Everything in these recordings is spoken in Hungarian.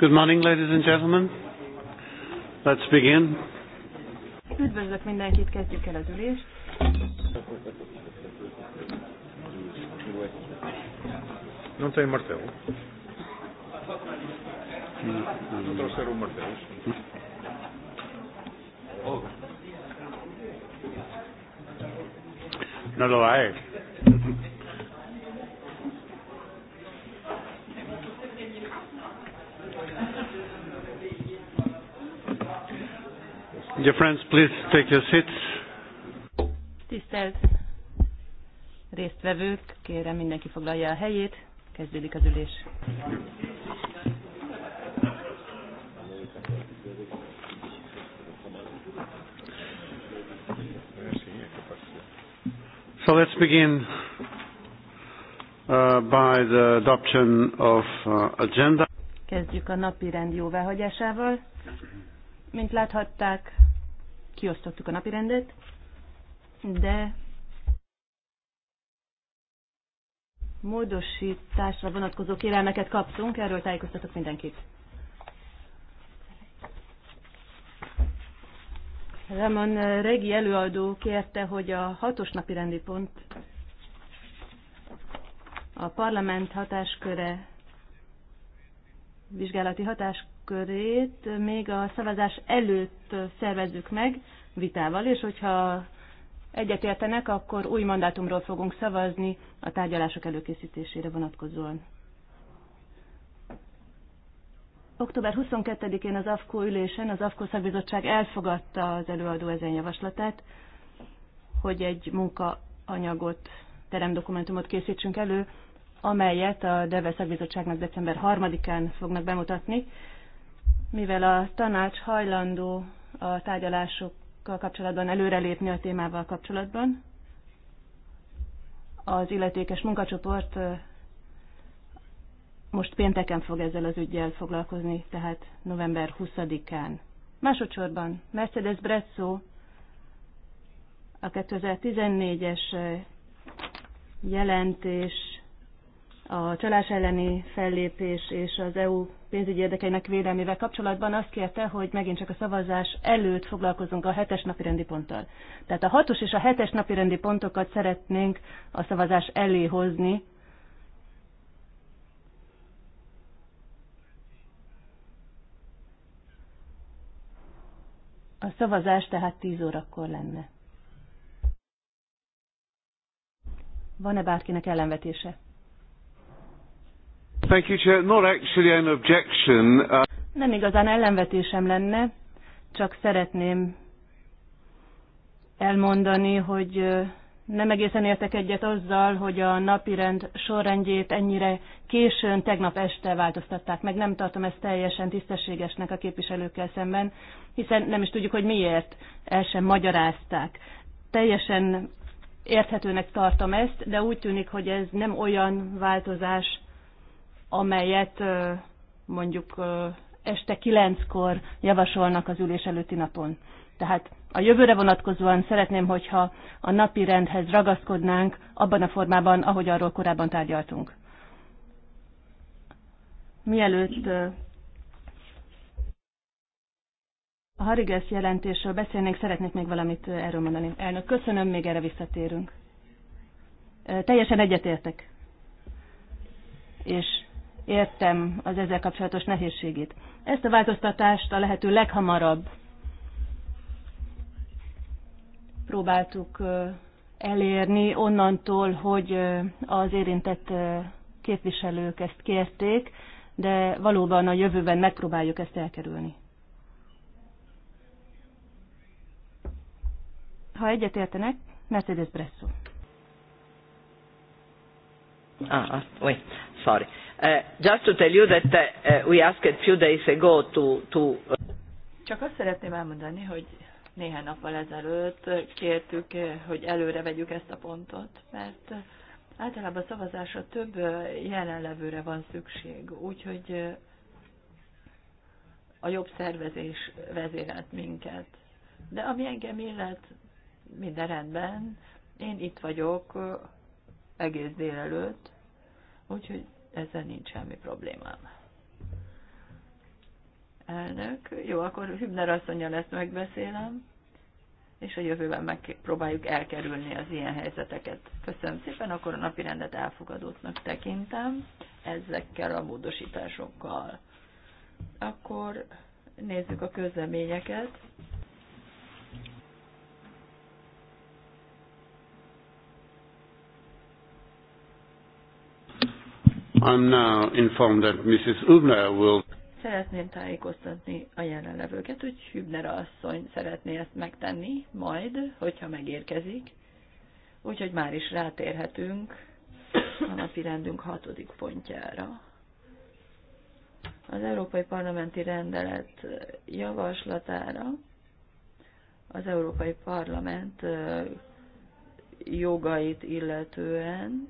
Good morning, ladies and gentlemen. Let's begin. Üdvözlök mindenkit, kezdjük el az ülést. Non c'è il martello? Nosotros era un hm? No lo Dear friends, please take your seats. Tisztelt résztvevők, kérem mindenki foglalja a helyét, kezdődik az ülés. So let's begin uh, by the adoption of uh, agenda. Kezdjük a napi rend jóváhagyásával. Mint láthatták, kiosztottuk a napirendet, de módosításra vonatkozó kérelmeket kaptunk, erről tájékoztatok mindenkit. Ramon Regi előadó kérte, hogy a hatos napi rendi pont a parlament hatásköre, vizsgálati hatás körét még a szavazás előtt szervezzük meg vitával, és hogyha egyetértenek, akkor új mandátumról fogunk szavazni a tárgyalások előkészítésére vonatkozóan. Október 22-én az AFKO ülésen az AFKO szakbizottság elfogadta az előadó ezen javaslatát, hogy egy munkaanyagot, teremdokumentumot készítsünk elő, amelyet a DEVE szakbizottságnak december 3-án fognak bemutatni mivel a tanács hajlandó a tárgyalásokkal kapcsolatban előrelépni a témával kapcsolatban, az illetékes munkacsoport most pénteken fog ezzel az ügyjel foglalkozni, tehát november 20-án. Másodszorban Mercedes Brezzo a 2014-es jelentés a csalás elleni fellépés és az EU pénzügyi érdekeinek védelmével kapcsolatban azt kérte, hogy megint csak a szavazás előtt foglalkozunk a hetes napi rendi ponttal. Tehát a hatos és a hetes napi rendi pontokat szeretnénk a szavazás elé hozni, A szavazás tehát 10 órakor lenne. Van-e bárkinek ellenvetése? Uh, nem igazán ellenvetésem lenne, csak szeretném elmondani, hogy nem egészen értek egyet azzal, hogy a napirend sorrendjét ennyire későn, tegnap este változtatták meg. Nem tartom ezt teljesen tisztességesnek a képviselőkkel szemben, hiszen nem is tudjuk, hogy miért el sem magyarázták. Teljesen érthetőnek tartom ezt, de úgy tűnik, hogy ez nem olyan változás, amelyet mondjuk este kilenckor javasolnak az ülés előtti napon. Tehát a jövőre vonatkozóan szeretném, hogyha a napi rendhez ragaszkodnánk abban a formában, ahogy arról korábban tárgyaltunk. Mielőtt a Harigesz jelentésről beszélnék, szeretnék még valamit erről mondani. Elnök, köszönöm, még erre visszatérünk. Teljesen egyetértek. És értem az ezzel kapcsolatos nehézségét. Ezt a változtatást a lehető leghamarabb próbáltuk elérni onnantól, hogy az érintett képviselők ezt kérték, de valóban a jövőben megpróbáljuk ezt elkerülni. Ha egyetértenek, Mercedes Bresso. Ah, oui, ah, sorry. Eh, just to tell you that uh, we asked a few days ago to, to... Csak azt szeretném elmondani, hogy néhány nappal ezelőtt kértük, hogy előre vegyük ezt a pontot, mert általában szavazásra több jelenlevőre van szükség, úgyhogy a jobb szervezés vezérelt minket. De ami engem illet, minden rendben, én itt vagyok egész délelőtt, úgyhogy ezzel nincs semmi problémám. Elnök, jó, akkor Hübner asszonyjal ezt megbeszélem, és a jövőben megpróbáljuk elkerülni az ilyen helyzeteket. Köszönöm szépen, akkor a napi rendet elfogadottnak tekintem ezekkel a módosításokkal. Akkor nézzük a közleményeket. I'm now informed that Mrs. Hübner will... Szeretném tájékoztatni a jelenlevőket, hogy Hübner asszony szeretné ezt megtenni, majd, hogyha megérkezik. Úgyhogy már is rátérhetünk a napi rendünk hatodik pontjára. Az Európai Parlamenti Rendelet javaslatára az Európai Parlament jogait illetően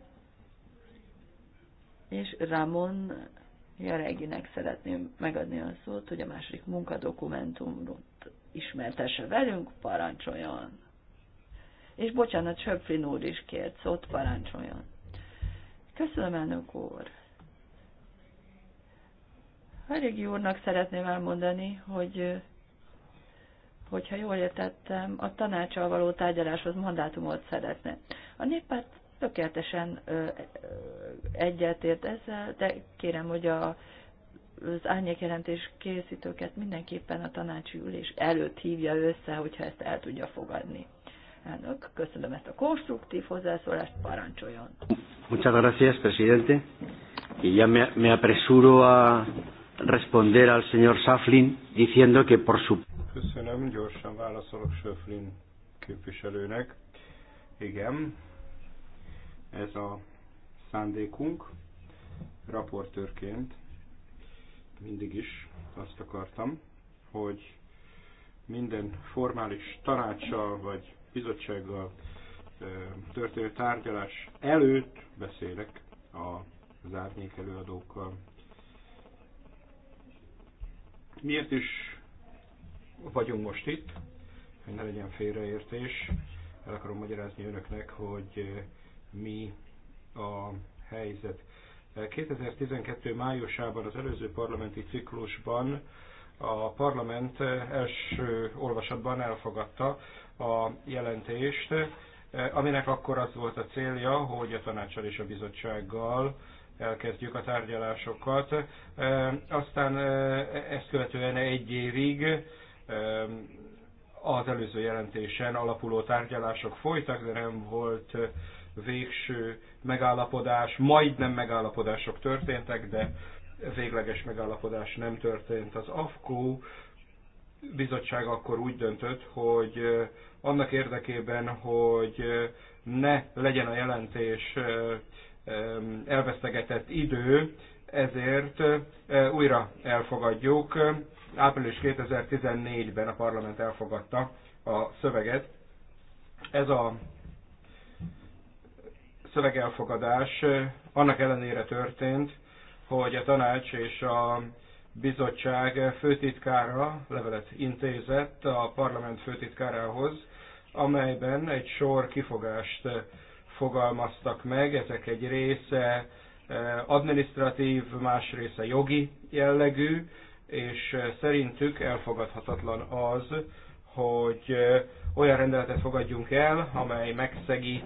és Ramon Jareginek szeretném megadni a szót, hogy a második munkadokumentumot ismertesse velünk, parancsoljon. És bocsánat, Söpfin úr is kért szót, parancsoljon. Köszönöm, elnök úr. Harigi úrnak szeretném elmondani, hogy hogyha jól értettem, a tanácsal való tárgyaláshoz mandátumot szeretne. A néppárt tökéletesen ö, ö, egyetért ezzel, de kérem, hogy a, az árnyékjelentés készítőket mindenképpen a tanácsi ülés előtt hívja össze, hogyha ezt el tudja fogadni. Elnök, köszönöm ezt a konstruktív hozzászólást, parancsoljon. Muchas gracias, presidente. Y ya me, me apresuro a responder al señor Saflin diciendo que por su... Köszönöm, gyorsan válaszolok Saflin képviselőnek. Igen, ez a szándékunk. Raportőrként mindig is azt akartam, hogy minden formális tanácssal vagy bizottsággal történő tárgyalás előtt beszélek a árnyék előadókkal. Miért is vagyunk most itt? Hogy ne legyen félreértés. El akarom magyarázni önöknek, hogy mi a helyzet. 2012. májusában az előző parlamenti ciklusban a parlament első olvasatban elfogadta a jelentést, aminek akkor az volt a célja, hogy a tanácsal és a bizottsággal elkezdjük a tárgyalásokat. Aztán e, ezt követően egy évig e, az előző jelentésen alapuló tárgyalások folytak, de nem volt végső megállapodás, majdnem megállapodások történtek, de végleges megállapodás nem történt. Az AFKO bizottság akkor úgy döntött, hogy annak érdekében, hogy ne legyen a jelentés elvesztegetett idő, ezért újra elfogadjuk. Április 2014-ben a parlament elfogadta a szöveget. Ez a szövegelfogadás eh, annak ellenére történt, hogy a tanács és a bizottság főtitkára levelet intézett a parlament főtitkárához, amelyben egy sor kifogást eh, fogalmaztak meg, ezek egy része eh, administratív, más része jogi jellegű, és szerintük elfogadhatatlan az, hogy olyan rendeletet fogadjunk el, amely megszegi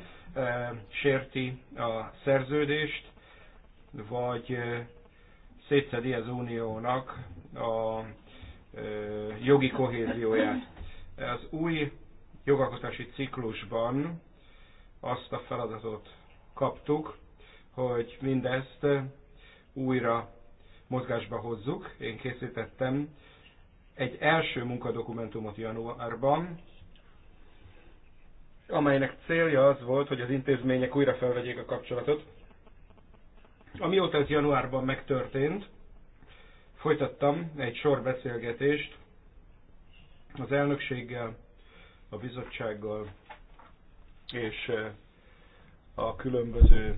sérti a szerződést, vagy szétszedi az uniónak a jogi kohézióját. Az új jogalkotási ciklusban azt a feladatot kaptuk, hogy mindezt újra mozgásba hozzuk. Én készítettem egy első munkadokumentumot januárban, amelynek célja az volt, hogy az intézmények újra felvegyék a kapcsolatot. Amióta ez januárban megtörtént, folytattam egy sor beszélgetést az elnökséggel, a bizottsággal és eh, a különböző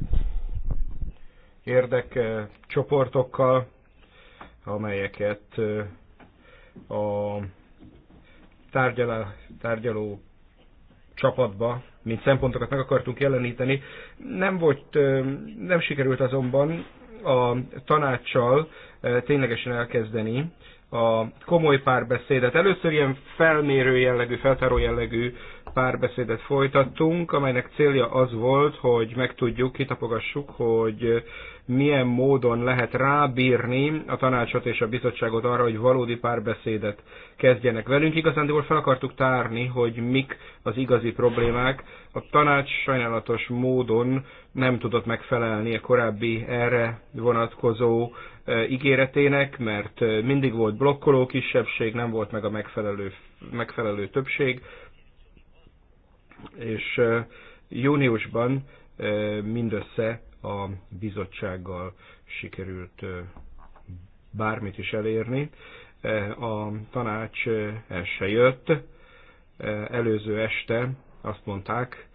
érdekcsoportokkal, amelyeket eh, a tárgyaló csapatba, mint szempontokat meg akartunk jeleníteni. Nem volt, nem sikerült azonban a tanácssal ténylegesen elkezdeni a komoly párbeszédet. Először ilyen felmérő jellegű, feltáró jellegű párbeszédet folytattunk, amelynek célja az volt, hogy megtudjuk, kitapogassuk, hogy milyen módon lehet rábírni a tanácsot és a bizottságot arra, hogy valódi párbeszédet kezdjenek velünk. Igazándiból fel akartuk tárni, hogy mik az igazi problémák. A tanács sajnálatos módon nem tudott megfelelni a korábbi erre vonatkozó e, ígéretének, mert e, mindig volt blokkoló kisebbség, nem volt meg a megfelelő, megfelelő többség, és e, júniusban mindössze a bizottsággal sikerült bármit is elérni. A tanács el se jött. Előző este azt mondták,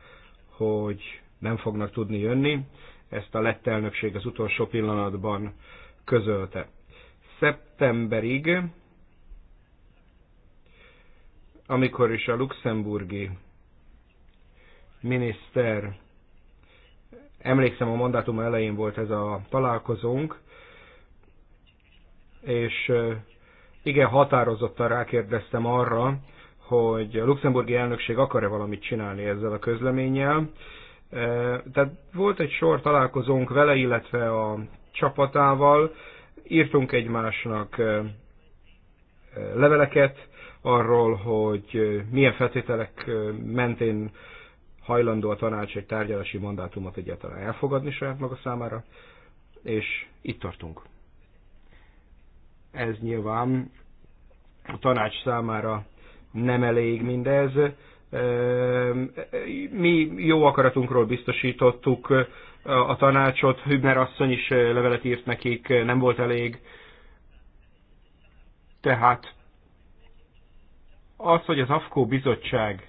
hogy nem fognak tudni jönni. Ezt a lett elnökség az utolsó pillanatban közölte. Szeptemberig, amikor is a luxemburgi miniszter Emlékszem, a mandátum elején volt ez a találkozónk, és igen határozottan rákérdeztem arra, hogy a luxemburgi elnökség akar-e valamit csinálni ezzel a közleménnyel. Tehát volt egy sor találkozónk vele, illetve a csapatával, írtunk egymásnak leveleket arról, hogy milyen feltételek mentén hajlandó a tanács egy tárgyalási mandátumot egyáltalán elfogadni saját maga számára, és itt tartunk. Ez nyilván a tanács számára nem elég mindez. Ehm, mi jó akaratunkról biztosítottuk eh, a tanácsot, Hübner asszony is eh, levelet írt nekik, eh, nem volt elég. Tehát az, hogy az AFKO bizottság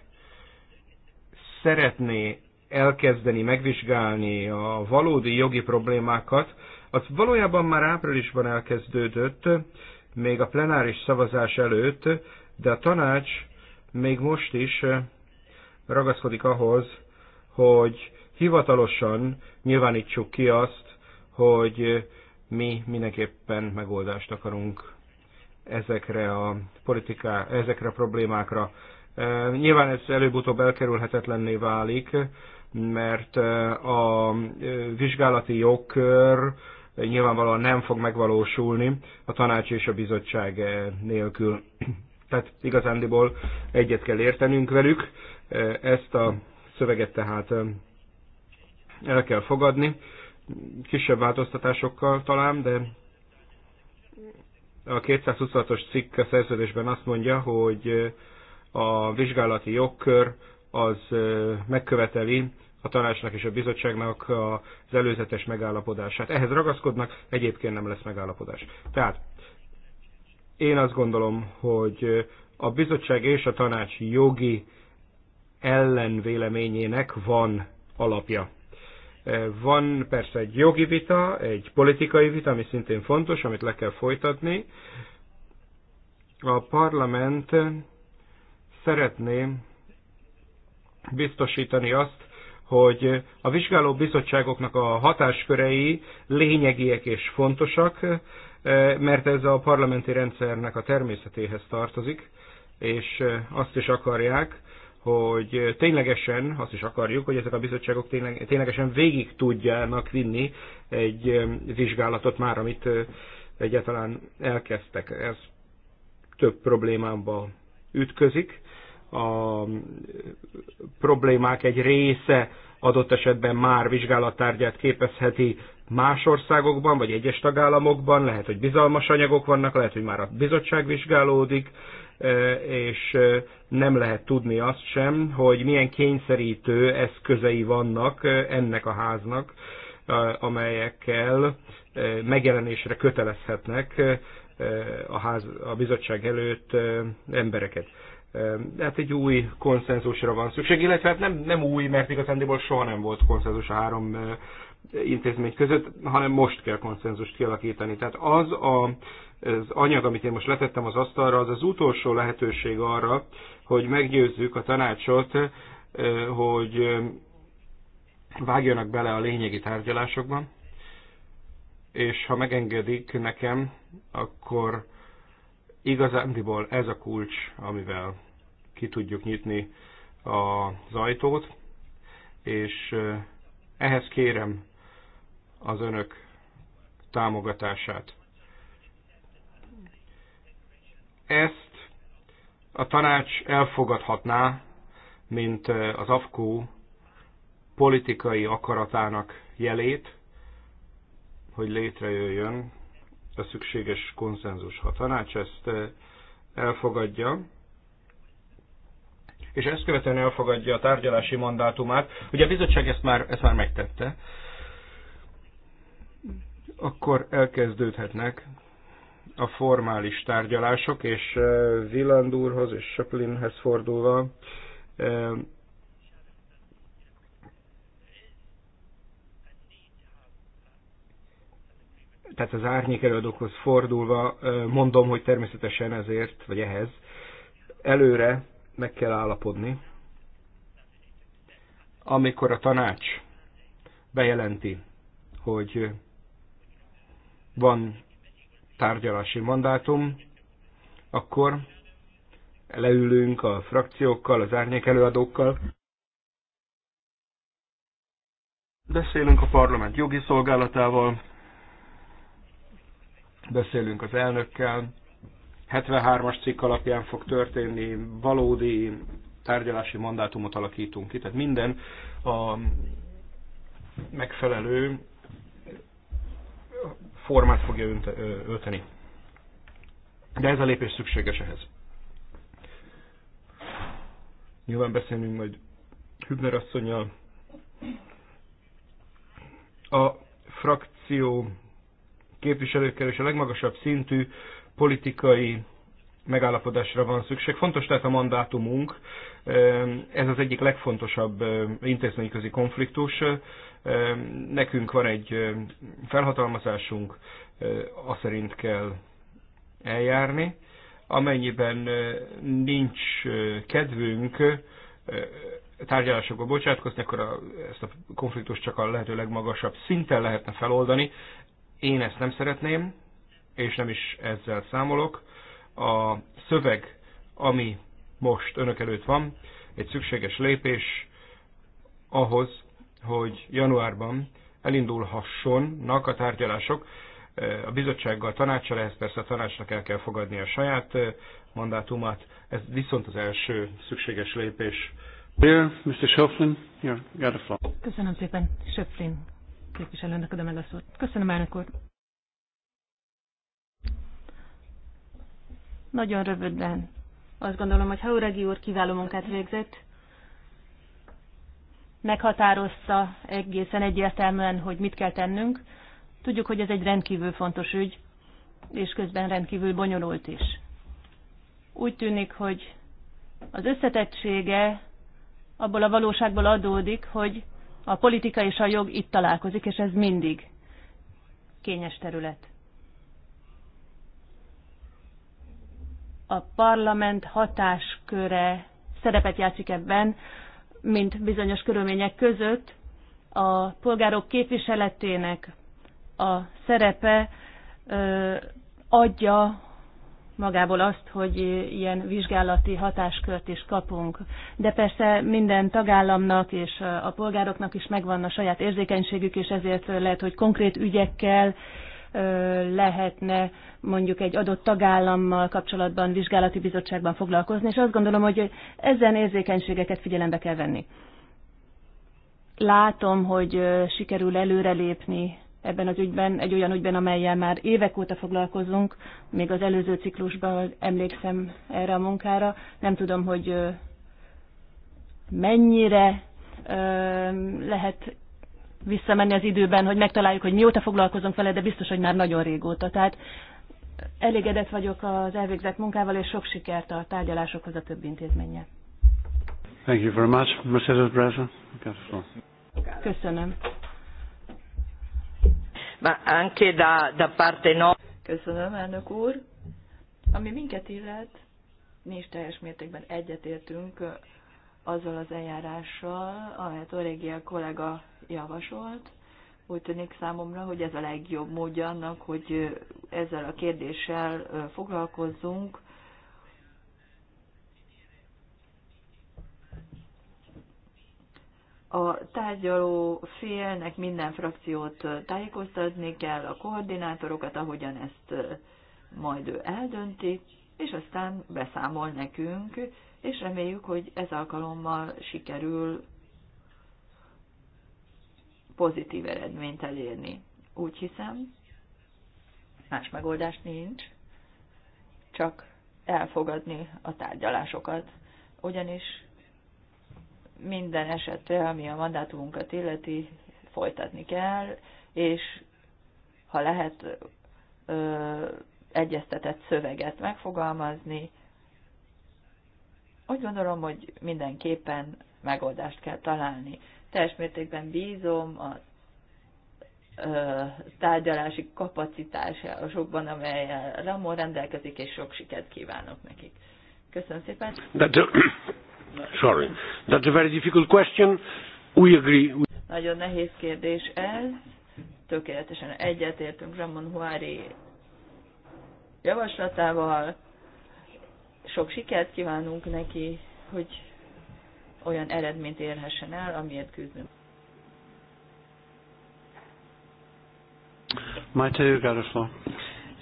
szeretné elkezdeni megvizsgálni a valódi jogi problémákat, az valójában már áprilisban elkezdődött, még a plenáris szavazás előtt, de a tanács még most is eh, ragaszkodik ahhoz, hogy hivatalosan nyilvánítsuk ki azt, hogy eh, mi mindenképpen megoldást akarunk ezekre a politiká, ezekre a problémákra. Nyilván ez előbb-utóbb elkerülhetetlenné válik, mert a vizsgálati jogkör nyilvánvalóan nem fog megvalósulni a tanács és a bizottság nélkül. Tehát igazándiból egyet kell értenünk velük, ezt a szöveget tehát el kell fogadni, kisebb változtatásokkal talán, de a 226-os cikk a szerződésben azt mondja, hogy a vizsgálati jogkör az megköveteli a tanácsnak és a bizottságnak az előzetes megállapodását. Ehhez ragaszkodnak, egyébként nem lesz megállapodás. Tehát én azt gondolom, hogy a bizottság és a tanács jogi ellenvéleményének van alapja. Van persze egy jogi vita, egy politikai vita, ami szintén fontos, amit le kell folytatni. A parlament szeretném biztosítani azt, hogy a vizsgáló bizottságoknak a hatáskörei lényegiek és fontosak, eh, mert ez a parlamenti rendszernek a természetéhez tartozik, és eh, azt is akarják, hogy ténylegesen, azt is akarjuk, hogy ezek a bizottságok tényleg, ténylegesen végig tudjának vinni egy eh, vizsgálatot már, amit egyáltalán elkezdtek. Ez több problémába ütközik a problémák egy része adott esetben már vizsgálattárgyát képezheti más országokban, vagy egyes tagállamokban, lehet, hogy bizalmas anyagok vannak, lehet, hogy már a bizottság vizsgálódik, e, és e, nem lehet tudni azt sem, hogy milyen kényszerítő eszközei vannak e, ennek a háznak, amelyekkel megjelenésre kötelezhetnek a, ház, a bizottság előtt embereket hát egy új konszenzusra van szükség, illetve hát nem, nem új, mert igazándiból soha nem volt konszenzus a három intézmény között, hanem most kell konszenzust kialakítani. Tehát az a, az anyag, amit én most letettem az asztalra, az az utolsó lehetőség arra, hogy meggyőzzük a tanácsot, hogy vágjanak bele a lényegi tárgyalásokban, és ha megengedik nekem, akkor Igazándiból ez a kulcs, amivel ki tudjuk nyitni az ajtót, és ehhez kérem az önök támogatását. Ezt a tanács elfogadhatná, mint az AFKO politikai akaratának jelét, hogy létrejöjjön a szükséges konszenzus. Ha a tanács ezt eh, elfogadja, és ezt követően elfogadja a tárgyalási mandátumát, ugye a bizottság ezt már, ezt már megtette, akkor elkezdődhetnek a formális tárgyalások, és Villand eh, úrhoz és Chaplinhez fordulva eh, tehát az árnyék előadókhoz fordulva mondom, hogy természetesen ezért, vagy ehhez előre meg kell állapodni, amikor a tanács bejelenti, hogy van tárgyalási mandátum, akkor leülünk a frakciókkal, az árnyék előadókkal, beszélünk a parlament jogi szolgálatával, beszélünk az elnökkel. 73-as cikk alapján fog történni, valódi tárgyalási mandátumot alakítunk ki, tehát minden a megfelelő formát fogja ölteni. De ez a lépés szükséges ehhez. Nyilván beszélünk majd Hübner asszonyjal. A frakció képviselőkkel és a legmagasabb szintű politikai megállapodásra van szükség. Fontos tehát a mandátumunk, ez az egyik legfontosabb intézményközi konfliktus. Nekünk van egy felhatalmazásunk, azt szerint kell eljárni. Amennyiben nincs kedvünk tárgyalásokba bocsátkozni, akkor a, ezt a konfliktust csak a lehető legmagasabb szinten lehetne feloldani, én ezt nem szeretném, és nem is ezzel számolok. A szöveg, ami most önök előtt van, egy szükséges lépés ahhoz, hogy januárban elindulhassonnak a tárgyalások a bizottsággal, tanácssal, ehhez persze a tanácsnak el kell fogadni a saját eh, mandátumát, ez viszont az első szükséges lépés. Here, Mr. Schöpflin, here, got a Köszönöm szépen, Schöpflin képviselőnek adom el a szót. Köszönöm, elnök úr. Nagyon röviden. Azt gondolom, hogy Hauregi úr kiváló munkát végzett. Meghatározta egészen egyértelműen, hogy mit kell tennünk. Tudjuk, hogy ez egy rendkívül fontos ügy, és közben rendkívül bonyolult is. Úgy tűnik, hogy az összetettsége abból a valóságból adódik, hogy a politika és a jog itt találkozik, és ez mindig kényes terület. A parlament hatásköre szerepet játszik ebben, mint bizonyos körülmények között a polgárok képviseletének a szerepe ö, adja magából azt, hogy ilyen vizsgálati hatáskört is kapunk. De persze minden tagállamnak és a polgároknak is megvan a saját érzékenységük, és ezért lehet, hogy konkrét ügyekkel lehetne mondjuk egy adott tagállammal kapcsolatban vizsgálati bizottságban foglalkozni, és azt gondolom, hogy ezen érzékenységeket figyelembe kell venni. Látom, hogy sikerül előrelépni ebben az ügyben, egy olyan ügyben, amelyel már évek óta foglalkozunk, még az előző ciklusban emlékszem erre a munkára. Nem tudom, hogy mennyire lehet visszamenni az időben, hogy megtaláljuk, hogy mióta foglalkozunk vele, de biztos, hogy már nagyon régóta. Tehát elégedett vagyok az elvégzett munkával, és sok sikert a tárgyalásokhoz a több intézménye. Thank you very much, Mercedes Breza. Köszönöm anche da, da parte no. Köszönöm, elnök úr. Ami minket illet, mi is teljes mértékben egyetértünk azzal az eljárással, amelyet Oregia kollega javasolt. Úgy tűnik számomra, hogy ez a legjobb módja annak, hogy ezzel a kérdéssel foglalkozzunk, A tárgyaló félnek minden frakciót tájékoztatni kell, a koordinátorokat, ahogyan ezt majd ő eldönti, és aztán beszámol nekünk, és reméljük, hogy ez alkalommal sikerül pozitív eredményt elérni. Úgy hiszem, más megoldás nincs, csak elfogadni a tárgyalásokat, ugyanis minden esetre, ami a mandátumunkat illeti, folytatni kell, és ha lehet ö, egyeztetett szöveget megfogalmazni, úgy gondolom, hogy mindenképpen megoldást kell találni. Teljes mértékben bízom a ö, tárgyalási kapacitásokban, amelyel Ramon rendelkezik, és sok sikert kívánok nekik. Köszönöm szépen. Sorry. That's a very difficult question. We agree. Nagyon nehéz kérdés ez. Tökéletesen egyetértünk Ramon Huári javaslatával. Sok sikert kívánunk neki, hogy olyan eredményt érhessen el, amiért küzdünk. Maite Garoslo.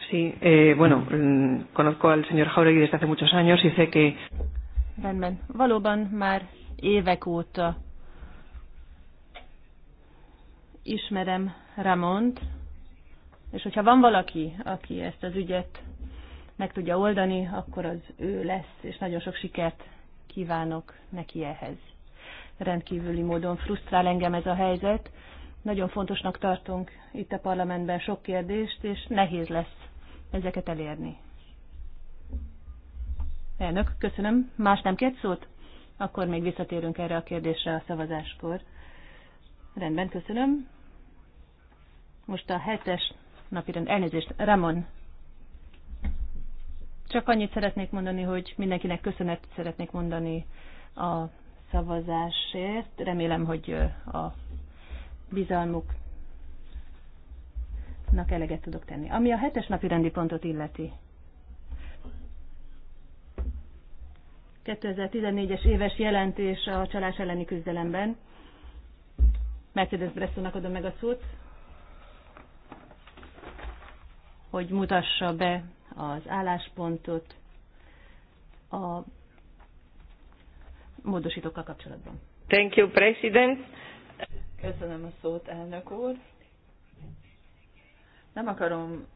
Sí, eh, bueno, mm, conozco al señor Jauregui desde hace muchos años y sé que Rendben. Valóban már évek óta ismerem Ramont, és hogyha van valaki, aki ezt az ügyet meg tudja oldani, akkor az ő lesz, és nagyon sok sikert kívánok neki ehhez. Rendkívüli módon frusztrál engem ez a helyzet. Nagyon fontosnak tartunk itt a parlamentben sok kérdést, és nehéz lesz ezeket elérni. Elnök, köszönöm. Más nem két szót? Akkor még visszatérünk erre a kérdésre a szavazáskor. Rendben, köszönöm. Most a hetes napirend, elnézést, Ramon. Csak annyit szeretnék mondani, hogy mindenkinek köszönet szeretnék mondani a szavazásért. Remélem, hogy a bizalmuknak eleget tudok tenni. Ami a hetes napi rendi pontot illeti, 2014-es éves jelentés a csalás elleni küzdelemben. Mercedes Bressonnak adom meg a szót, hogy mutassa be az álláspontot a módosítókkal kapcsolatban. Thank you, President. Köszönöm a szót, elnök úr. Nem akarom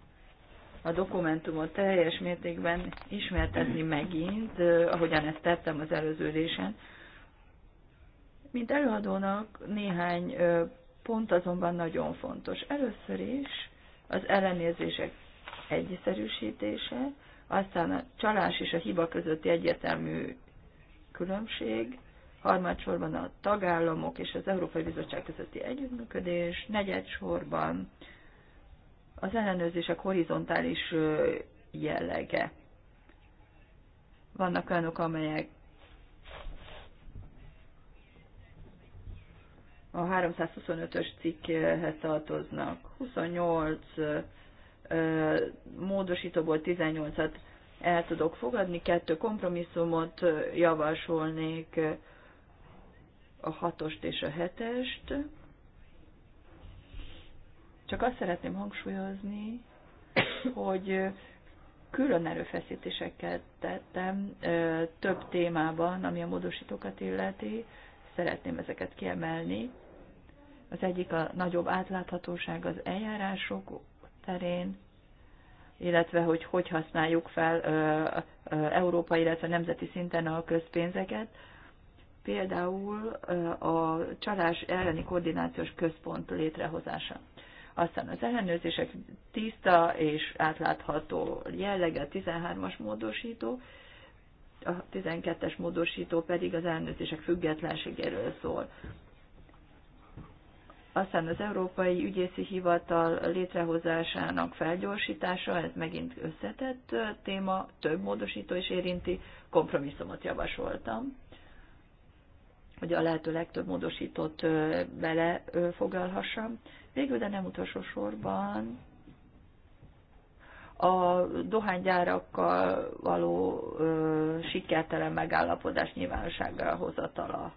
a dokumentumot teljes mértékben ismertetni megint, ahogyan ezt tettem az előző Mint előadónak néhány pont azonban nagyon fontos. Először is az ellenérzések egyszerűsítése, aztán a csalás és a hiba közötti egyetemű különbség, harmadsorban a tagállamok és az Európai Bizottság közötti együttműködés, negyedsorban az ellenőrzések horizontális jellege. Vannak olyanok, amelyek a 325-ös cikkhez tartoznak. 28 módosítóból 18-at el tudok fogadni, kettő kompromisszumot javasolnék, a hatost és a hetest. Csak azt szeretném hangsúlyozni, hogy külön erőfeszítéseket tettem több témában, ami a módosítókat illeti, szeretném ezeket kiemelni. Az egyik a nagyobb átláthatóság az eljárások terén, illetve hogy hogy használjuk fel európai, illetve nemzeti szinten a közpénzeket. Például a csalás elleni koordinációs központ létrehozása. Aztán az ellenőrzések tiszta és átlátható jellege, 13-as módosító, a 12-es módosító pedig az ellenőrzések függetlenségéről szól. Aztán az Európai Ügyészi Hivatal létrehozásának felgyorsítása, ez megint összetett téma, több módosító is érinti, kompromisszumot javasoltam, hogy a lehető legtöbb módosítót belefoglalhassam. Végül, de nem utolsó sorban a dohánygyárakkal való ö, sikertelen megállapodás nyilvánosságra hozatala.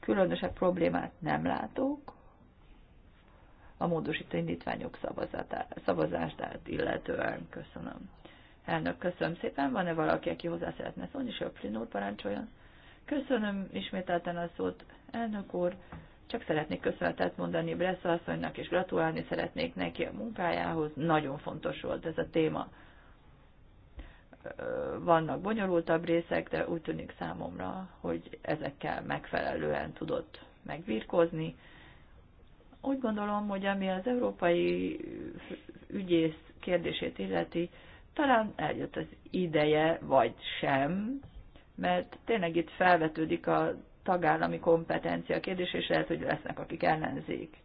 Különösebb problémát nem látok a módosító indítványok szavazását illetően. Köszönöm. Elnök, köszönöm szépen. Van-e valaki, aki hozzá szeretne szólni? a úr, parancsoljon. Köszönöm ismételten a szót, elnök úr. Csak szeretnék köszönetet mondani Bressa asszonynak, és gratulálni szeretnék neki a munkájához. Nagyon fontos volt ez a téma. Vannak bonyolultabb részek, de úgy tűnik számomra, hogy ezekkel megfelelően tudott megvirkozni. Úgy gondolom, hogy ami az európai ügyész kérdését illeti, talán eljött az ideje, vagy sem, mert tényleg itt felvetődik a tagállami kompetencia kérdés, és lehet, hogy lesznek, akik ellenzik.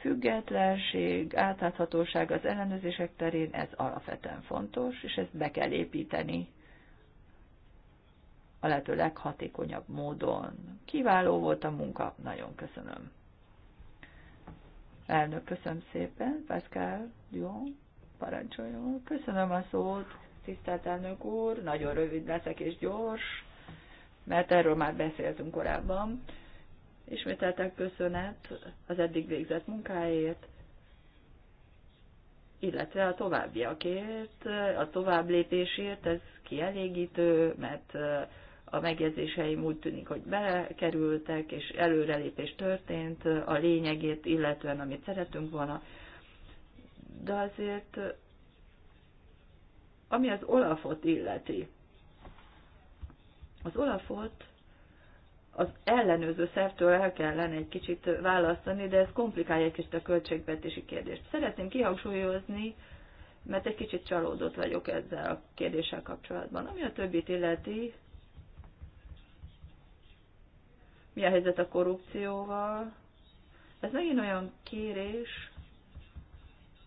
Függetlenség, átláthatóság az ellenőrzések terén, ez alapvetően fontos, és ezt be kell építeni a lehető leghatékonyabb módon. Kiváló volt a munka, nagyon köszönöm. Elnök, köszönöm szépen, Pascal, jó, parancsoljon. Köszönöm a szót, tisztelt elnök úr, nagyon rövid leszek és gyors mert erről már beszéltünk korábban. Ismételtek köszönet az eddig végzett munkáért, illetve a továbbiakért, a tovább lépésért, ez kielégítő, mert a megjegyzéseim úgy tűnik, hogy belekerültek, és előrelépés történt a lényegét, illetően amit szeretünk volna. De azért, ami az Olafot illeti, az Olafot az ellenőző szervtől el kellene egy kicsit választani, de ez komplikálja egy kicsit a költségvetési kérdést. Szeretném kihangsúlyozni, mert egy kicsit csalódott vagyok ezzel a kérdéssel kapcsolatban. Ami a többit illeti, mi a helyzet a korrupcióval? Ez megint olyan kérés,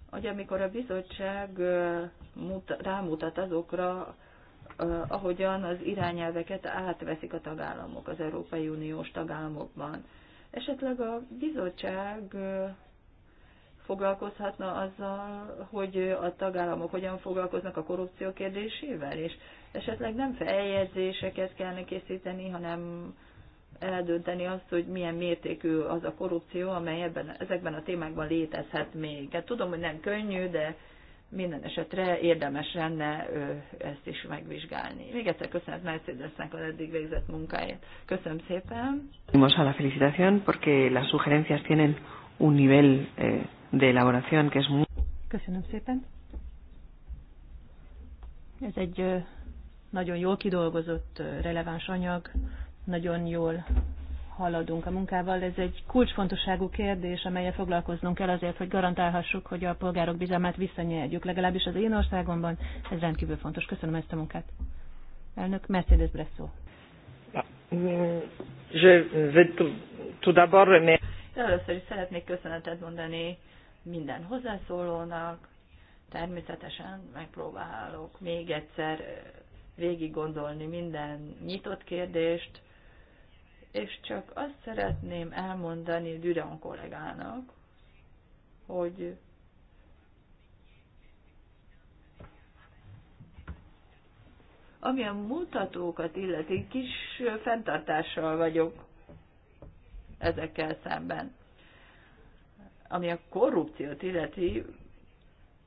hogy amikor a bizottság rámutat azokra ahogyan az irányelveket átveszik a tagállamok az Európai Uniós tagállamokban. Esetleg a bizottság foglalkozhatna azzal, hogy a tagállamok hogyan foglalkoznak a korrupció kérdésével, és esetleg nem feljegyzéseket kellene készíteni, hanem eldönteni azt, hogy milyen mértékű az a korrupció, amely ebben, ezekben a témákban létezhet még. Hát tudom, hogy nem könnyű, de minden esetre érdemes lenne ezt is megvizsgálni. Még egyszer köszönet Mercedesnek az eddig végzett munkáját. Köszönöm szépen. Vamos a la felicitación porque las sugerencias tienen un nivel eh, de elaboración que es muy... Köszönöm szépen. Ez egy nagyon jól kidolgozott, releváns anyag, nagyon jól haladunk a munkával. Ez egy kulcsfontosságú kérdés, amelyet foglalkoznunk kell azért, hogy garantálhassuk, hogy a polgárok bizalmát visszanyerjük. Legalábbis az én országomban ez rendkívül fontos. Köszönöm ezt a munkát. Elnök Mercedes Bresso. Először is szeretnék köszönetet mondani minden hozzászólónak. Természetesen megpróbálok még egyszer végig gondolni minden nyitott kérdést, és csak azt szeretném elmondani Düran kollégának, hogy ami a mutatókat illeti, kis fenntartással vagyok ezekkel szemben. Ami a korrupciót illeti,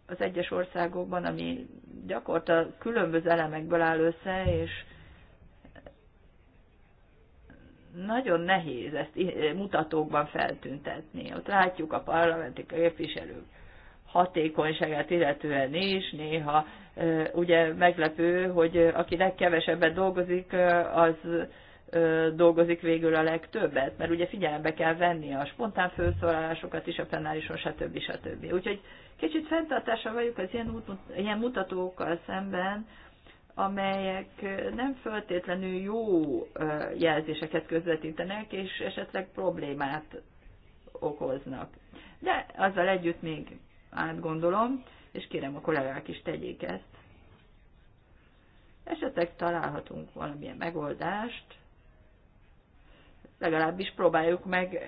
az egyes országokban, ami gyakorta különböző elemekből áll össze, és nagyon nehéz ezt mutatókban feltüntetni. Ott látjuk a parlamenti képviselők hatékonyságát illetően is, néha ugye meglepő, hogy aki legkevesebbet dolgozik, az dolgozik végül a legtöbbet, mert ugye figyelembe kell venni a spontán felszólalásokat is a plenárison, stb. stb. Úgyhogy kicsit fenntartással vagyunk az ilyen, ilyen mutatókkal szemben, amelyek nem feltétlenül jó jelzéseket közvetítenek, és esetleg problémát okoznak. De azzal együtt még átgondolom, és kérem a kollégák is tegyék ezt. Esetleg találhatunk valamilyen megoldást, legalábbis próbáljuk meg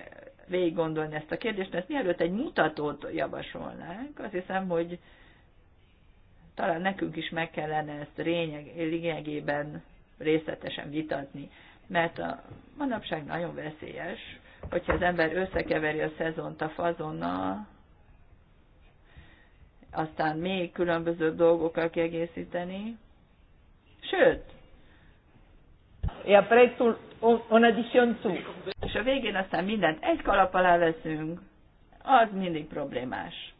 végig gondolni ezt a kérdést, mert mielőtt egy mutatót javasolnánk, azt hiszem, hogy talán nekünk is meg kellene ezt lényeg, lényegében részletesen vitatni, mert a manapság nagyon veszélyes, hogyha az ember összekeveri a szezont a fazonnal, aztán még különböző dolgokkal kiegészíteni. Sőt, e a prețul on addition És a végén aztán mindent egy kalap alá veszünk, az mindig problémás.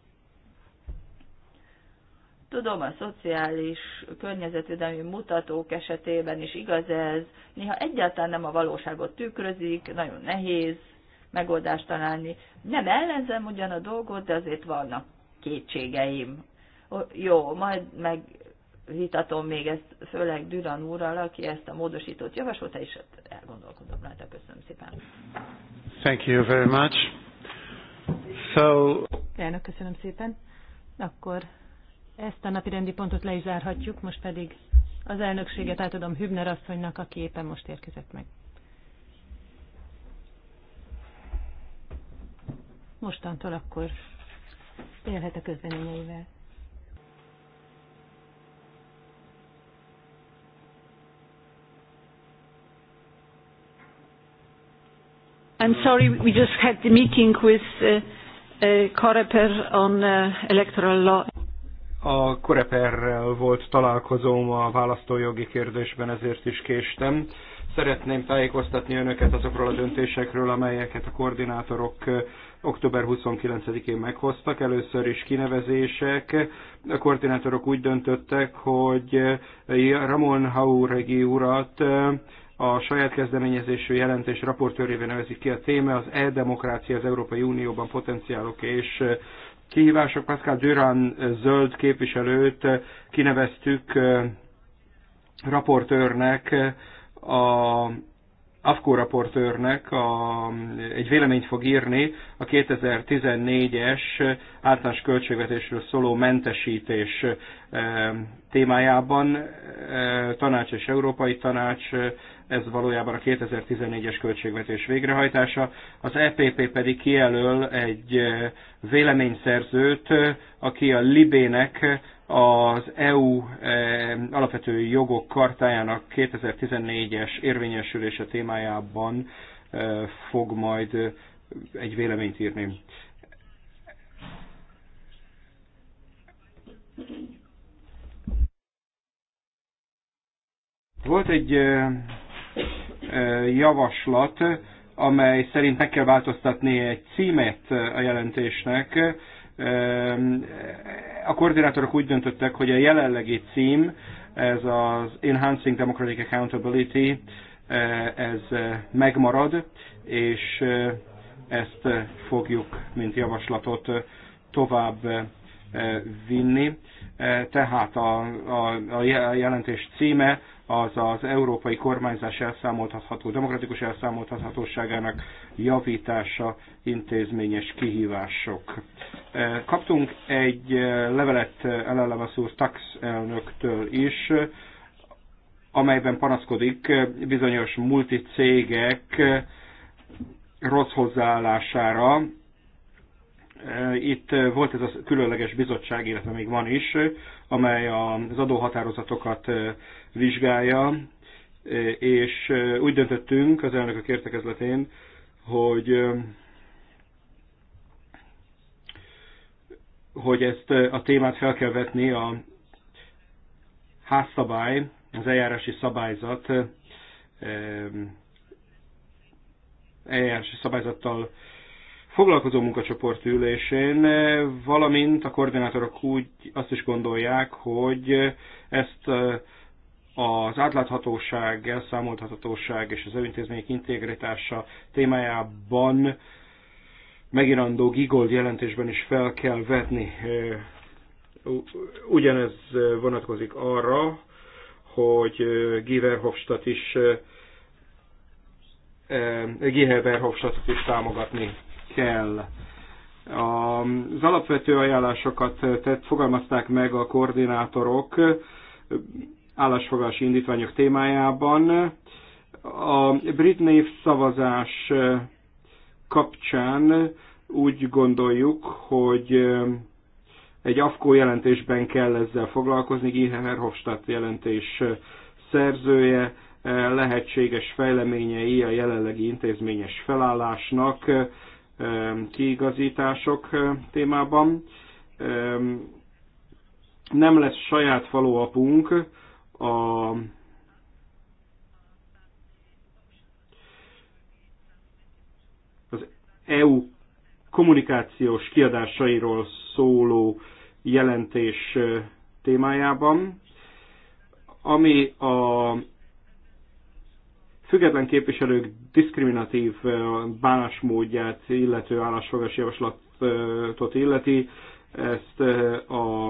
Tudom, a szociális környezetvédelmi mutatók esetében is igaz ez, néha egyáltalán nem a valóságot tükrözik, nagyon nehéz megoldást találni. Nem ellenzem ugyan a dolgot, de azért vannak kétségeim. Jó, majd megvitatom még ezt, főleg Düran úrral, aki ezt a módosítót javasolta, és hát elgondolkodom rajta. Köszönöm szépen. Thank you very much. So... Elnök, köszönöm szépen. Akkor ezt a napi rendi pontot le is zárhatjuk, most pedig az elnökséget átadom Hübner asszonynak, aki éppen most érkezett meg. Mostantól akkor élhet a közleményeivel. I'm sorry, we just had the meeting with uh, uh, Coreper on uh, electoral law. A Koreperrel volt találkozóm a választójogi kérdésben, ezért is késtem. Szeretném tájékoztatni önöket azokról a döntésekről, amelyeket a koordinátorok október 29-én meghoztak. Először is kinevezések. A koordinátorok úgy döntöttek, hogy Ramon Hauregi urat a saját kezdeményezésű jelentés raportőrévé nevezik ki a téma, az e-demokrácia az Európai Unióban potenciálok és kihívások. Pascal Durán eh, zöld képviselőt eh, kineveztük eh, raportőrnek, a AFKO raportőrnek a, egy véleményt fog írni a 2014-es általános költségvetésről szóló mentesítés témájában. Tanács és Európai Tanács ez valójában a 2014-es költségvetés végrehajtása, az EPP pedig kijelöl egy véleményszerzőt, aki a Libének az EU alapvető jogok kartájának 2014-es érvényesülése témájában fog majd egy véleményt írni. Volt egy javaslat, amely szerint meg kell változtatni egy címet a jelentésnek. A koordinátorok úgy döntöttek, hogy a jelenlegi cím, ez az Enhancing Democratic Accountability, ez megmarad, és ezt fogjuk, mint javaslatot tovább vinni. Tehát a, a, a jelentés címe az az európai kormányzás elszámoltatható, demokratikus elszámoltathatóságának javítása intézményes kihívások. E, kaptunk egy e, levelet Elelevasz úr tax elnöktől is, amelyben panaszkodik bizonyos multicégek rossz hozzáállására Eh, itt eh, volt ez a különleges bizottság, illetve még van is, eh, amely az adóhatározatokat vizsgálja, és úgy döntöttünk az elnökök értekezletén, hogy hogy ezt a témát fel kell vetni a házszabály, az eljárási szabályzat eljárási szabályzattal foglalkozó munkacsoport ülésén, eh, valamint a koordinátorok úgy azt is gondolják, hogy ezt eh, az átláthatóság, elszámolthatatóság és az önintézmények integritása témájában megirandó Gigold jelentésben is fel kell vetni. Eh, ugyanez vonatkozik arra, hogy Giverhofstadt is Gihelberhofstadtot is támogatni kell. Az alapvető ajánlásokat tett, fogalmazták meg a koordinátorok állásfoglalási indítványok témájában. A brit szavazás kapcsán úgy gondoljuk, hogy egy AFKO jelentésben kell ezzel foglalkozni, Gihemer Hofstadt jelentés szerzője, lehetséges fejleményei a jelenlegi intézményes felállásnak, kiigazítások témában. Nem lesz saját faluapunk a az EU kommunikációs kiadásairól szóló jelentés témájában, ami a független képviselők diszkriminatív bánásmódját illető állásfoglalási javaslatot illeti, ezt a,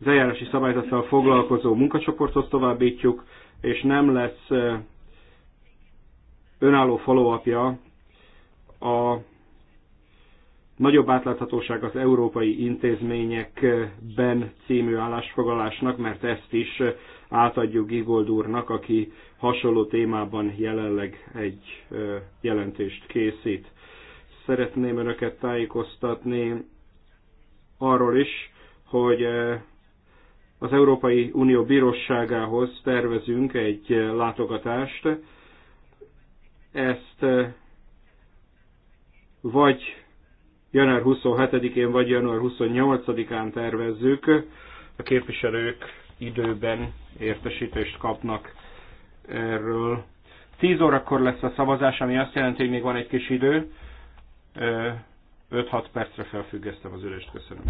az eljárási szabályzattal foglalkozó munkacsoporthoz továbbítjuk, és nem lesz önálló follow a nagyobb átláthatóság az európai intézményekben című állásfoglalásnak, mert ezt is átadjuk Gigold úrnak, aki hasonló témában jelenleg egy jelentést készít. Szeretném önöket tájékoztatni arról is, hogy az Európai Unió Bíróságához tervezünk egy látogatást. Ezt vagy január 27-én, vagy január 28-án tervezzük. A képviselők időben értesítést kapnak erről. 10 órakor lesz a szavazás, ami azt jelenti, hogy még van egy kis idő. 5-6 percre felfüggesztem az ülést. Köszönöm.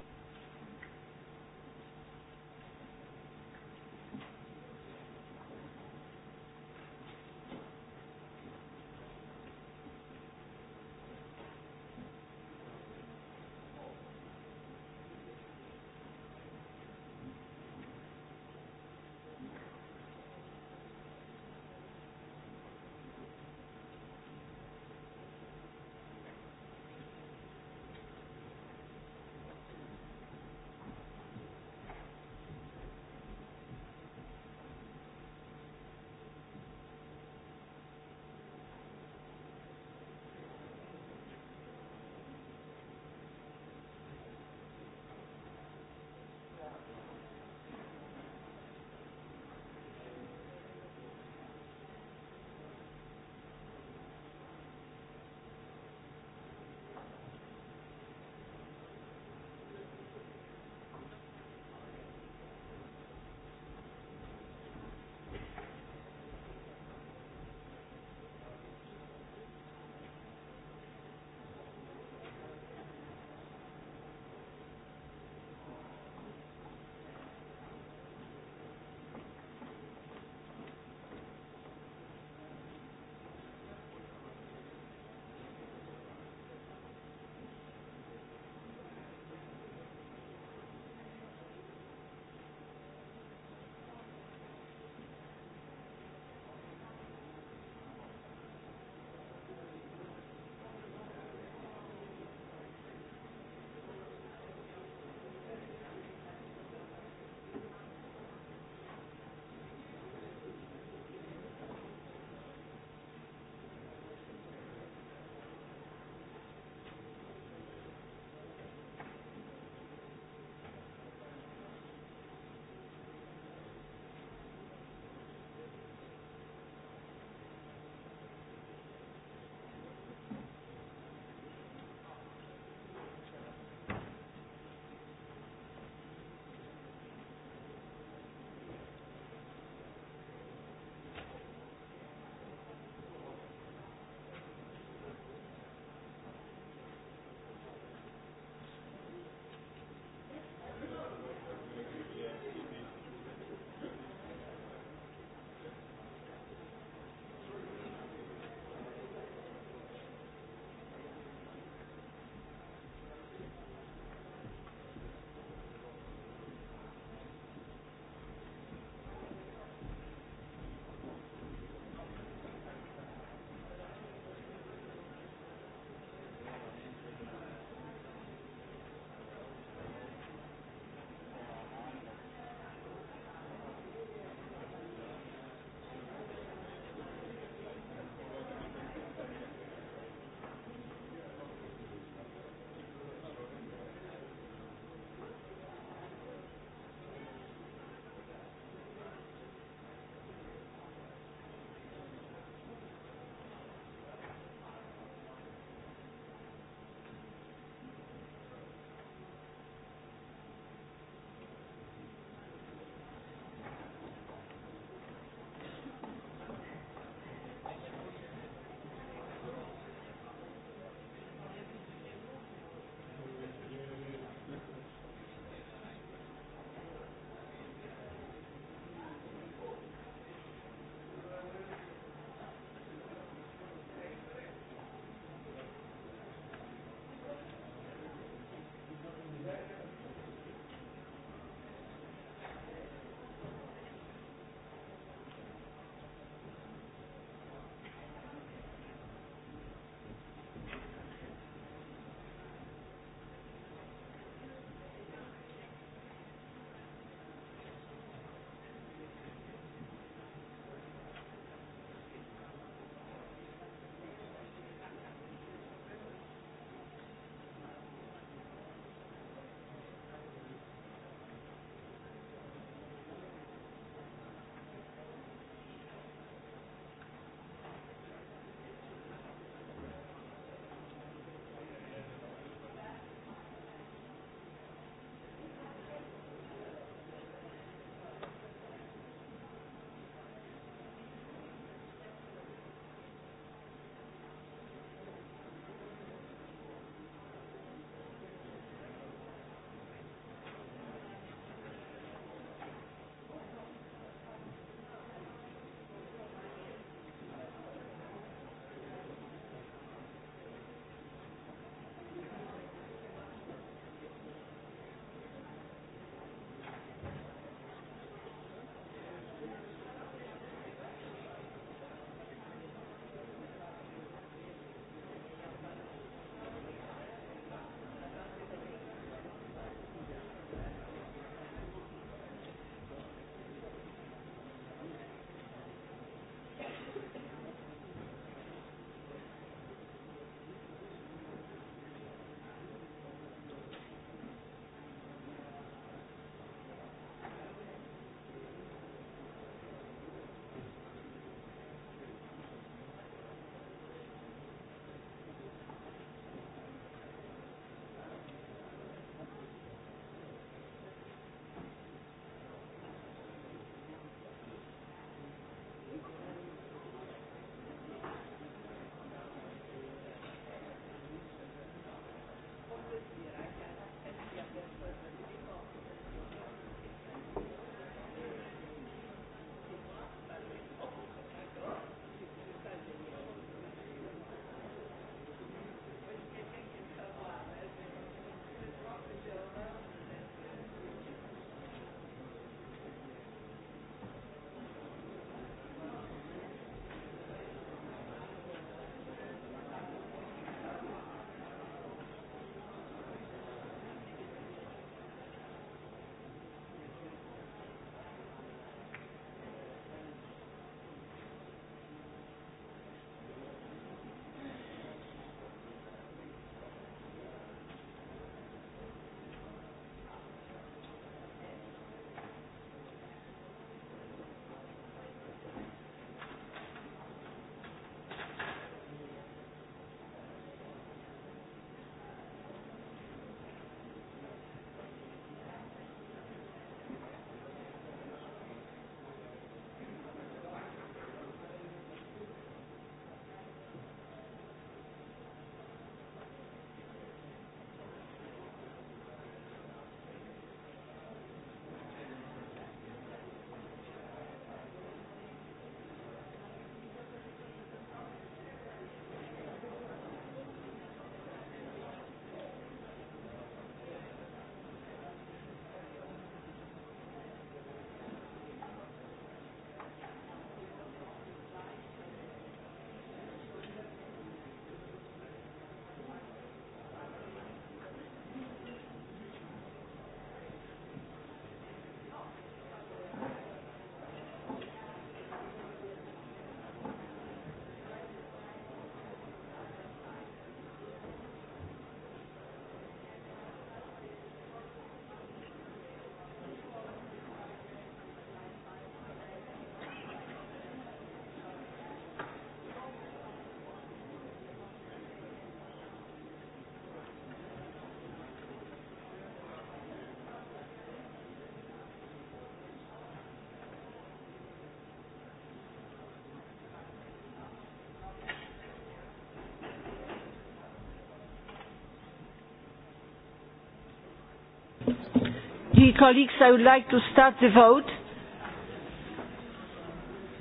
Dear colleagues, I would like to start the vote.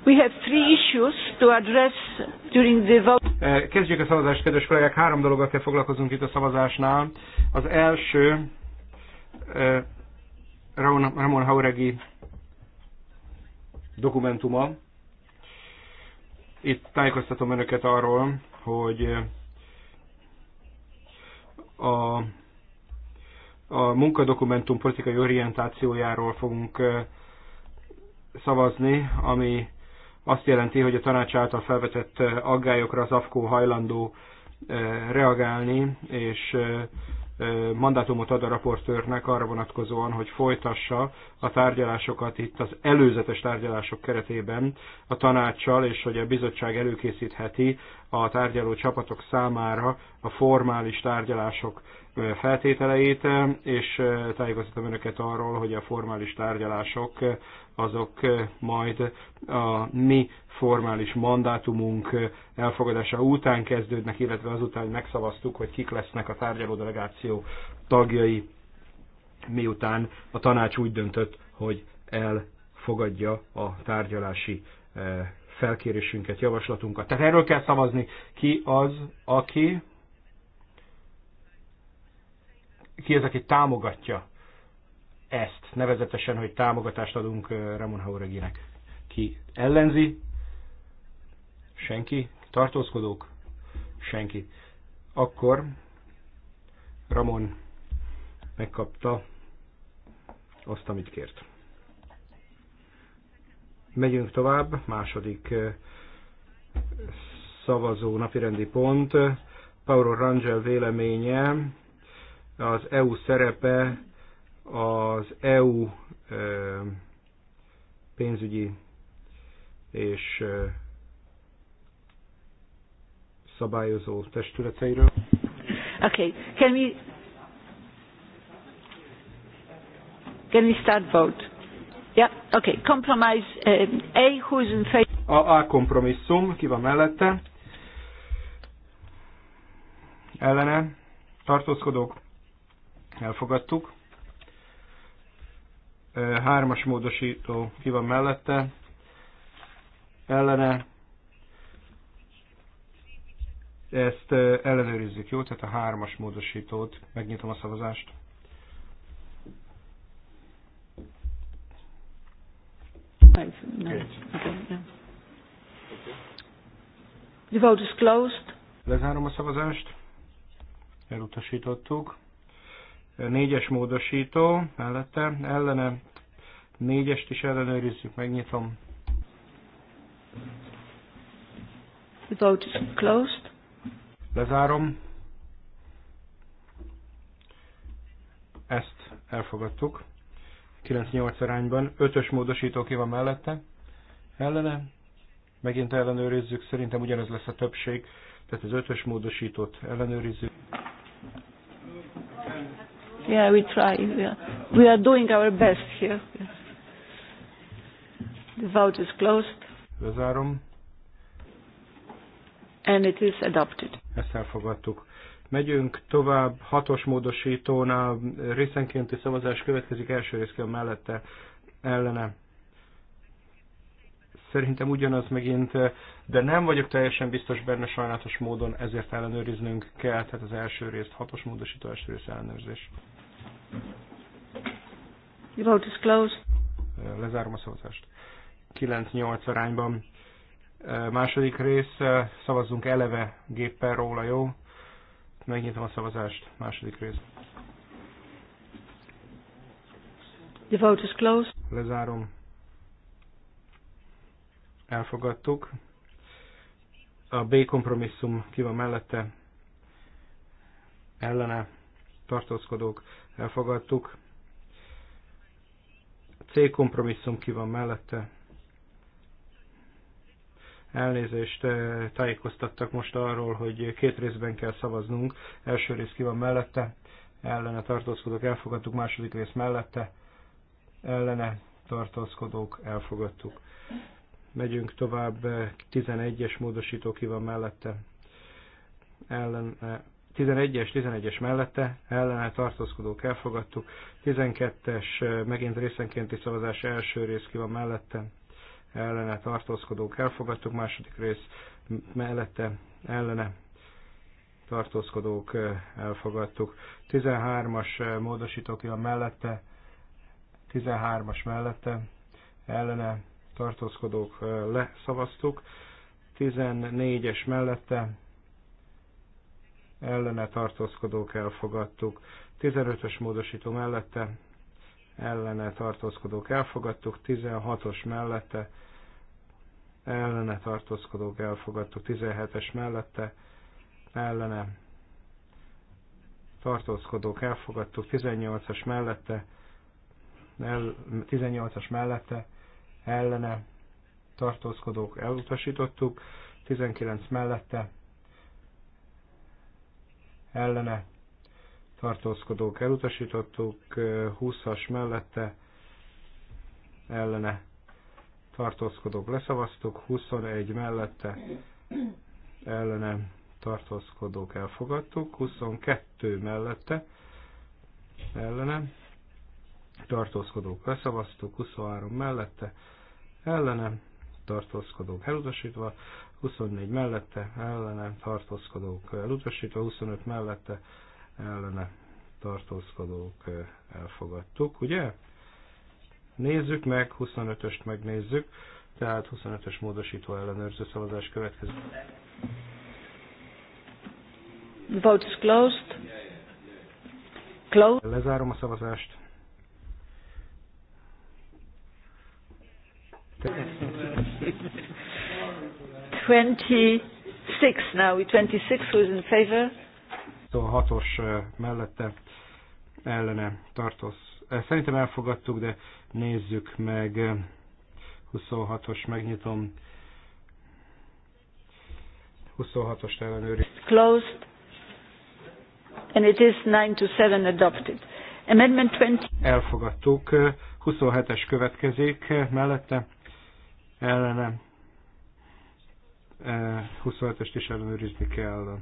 We have three issues to address during the vote. Eh, kezdjük a szavazást, kedves kollégák. Három dologgal kell foglalkozunk itt a szavazásnál. Az első eh, Ramon Hauregi dokumentuma. Itt tájékoztatom önöket arról, hogy eh, munkadokumentum politikai orientációjáról fogunk szavazni, ami azt jelenti, hogy a tanács által felvetett aggályokra az AFKO hajlandó reagálni, és mandátumot ad a raportőrnek arra vonatkozóan, hogy folytassa a tárgyalásokat itt az előzetes tárgyalások keretében a tanácssal, és hogy a bizottság előkészítheti a tárgyaló csapatok számára a formális tárgyalások feltételeit, és tájékoztatom önöket arról, hogy a formális tárgyalások azok majd a mi formális mandátumunk elfogadása után kezdődnek, illetve azután, megszavaztuk, hogy kik lesznek a tárgyaló delegáció tagjai, miután a tanács úgy döntött, hogy elfogadja a tárgyalási felkérésünket, javaslatunkat. Tehát erről kell szavazni, ki az, aki ki az, aki támogatja ezt, nevezetesen, hogy támogatást adunk Ramon Hauregének. Ki ellenzi? Senki. Tartózkodók? Senki. Akkor Ramon megkapta azt, amit kért. Megyünk tovább, második szavazó napirendi pont, Paulo Rangel véleménye az EU szerepe az EU pénzügyi és szabályozó testületeiről. Okay, can we can we start vote? Yeah, okay, compromise uh, A, who's in favor? A, a kompromisszum, ki van mellette? Ellene, tartózkodok. Elfogadtuk. Hármas módosító ki van mellette. Ellene. Ezt ellenőrizzük, jó? Tehát a hármas módosítót. Megnyitom a szavazást. The vote is closed. Lezárom a szavazást. Elutasítottuk. Négyes módosító mellette, ellene, négyest is ellenőrizzük, megnyitom. The vote is closed. Lezárom. Ezt elfogadtuk. 98 arányban. Ötös módosító ki van mellette. Ellene. Megint ellenőrizzük. Szerintem ugyanez lesz a többség. Tehát az ötös módosítót ellenőrizzük. Yeah, we try. Yeah. We are doing our best here. The vote is closed. Lezárom. And it is adopted. Ezt elfogadtuk. Megyünk tovább, hatos módosítónál részenkénti szavazás következik első részkel mellette ellene. Szerintem ugyanaz megint, de nem vagyok teljesen biztos benne sajnálatos módon, ezért ellenőriznünk kell, tehát az első részt hatos módosító, első rész ellenőrzés. You vote is closed. Lezárom a szavazást. 9-8 arányban. Második rész, szavazzunk eleve géppel róla, jó? Megnyitom a szavazást, második rész. The vote is closed. Lezárom. Elfogadtuk. A B kompromisszum ki van mellette? Ellene tartózkodók elfogadtuk. C kompromisszum ki van mellette. Elnézést eh, tájékoztattak most arról, hogy két részben kell szavaznunk. Első rész ki van mellette, ellene tartózkodók elfogadtuk, második rész mellette, ellene tartózkodók elfogadtuk. Megyünk tovább, 11-es eh, módosító ki van mellette, ellene eh, 11-es, 11-es mellette ellene tartózkodók elfogadtuk, 12-es eh, megint részenkénti szavazás első rész ki van mellette, ellene tartózkodók elfogadtuk, második rész mellette ellene tartózkodók eh, elfogadtuk. 13-as eh, módosítók ki van mellette, 13-as mellette ellene tartózkodók leszavaztuk, 14-es mellette ellene tartózkodók elfogadtuk. 15-ös módosító mellette ellene tartózkodók elfogadtuk, 16-os mellette ellene tartózkodók elfogadtuk, 17-es mellette ellene tartózkodók elfogadtuk, 18-as mellette, el, 18-as mellette ellene tartózkodók elutasítottuk, 19 mellette ellene tartózkodók elutasítottuk, 20-as mellette ellene tartózkodók leszavaztuk, 21 mellette ellene tartózkodók elfogadtuk, 22 mellette ellene tartózkodók leszavaztuk, 23 mellette ellene tartózkodók elutasítva, 24 mellette ellene tartózkodók elutasítva, 25 mellette ellene tartózkodók elfogadtuk, ugye? Nézzük meg, 25-öst megnézzük, tehát 25-ös módosító ellenőrző szavazás következik. Votes closed. Closed. Lezárom a szavazást. 26 now. 26 is in favor? A hatos mellette ellene tartoz. Szerintem elfogadtuk, de nézzük meg. 26-os megnyitom. 26-ost ellenőri. Closed. And it is 9 to 7 adopted. Amendment 20. Elfogadtuk. 27-es következik mellette. Ellene 27-est is ellenőrizni kell.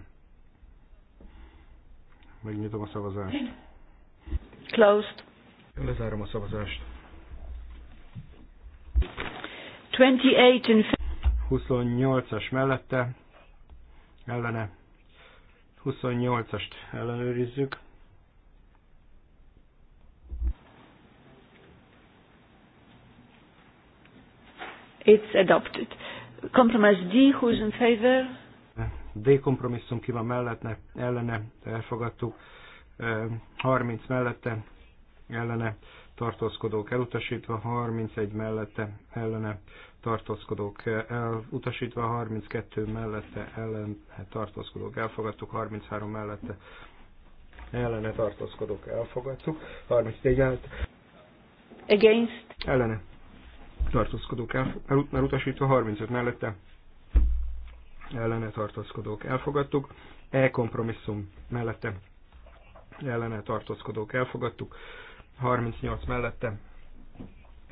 Megnyitom a szavazást. Closed. Lezárom a szavazást. 28 28-as mellette, ellene. 28-ast ellenőrizzük. It's adopted. Compromise D, who is in favor? D kompromisszum ki van mellette, ellene, elfogadtuk. 30 mellette, ellene, tartózkodók elutasítva, 31 mellette, ellene, tartózkodók elutasítva, 32 mellette, ellen tartózkodók elfogadtuk, 33 mellette, ellene tartózkodók elfogadtuk, 34 mellette. Against. Ellene tartózkodók elfog, már utasítva 35 mellette ellene tartózkodók elfogadtuk, E kompromisszum mellette ellene tartózkodók elfogadtuk, 38 mellette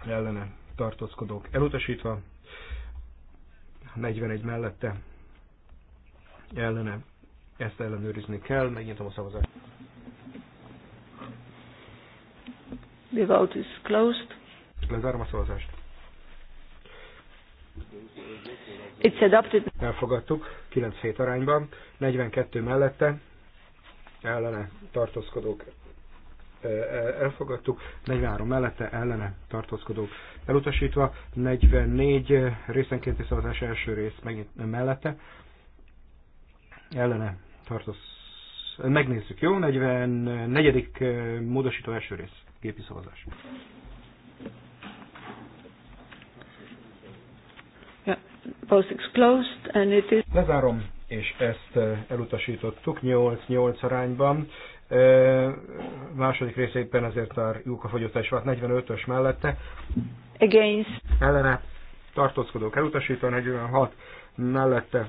ellene tartózkodók elutasítva, 41 mellette ellene ezt ellenőrizni kell, megnyitom a szavazást. The vote is closed. Lezárom a szavazást. It's adopted. Elfogadtuk, 9-7 arányban, 42 mellette, ellene tartózkodók elfogadtuk, 43 mellette ellene tartózkodók elutasítva, 44 részenkénti szavazás első rész megint mellette ellene tartoz. Megnézzük, jó? 44. módosító első rész, gépi szavazás. Lezárom, és ezt eh, elutasítottuk 8-8 arányban. E, második részében ezért a fogyasztás volt 45-ös mellette. Against. Ellene tartózkodók elutasítva 46 mellette.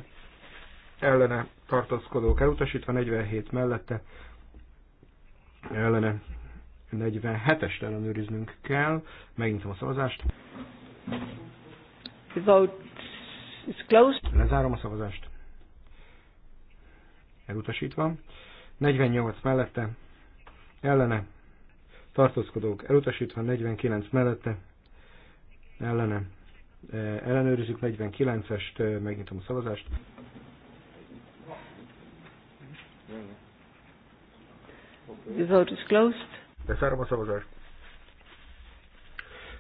Ellene tartózkodók elutasítva 47 mellette. Ellene 47-est ellenőriznünk kell. Megnyitom a szavazást. The vote is closed. Lezárom a szavazást. Elutasítva. 48 mellette, ellene, tartózkodók elutasítva, 49 mellette, ellene, e, ellenőrizzük 49-est, e, megnyitom a szavazást. The vote is closed. Lezárom a szavazást.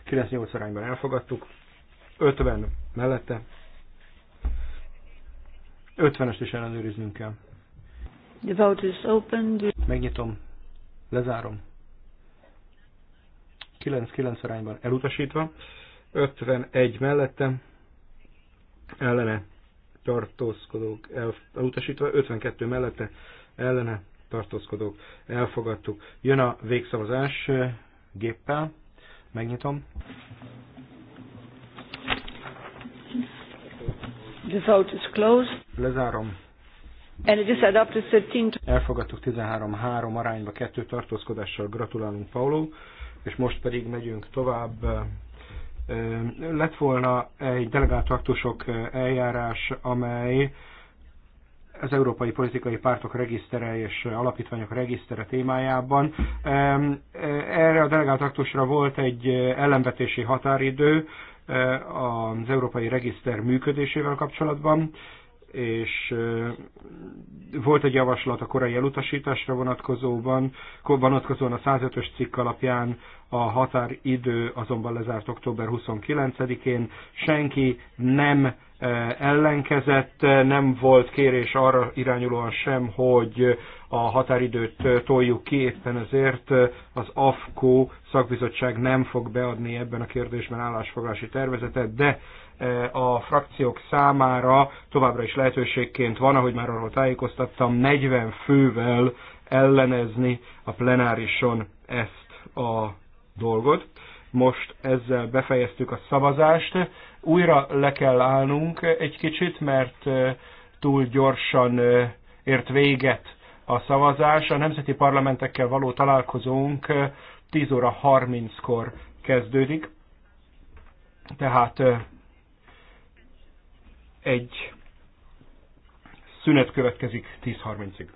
98 arányban elfogadtuk. 50 mellette. 50-est is ellenőriznünk kell. The vote is open. Megnyitom. Lezárom. 9-9 arányban elutasítva. 51 mellette. Ellene tartózkodók elutasítva. 52 mellette. Ellene tartózkodók elfogadtuk. Jön a végszavazás géppel. Megnyitom. The vote is closed. Lezárom. And it is adopted 13 Elfogadtuk 13-3 arányba kettő tartózkodással. Gratulálunk, Paulo. És most pedig megyünk tovább. Lett volna egy delegált aktusok eljárás, amely az európai politikai pártok regisztere és alapítványok regisztere témájában. Erre a delegált aktusra volt egy ellenvetési határidő, Eh, az Európai Regiszter működésével kapcsolatban, és eh, volt egy javaslat a korai elutasításra vonatkozóban, vonatkozóan a 105-ös cikk alapján a határidő azonban lezárt október 29-én. Senki nem eh, ellenkezett, nem volt kérés arra irányulóan sem, hogy a határidőt toljuk ki, éppen ezért az AFKO szakbizottság nem fog beadni ebben a kérdésben állásfoglalási tervezetet, de a frakciók számára továbbra is lehetőségként van, ahogy már arról tájékoztattam, 40 fővel ellenezni a plenárison ezt a dolgot. Most ezzel befejeztük a szavazást. Újra le kell állnunk egy kicsit, mert túl gyorsan ért véget a szavazás. A nemzeti parlamentekkel való találkozónk 10 eh, óra 30-kor kezdődik, tehát eh, egy szünet következik 10.30-ig.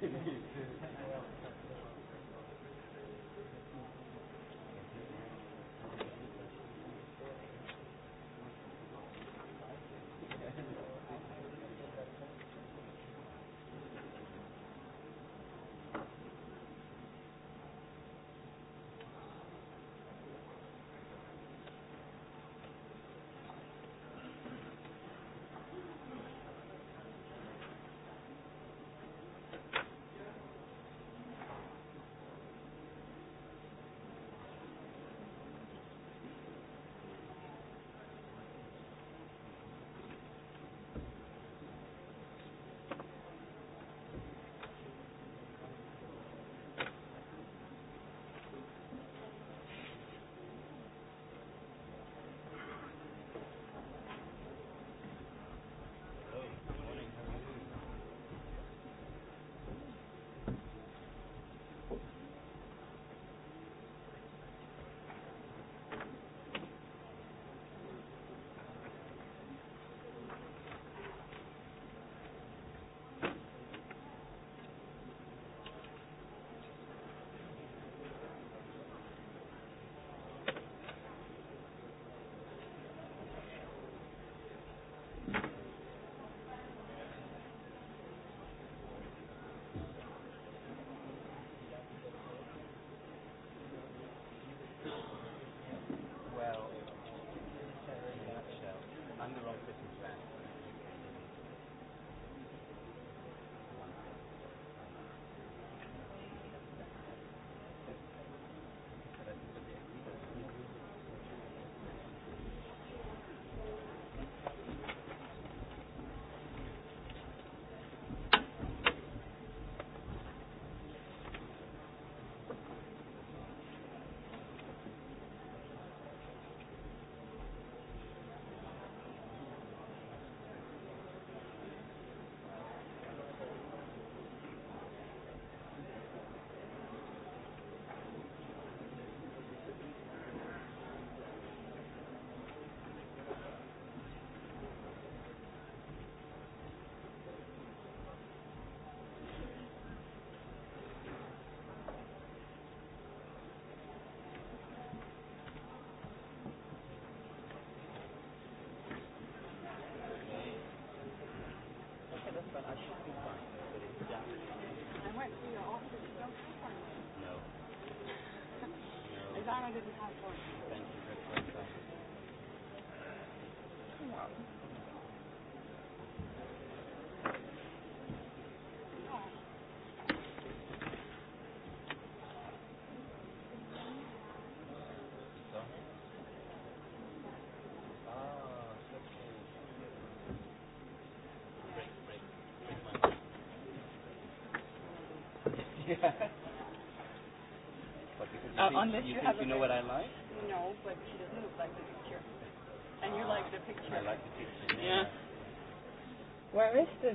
Thank you. but I should be fine. But it's definitely. I went to your office. Don't No. no. As long as Yeah. Uh, but because you, uh, think, unless you, you, think you know what I like? No, but she doesn't look like the picture. And you uh, like the picture. I like the picture. Yeah. yeah. Where is this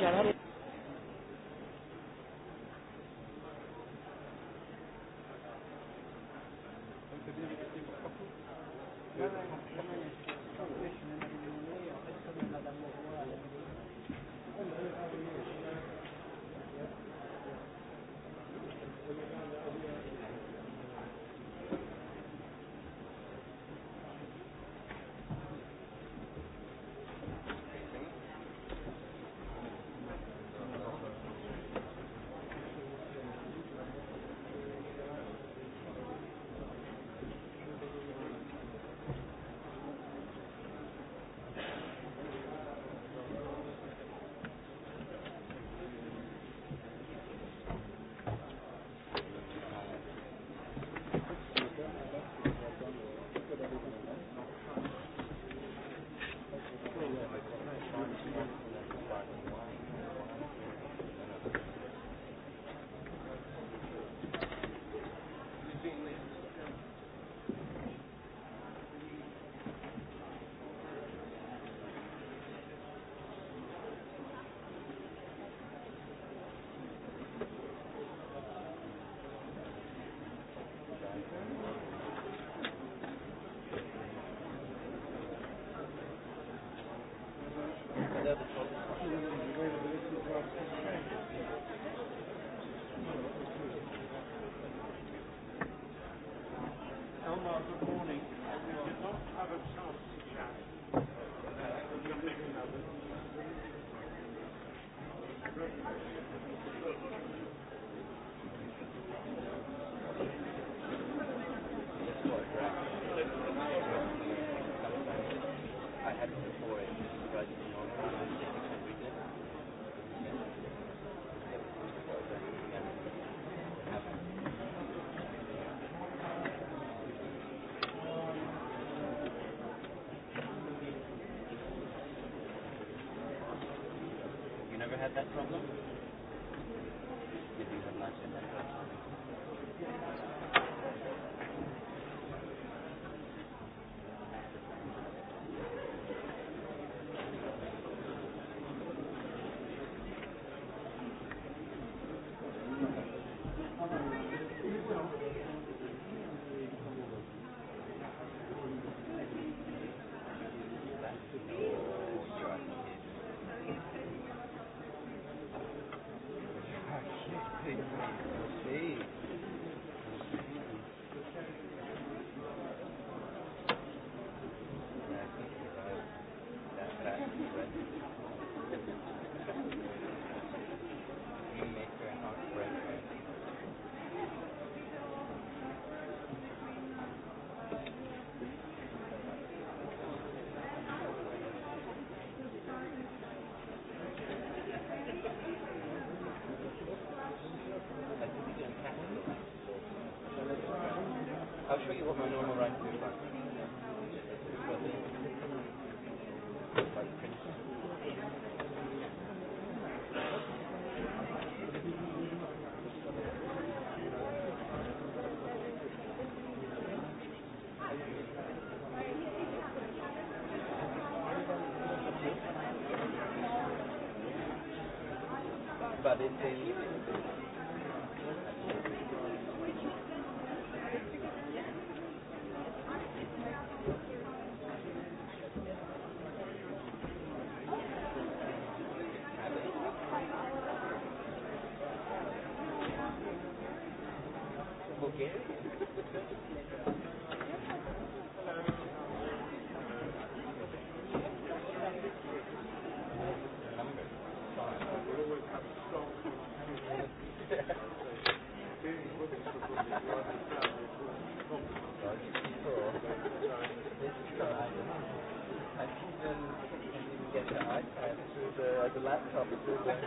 Gracias. had that problem? I'll show you what my normal rank is like. But it's in laptop is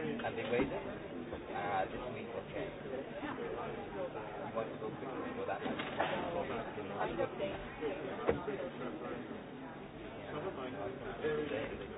Have they waited? Uh, this week, okay. What will be for that? Yeah.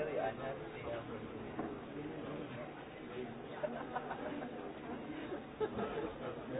Thank you.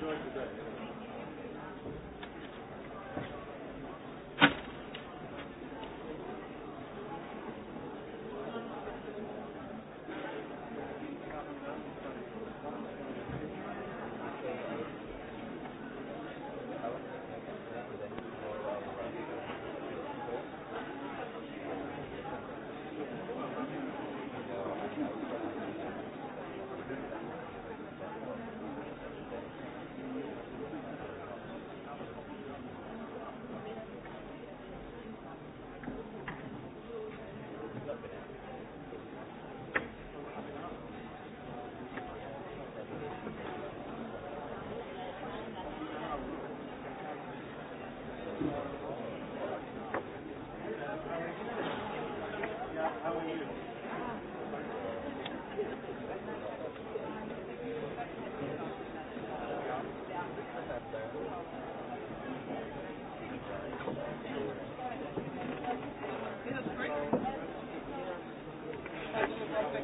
enjoyed today.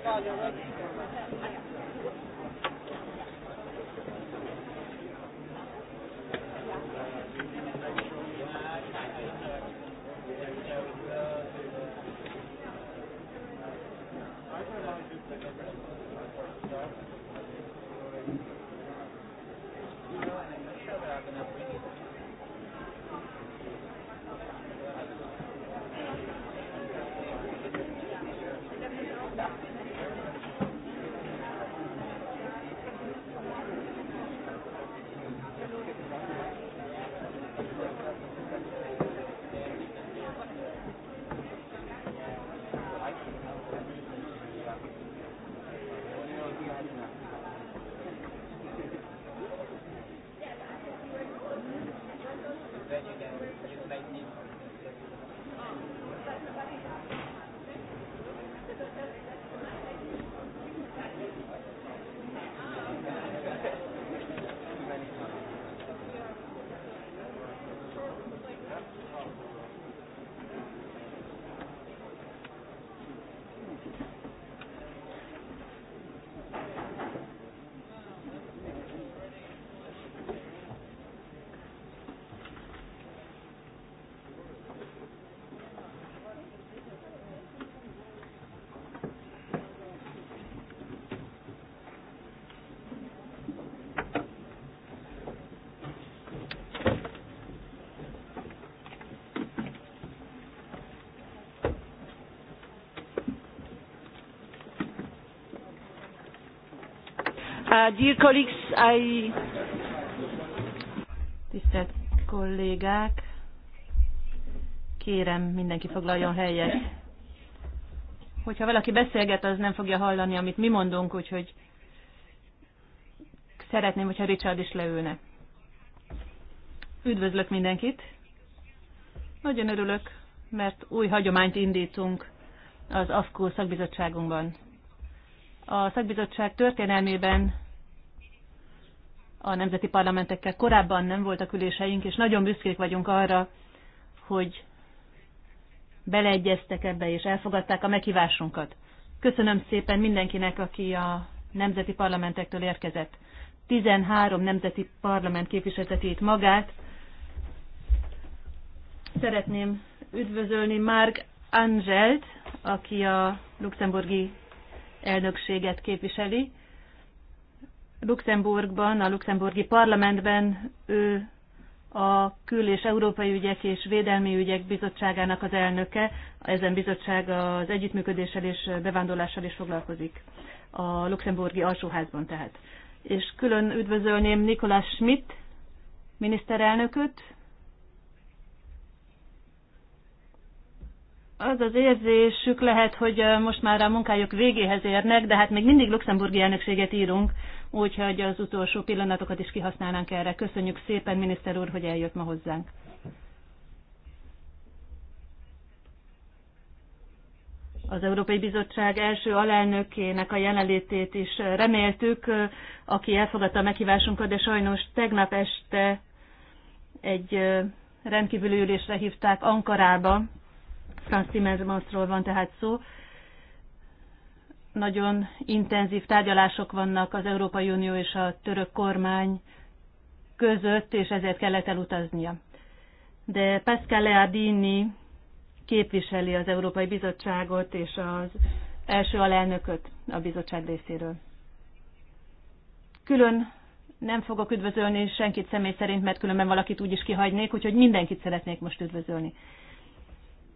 Valóban. Uh, dear colleagues, I... Tisztelt kollégák, kérem mindenki foglaljon helyet. Hogyha valaki beszélget, az nem fogja hallani, amit mi mondunk, úgyhogy szeretném, hogyha Richard is leülne. Üdvözlök mindenkit. Nagyon örülök, mert új hagyományt indítunk az AFKO szakbizottságunkban. A szakbizottság történelmében a nemzeti parlamentekkel korábban nem voltak üléseink, és nagyon büszkék vagyunk arra, hogy beleegyeztek ebbe, és elfogadták a meghívásunkat. Köszönöm szépen mindenkinek, aki a nemzeti parlamentektől érkezett. 13 nemzeti parlament képviselteti itt magát. Szeretném üdvözölni Mark Angelt, aki a luxemburgi elnökséget képviseli. Luxemburgban, a luxemburgi parlamentben ő a Kül- és Európai Ügyek és Védelmi Ügyek Bizottságának az elnöke. Ezen bizottság az együttműködéssel és bevándorlással is foglalkozik a luxemburgi alsóházban tehát. És külön üdvözölném Nikolás Schmidt, miniszterelnököt, az az érzésük lehet, hogy most már a munkájuk végéhez érnek, de hát még mindig luxemburgi elnökséget írunk, úgyhogy az utolsó pillanatokat is kihasználnánk erre. Köszönjük szépen, miniszter úr, hogy eljött ma hozzánk. az Európai Bizottság első alelnökének a jelenlétét is reméltük, aki elfogadta a meghívásunkat, de sajnos tegnap este egy rendkívüli ülésre hívták Ankarába, Franz Timmermansról van tehát szó. Nagyon intenzív tárgyalások vannak az Európai Unió és a török kormány között, és ezért kellett elutaznia. De Pascal Leardini képviseli az Európai Bizottságot és az első alelnököt a bizottság részéről. Külön nem fogok üdvözölni senkit személy szerint, mert különben valakit úgy is kihagynék, úgyhogy mindenkit szeretnék most üdvözölni.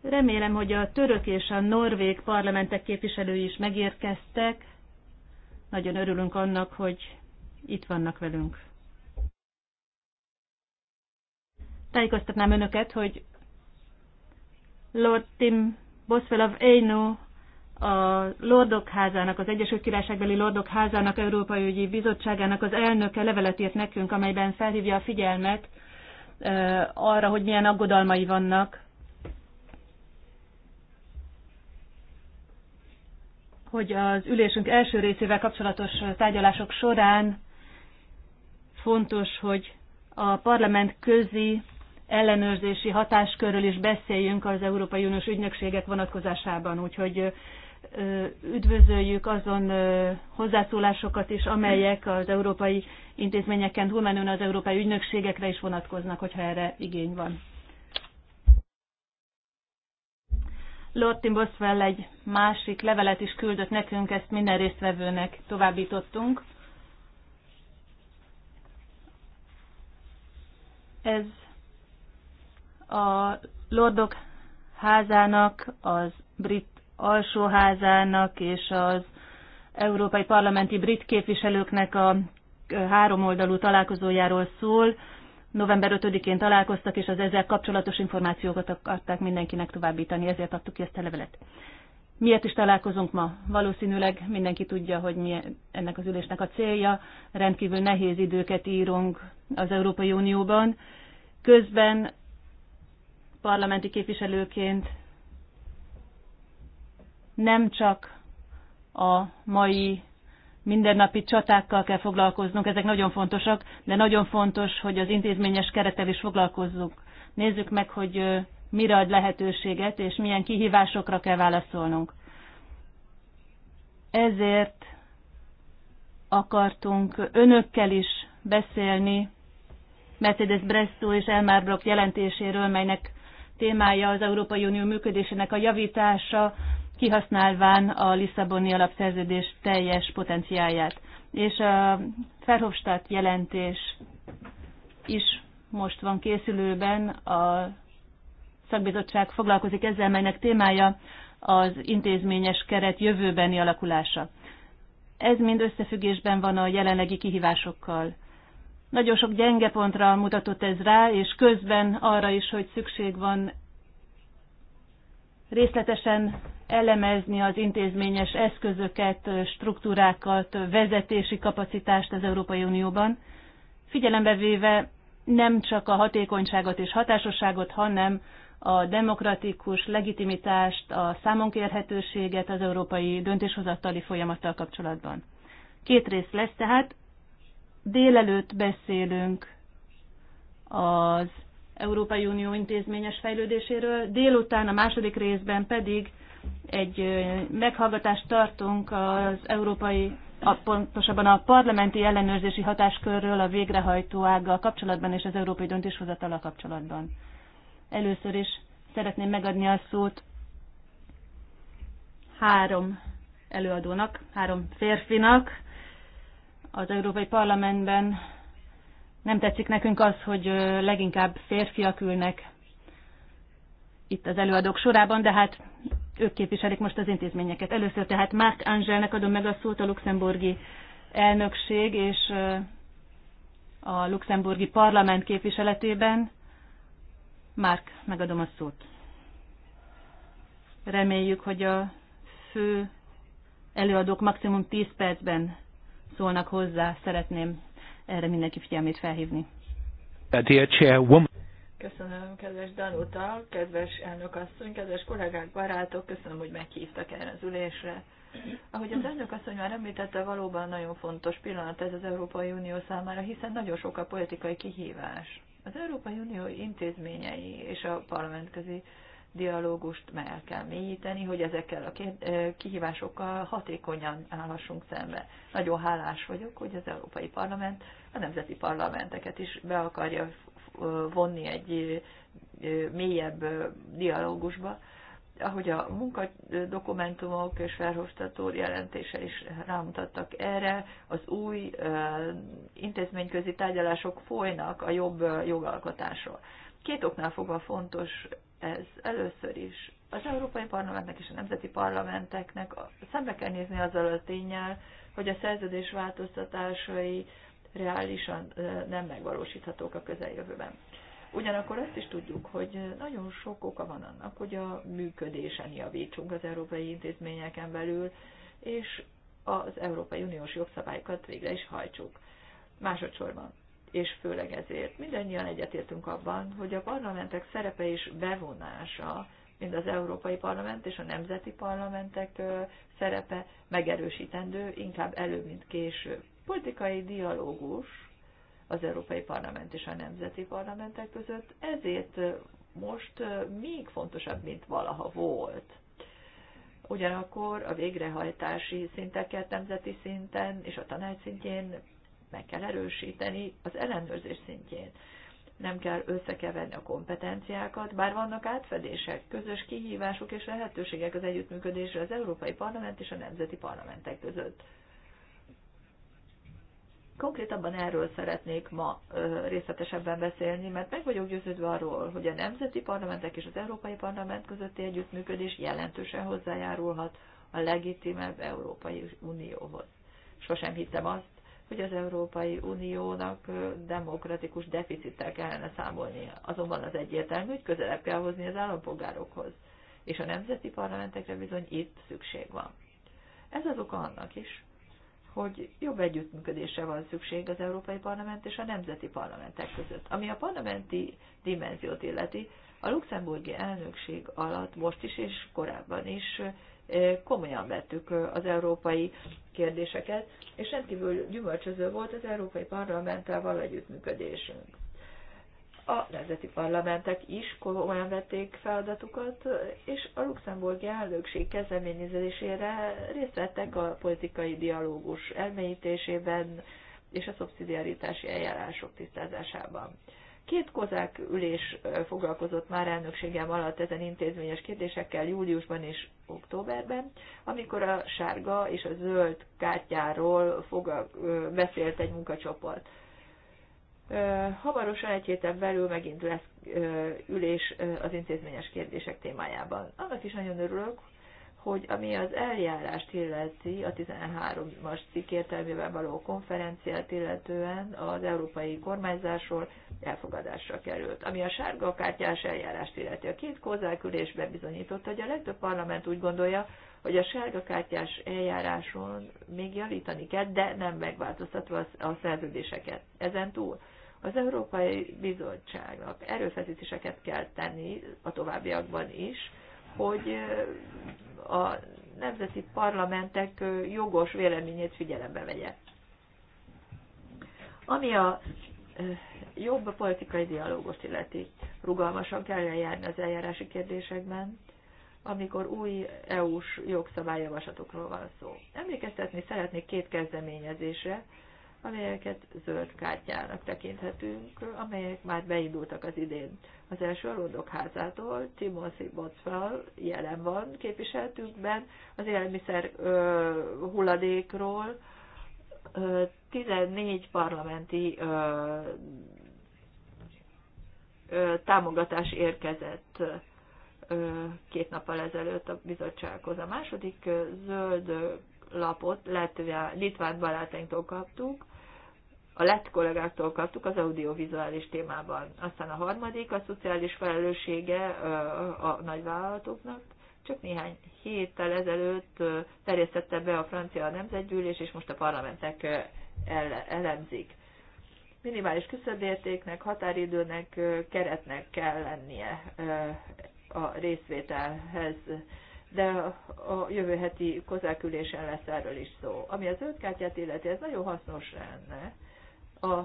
Remélem, hogy a török és a norvég parlamentek képviselői is megérkeztek. Nagyon örülünk annak, hogy itt vannak velünk. Tájékoztatnám önöket, hogy Lord Tim Boswell of Eino, a Lordok házának, az Egyesült Királyságbeli Lordok házának Európai Ügyi Bizottságának az elnöke levelet írt nekünk, amelyben felhívja a figyelmet eh, arra, hogy milyen aggodalmai vannak hogy az ülésünk első részével kapcsolatos tárgyalások során fontos, hogy a parlament közi ellenőrzési hatáskörről is beszéljünk az Európai Uniós ügynökségek vonatkozásában. Úgyhogy üdvözöljük azon hozzászólásokat is, amelyek az európai intézményeken túlmenően az európai ügynökségekre is vonatkoznak, hogyha erre igény van. Lortin Boswell egy másik levelet is küldött nekünk, ezt minden résztvevőnek továbbítottunk. Ez a Lordok házának, az brit alsóházának és az európai parlamenti brit képviselőknek a háromoldalú találkozójáról szól, november 5-én találkoztak, és az ezzel kapcsolatos információkat akarták mindenkinek továbbítani, ezért adtuk ki ezt a levelet. Miért is találkozunk ma? Valószínűleg mindenki tudja, hogy mi ennek az ülésnek a célja. Rendkívül nehéz időket írunk az Európai Unióban. Közben parlamenti képviselőként nem csak a mai mindennapi csatákkal kell foglalkoznunk, ezek nagyon fontosak, de nagyon fontos, hogy az intézményes keretel is foglalkozzunk. Nézzük meg, hogy mire ad lehetőséget, és milyen kihívásokra kell válaszolnunk. Ezért akartunk önökkel is beszélni Mercedes Bresto és Elmar Brock jelentéséről, melynek témája az Európai Unió működésének a javítása, kihasználván a Lisszaboni alapszerződés teljes potenciáját. És a Verhofstadt jelentés is most van készülőben, a szakbizottság foglalkozik ezzel, melynek témája az intézményes keret jövőbeni alakulása. Ez mind összefüggésben van a jelenlegi kihívásokkal. Nagyon sok gyenge pontra mutatott ez rá, és közben arra is, hogy szükség van részletesen elemezni az intézményes eszközöket, struktúrákat, vezetési kapacitást az Európai Unióban, figyelembe véve nem csak a hatékonyságot és hatásosságot, hanem a demokratikus legitimitást, a számonkérhetőséget az európai döntéshozatali folyamattal kapcsolatban. Két rész lesz tehát. Délelőtt beszélünk az Európai Unió intézményes fejlődéséről, délután a második részben pedig egy meghallgatást tartunk az európai, a, pontosabban a parlamenti ellenőrzési hatáskörről a végrehajtó ággal kapcsolatban és az európai döntéshozatala kapcsolatban. Először is szeretném megadni a szót három előadónak, három férfinak. Az Európai Parlamentben nem tetszik nekünk az, hogy leginkább férfiak ülnek itt az előadók sorában, de hát ők képviselik most az intézményeket. Először tehát Mark Angelnek adom meg a szót a luxemburgi elnökség és a luxemburgi parlament képviseletében. Márk, megadom a szót. Reméljük, hogy a fő előadók maximum 10 percben szólnak hozzá. Szeretném erre mindenki figyelmét felhívni. Dear Chairwoman. Köszönöm, kedves Danuta, kedves elnökasszony, kedves kollégák, barátok, köszönöm, hogy meghívtak erre az ülésre. Ahogy az elnökasszony már említette, valóban nagyon fontos pillanat ez az Európai Unió számára, hiszen nagyon sok a politikai kihívás. Az Európai Unió intézményei és a parlamentközi dialógust meg kell mélyíteni, hogy ezekkel a kihívásokkal hatékonyan állhassunk szembe. Nagyon hálás vagyok, hogy az Európai Parlament a nemzeti parlamenteket is be akarja vonni egy mélyebb dialógusba, ahogy a munkadokumentumok és felhoztató jelentése is rámutattak erre, az új intézményközi tárgyalások folynak a jobb jogalkotásról. Két oknál fogva fontos ez először is. Az Európai Parlamentnek és a Nemzeti Parlamenteknek szembe kell nézni azzal a tényel, hogy a szerződés változtatásai reálisan nem megvalósíthatók a közeljövőben. Ugyanakkor azt is tudjuk, hogy nagyon sok oka van annak, hogy a működésen javítsunk az európai intézményeken belül, és az Európai Uniós jogszabályokat végre is hajtsuk. Másodszorban, és főleg ezért mindannyian egyetértünk abban, hogy a parlamentek szerepe és bevonása, mind az Európai Parlament és a nemzeti parlamentek szerepe megerősítendő, inkább előbb, mint később politikai dialógus az Európai Parlament és a nemzeti parlamentek között, ezért most még fontosabb, mint valaha volt. Ugyanakkor a végrehajtási szinteket nemzeti szinten és a tanács szintjén meg kell erősíteni, az ellenőrzés szintjén. Nem kell összekeverni a kompetenciákat, bár vannak átfedések, közös kihívások és lehetőségek az együttműködésre az Európai Parlament és a nemzeti parlamentek között. Konkrétabban erről szeretnék ma részletesebben beszélni, mert meg vagyok győződve arról, hogy a nemzeti parlamentek és az Európai Parlament közötti együttműködés jelentősen hozzájárulhat a legitimebb Európai Unióhoz. Sosem hittem azt, hogy az Európai Uniónak demokratikus deficittel kellene számolnia. Azonban az egyértelmű, hogy közelebb kell hozni az állampolgárokhoz, és a nemzeti parlamentekre bizony itt szükség van. Ez az oka annak is, hogy jobb együttműködésre van szükség az Európai Parlament és a nemzeti parlamentek között. Ami a parlamenti dimenziót illeti, a luxemburgi elnökség alatt most is és korábban is eh, komolyan vettük eh, az európai kérdéseket, és rendkívül gyümölcsöző volt az Európai Parlamenttel való együttműködésünk a nemzeti parlamentek is komolyan vették feladatukat, és a luxemburgi elnökség kezdeményezésére részt vettek a politikai dialógus elmélyítésében és a szubszidiaritási eljárások tisztázásában. Két kozák ülés foglalkozott már elnökségem alatt ezen intézményes kérdésekkel júliusban és októberben, amikor a sárga és a zöld kártyáról fogal, beszélt egy munkacsoport Hamarosan egy héten belül megint lesz ülés az intézményes kérdések témájában. Annak is nagyon örülök, hogy ami az eljárást illeti, a 13-as cikk értelmével való konferenciát illetően az európai kormányzásról elfogadásra került. Ami a sárga kártyás eljárást illeti, a két kozákülésben bizonyította, hogy a legtöbb parlament úgy gondolja, hogy a sárga kártyás eljáráson még javítani kell, de nem megváltoztatva a szerződéseket. Ezen túl az Európai Bizottságnak erőfeszítéseket kell tenni a továbbiakban is, hogy a nemzeti parlamentek jogos véleményét figyelembe vegye. Ami a jobb politikai dialógot illeti, rugalmasan kell járni az eljárási kérdésekben, amikor új EU-s jogszabályjavaslatokról van szó. Emlékeztetni szeretnék két kezdeményezésre, amelyeket zöld kártyának tekinthetünk, amelyek már beindultak az idén. Az első a Londok házától, Timothy Botsfall jelen van képviseltünkben, az élelmiszer ö, hulladékról, ö, 14 parlamenti ö, ö, támogatás érkezett ö, két nappal ezelőtt a bizottsághoz. A második ö, zöld lapot Litván barátainktól kaptuk, a lett kollégáktól kaptuk az audiovizuális témában. Aztán a harmadik, a szociális felelőssége a nagyvállalatoknak. Csak néhány héttel ezelőtt terjesztette be a francia nemzetgyűlés, és most a parlamentek elemzik. Minimális küszöbértéknek, határidőnek, keretnek kell lennie a részvételhez de a jövő heti kozákülésen lesz erről is szó. Ami az öt illeti, ez nagyon hasznos lenne, az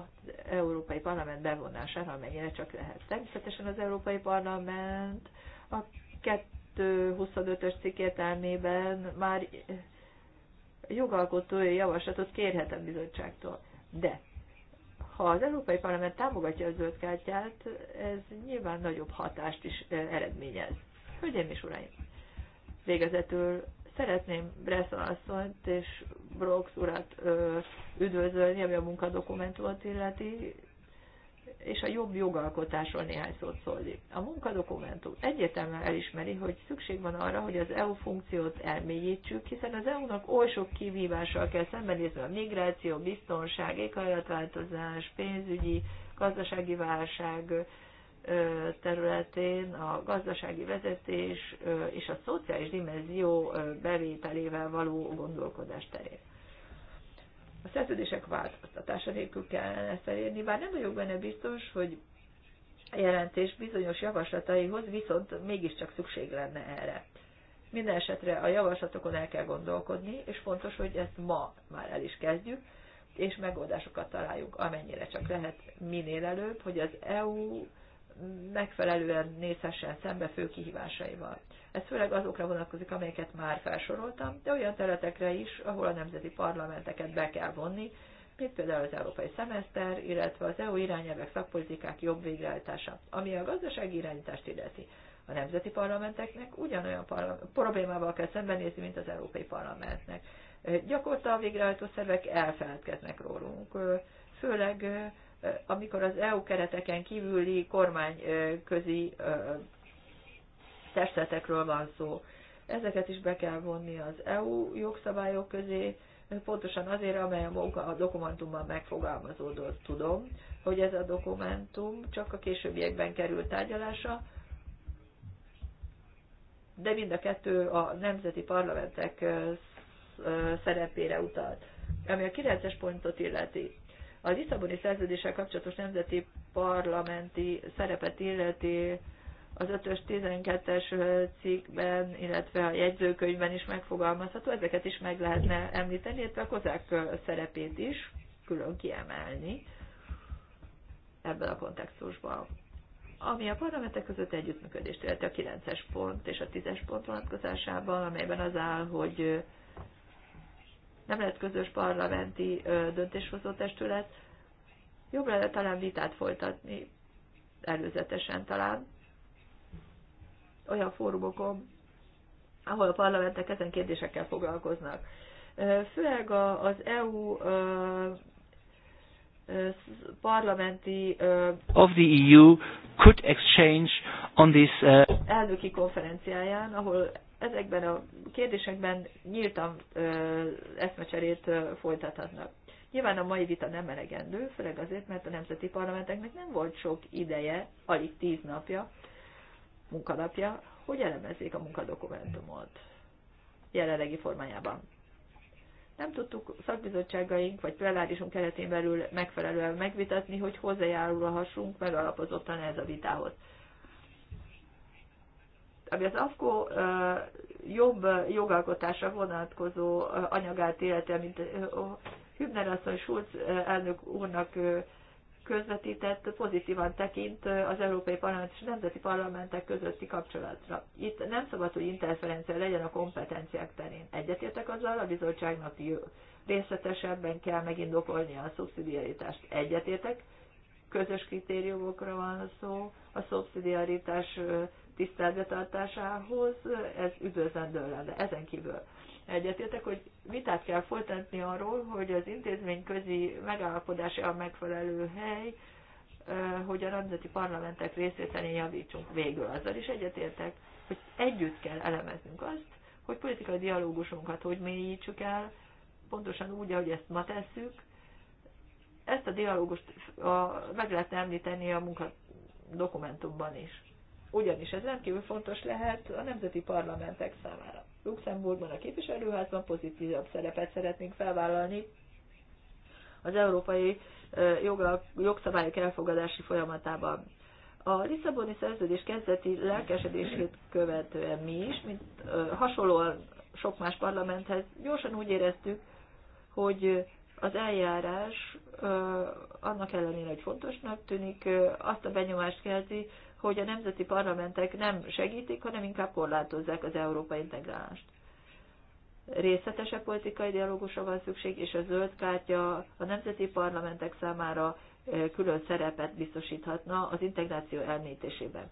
Európai Parlament bevonására, amennyire csak lehet. Természetesen az Európai Parlament a 225-ös cikk értelmében már jogalkotói javaslatot kérhet a bizottságtól. De ha az Európai Parlament támogatja a zöld kártyát, ez nyilván nagyobb hatást is eh, eredményez. Hölgyeim és uraim, végezetül szeretném Bresson asszonyt és Brox urat üdvözölni, ami a munkadokumentumot illeti, és a jobb jogalkotásról néhány szót szólni. A munkadokumentum egyértelműen elismeri, hogy szükség van arra, hogy az EU funkciót elmélyítsük, hiszen az EU-nak oly sok kihívással kell szembenézni a migráció, biztonság, éghajlatváltozás, pénzügyi, gazdasági válság, területén a gazdasági vezetés és a szociális dimenzió bevételével való gondolkodás terén. A szerződések változtatása nélkül kellene ezt elérni, bár nem vagyok benne biztos, hogy a jelentés bizonyos javaslataihoz viszont mégiscsak szükség lenne erre. Minden esetre a javaslatokon el kell gondolkodni, és fontos, hogy ezt ma már el is kezdjük, és megoldásokat találjuk, amennyire csak lehet minél előbb, hogy az EU megfelelően nézhessen szembe fő kihívásaival. Ez főleg azokra vonatkozik, amelyeket már felsoroltam, de olyan területekre is, ahol a nemzeti parlamenteket be kell vonni, mint például az európai szemeszter, illetve az EU irányelvek szakpolitikák jobb végrehajtása, ami a gazdasági irányítást illeti. A nemzeti parlamenteknek ugyanolyan parla- problémával kell szembenézni, mint az európai parlamentnek. Gyakorta a végrehajtó szervek elfeledkeznek rólunk, főleg amikor az EU kereteken kívüli kormányközi testetekről van szó. Ezeket is be kell vonni az EU jogszabályok közé, pontosan azért, amely a, munka, a dokumentumban megfogalmazódott. Tudom, hogy ez a dokumentum csak a későbbiekben került tárgyalásra, de mind a kettő a nemzeti parlamentek szerepére utalt. Ami a 9-es pontot illeti, a Lisszaboni szerződéssel kapcsolatos nemzeti parlamenti szerepet illeti az 5-ös, 12-es cikkben, illetve a jegyzőkönyvben is megfogalmazható, ezeket is meg lehetne említeni, illetve a kozák szerepét is külön kiemelni ebben a kontextusban. Ami a parlamentek között együttműködést illeti a 9-es pont és a 10-es pont vonatkozásában, amelyben az áll, hogy nem lett közös parlamenti döntéshozó testület, jobb lenne talán vitát folytatni, előzetesen talán, olyan fórumokon, ahol a parlamentek ezen kérdésekkel foglalkoznak. Főleg az EU parlamenti of the EU could exchange on this uh... elnöki konferenciáján, ahol ezekben a kérdésekben nyíltan eszmecserét folytathatnak. Nyilván a mai vita nem elegendő, főleg azért, mert a nemzeti parlamenteknek nem volt sok ideje, alig tíz napja, munkanapja, hogy elemezzék a munkadokumentumot jelenlegi formájában. Nem tudtuk szakbizottságaink vagy plenárisunk keretén belül megfelelően megvitatni, hogy hozzájárulhassunk megalapozottan ez a vitához ami az AFKO jobb jogalkotásra vonatkozó anyagát élete, mint Hübner asszony Schulz elnök úrnak közvetített, pozitívan tekint az Európai Parlament és Nemzeti Parlamentek közötti kapcsolatra. Itt nem szabad, hogy interferencia legyen a kompetenciák terén. Egyetértek azzal, a bizottságnak részletesebben kell megindokolnia a szubszidiaritást. Egyetértek, közös kritériumokra van szó, a szubszidiaritás tiszteletbe tartásához, ez üdvözlendő lenne. Ezen kívül egyetértek, hogy vitát kell folytatni arról, hogy az közi megállapodása a megfelelő hely, hogy a nemzeti parlamentek részvételén javítsunk végül. Azzal is egyetértek, hogy együtt kell elemeznünk azt, hogy politikai dialógusunkat hogy mélyítsük el, pontosan úgy, ahogy ezt ma tesszük. Ezt a dialógust a, meg lehet említeni a munkadokumentumban is ugyanis ez rendkívül fontos lehet a nemzeti parlamentek számára. Luxemburgban a képviselőházban pozitívabb szerepet szeretnénk felvállalni az európai jogla, jogszabályok elfogadási folyamatában. A Lisszaboni szerződés kezdeti lelkesedését követően mi is, mint hasonlóan sok más parlamenthez, gyorsan úgy éreztük, hogy az eljárás annak ellenére, hogy fontosnak tűnik, azt a benyomást kelti, hogy a nemzeti parlamentek nem segítik, hanem inkább korlátozzák az európai integrálást. Részletesebb politikai dialógusra van szükség, és a zöld kártya a nemzeti parlamentek számára külön szerepet biztosíthatna az integráció elmétésében.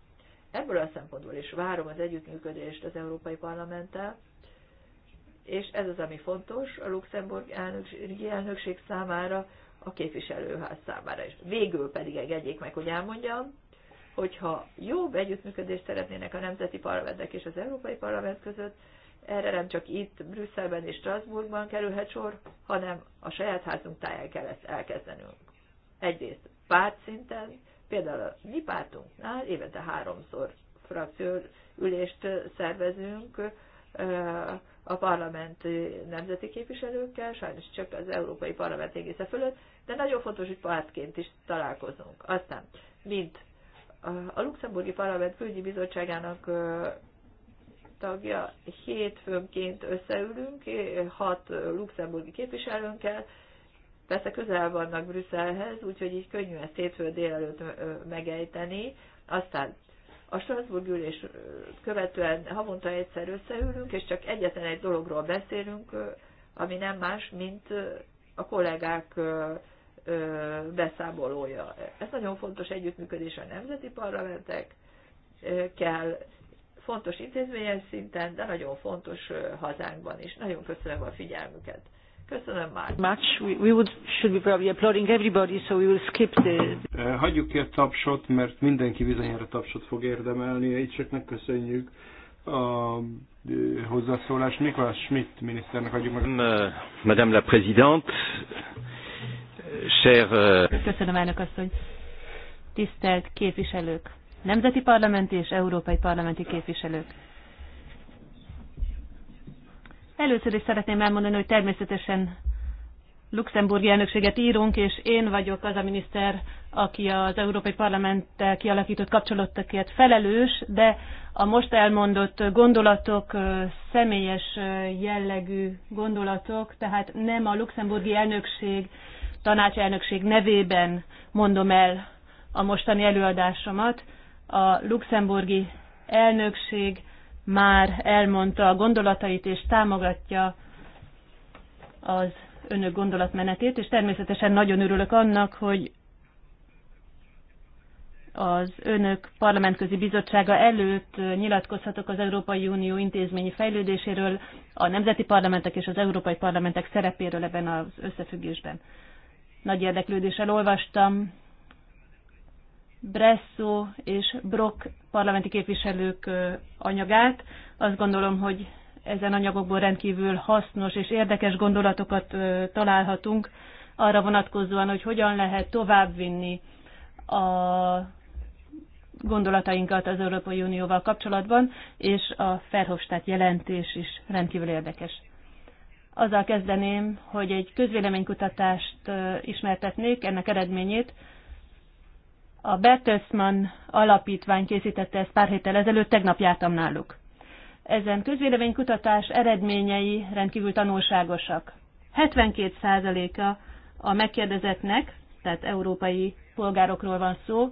Ebből a szempontból is várom az együttműködést az Európai Parlamenttel, és ez az, ami fontos a Luxemburg elnökség, elnökség számára, a képviselőház számára is. Végül pedig engedjék meg, hogy elmondjam, hogyha jobb együttműködést szeretnének a nemzeti parlamentek és az Európai Parlament között, erre nem csak itt, Brüsszelben és Strasbourgban kerülhet sor, hanem a saját házunk táján kell ezt elkezdenünk. Egyrészt szinten, például a mi pártunknál évente háromszor frakció ülést szervezünk a parlament nemzeti képviselőkkel, sajnos csak az Európai Parlament égésze fölött, de nagyon fontos, hogy pártként is találkozunk. Aztán, mint a Luxemburgi Parlament Külügyi Bizottságának tagja hétfőnként összeülünk, hat luxemburgi képviselőnkkel, persze közel vannak Brüsszelhez, úgyhogy így könnyű ezt hétfő délelőtt megejteni. Aztán a Strasbourg ülés követően havonta egyszer összeülünk, és csak egyetlen egy dologról beszélünk, ami nem más, mint a kollégák beszámolója. Ez nagyon fontos együttműködés a nemzeti parlamentek kell, fontos intézményes szinten, de nagyon fontos hazánkban is. Nagyon köszönöm a figyelmüket. Köszönöm már. Much. We, we would, should be probably applauding everybody, so we will skip the... Hagyjuk ki a tapsot, mert mindenki bizonyára tapsot fog érdemelni. Itt csak megköszönjük a hozzászólást. Nikolás Schmidt miniszternek adjuk meg. Madame la Présidente, Cher, Köszönöm, elnök asszony. Tisztelt képviselők, nemzeti parlamenti és európai parlamenti képviselők. Először is szeretném elmondani, hogy természetesen luxemburgi elnökséget írunk, és én vagyok az a miniszter, aki az Európai Parlamenttel kialakított kapcsolatokért felelős, de a most elmondott gondolatok személyes jellegű gondolatok, tehát nem a luxemburgi elnökség tanácselnökség nevében mondom el a mostani előadásomat. A luxemburgi elnökség már elmondta a gondolatait és támogatja az önök gondolatmenetét, és természetesen nagyon örülök annak, hogy az önök parlamentközi bizottsága előtt nyilatkozhatok az Európai Unió intézményi fejlődéséről, a nemzeti parlamentek és az európai parlamentek szerepéről ebben az összefüggésben. Nagy érdeklődéssel olvastam Bresso és Brock parlamenti képviselők anyagát. Azt gondolom, hogy ezen anyagokból rendkívül hasznos és érdekes gondolatokat találhatunk arra vonatkozóan, hogy hogyan lehet továbbvinni a gondolatainkat az Európai Unióval kapcsolatban, és a Ferhofstadt jelentés is rendkívül érdekes azzal kezdeném, hogy egy közvéleménykutatást ismertetnék, ennek eredményét. A Bertelsmann alapítvány készítette ezt pár héttel ezelőtt, tegnap jártam náluk. Ezen közvéleménykutatás eredményei rendkívül tanulságosak. 72%-a a megkérdezettnek, tehát európai polgárokról van szó,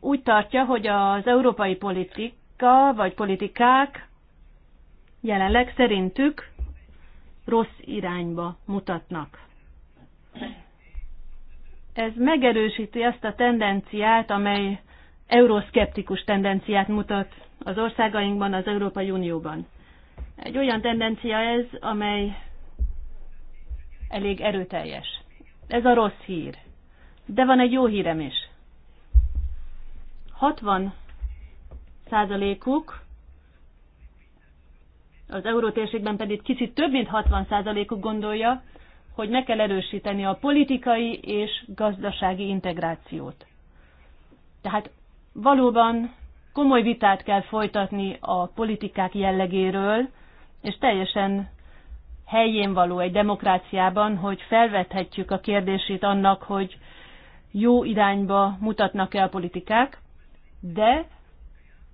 úgy tartja, hogy az európai politika vagy politikák jelenleg szerintük rossz irányba mutatnak. Ez megerősíti azt a tendenciát, amely euroszkeptikus tendenciát mutat az országainkban, az Európai Unióban. Egy olyan tendencia ez, amely elég erőteljes. Ez a rossz hír. De van egy jó hírem is. 60 százalékuk az eurótérségben pedig kicsit több mint 60%-uk gondolja, hogy meg kell erősíteni a politikai és gazdasági integrációt. Tehát valóban komoly vitát kell folytatni a politikák jellegéről, és teljesen helyén való egy demokráciában, hogy felvethetjük a kérdését annak, hogy jó irányba mutatnak-e a politikák, de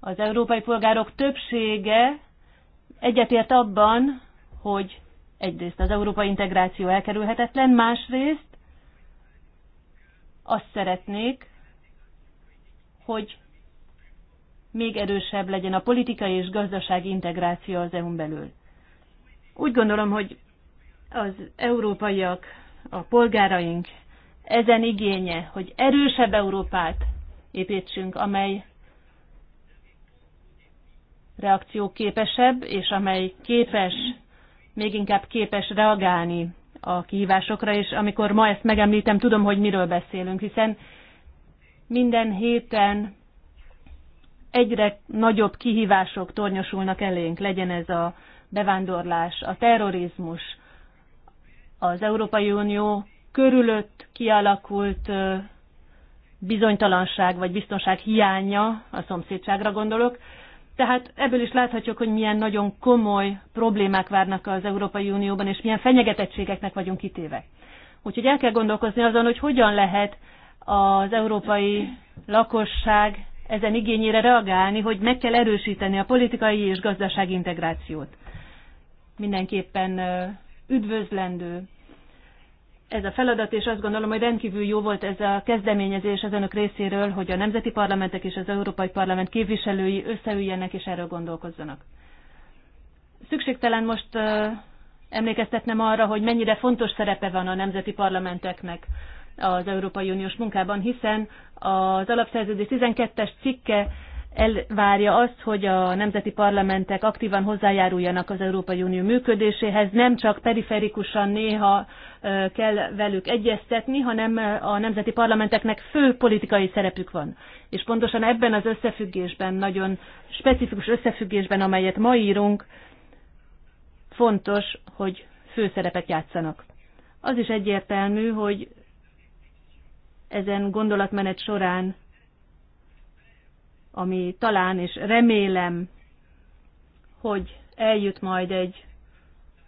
az európai polgárok többsége Egyetért abban, hogy egyrészt az európai integráció elkerülhetetlen, másrészt azt szeretnék, hogy még erősebb legyen a politikai és gazdasági integráció az EU-n belül. Úgy gondolom, hogy az európaiak, a polgáraink ezen igénye, hogy erősebb Európát építsünk, amely reakció képesebb, és amely képes, még inkább képes reagálni a kihívásokra, és amikor ma ezt megemlítem, tudom, hogy miről beszélünk, hiszen minden héten egyre nagyobb kihívások tornyosulnak elénk, legyen ez a bevándorlás, a terrorizmus, az Európai Unió körülött kialakult bizonytalanság vagy biztonság hiánya, a szomszédságra gondolok, tehát ebből is láthatjuk, hogy milyen nagyon komoly problémák várnak az Európai Unióban, és milyen fenyegetettségeknek vagyunk kitéve. Úgyhogy el kell gondolkozni azon, hogy hogyan lehet az európai lakosság ezen igényére reagálni, hogy meg kell erősíteni a politikai és gazdasági integrációt. Mindenképpen üdvözlendő ez a feladat, és azt gondolom, hogy rendkívül jó volt ez a kezdeményezés az önök részéről, hogy a nemzeti parlamentek és az Európai Parlament képviselői összeüljenek és erről gondolkozzanak. Szükségtelen most emlékeztetnem arra, hogy mennyire fontos szerepe van a nemzeti parlamenteknek az Európai Uniós munkában, hiszen az alapszerződés 12-es cikke elvárja azt, hogy a nemzeti parlamentek aktívan hozzájáruljanak az Európai Unió működéséhez, nem csak periferikusan néha kell velük egyeztetni, hanem a nemzeti parlamenteknek fő politikai szerepük van. És pontosan ebben az összefüggésben, nagyon specifikus összefüggésben, amelyet ma írunk, fontos, hogy főszerepet játszanak. Az is egyértelmű, hogy ezen gondolatmenet során ami talán és remélem, hogy eljut majd egy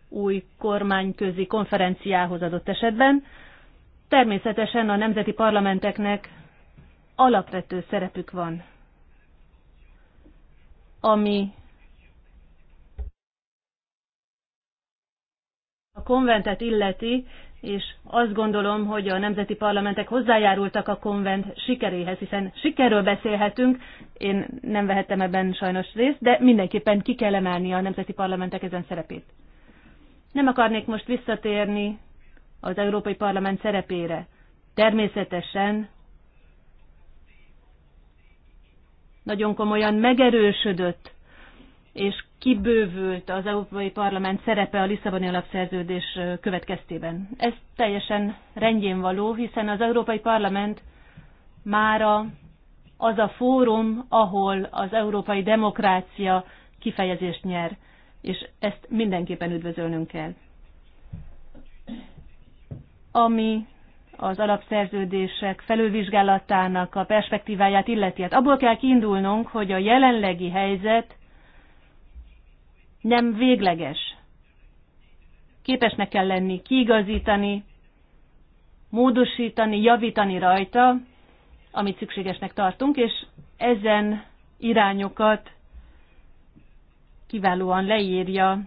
új kormányközi konferenciához adott esetben. Természetesen a nemzeti parlamenteknek alapvető szerepük van, ami a konventet illeti, és azt gondolom, hogy a nemzeti parlamentek hozzájárultak a konvent sikeréhez, hiszen sikerről beszélhetünk, én nem vehettem ebben sajnos részt, de mindenképpen ki kell emelni a nemzeti parlamentek ezen szerepét. Nem akarnék most visszatérni az Európai Parlament szerepére. Természetesen nagyon komolyan megerősödött és kibővült az Európai Parlament szerepe a Lisszaboni alapszerződés következtében. Ez teljesen rendjén való, hiszen az Európai Parlament mára az a fórum, ahol az európai demokrácia kifejezést nyer, és ezt mindenképpen üdvözölnünk kell. Ami az alapszerződések felülvizsgálatának a perspektíváját illeti. Hát abból kell kiindulnunk, hogy a jelenlegi helyzet nem végleges. Képesnek kell lenni kiigazítani, módosítani, javítani rajta, amit szükségesnek tartunk, és ezen irányokat kiválóan leírja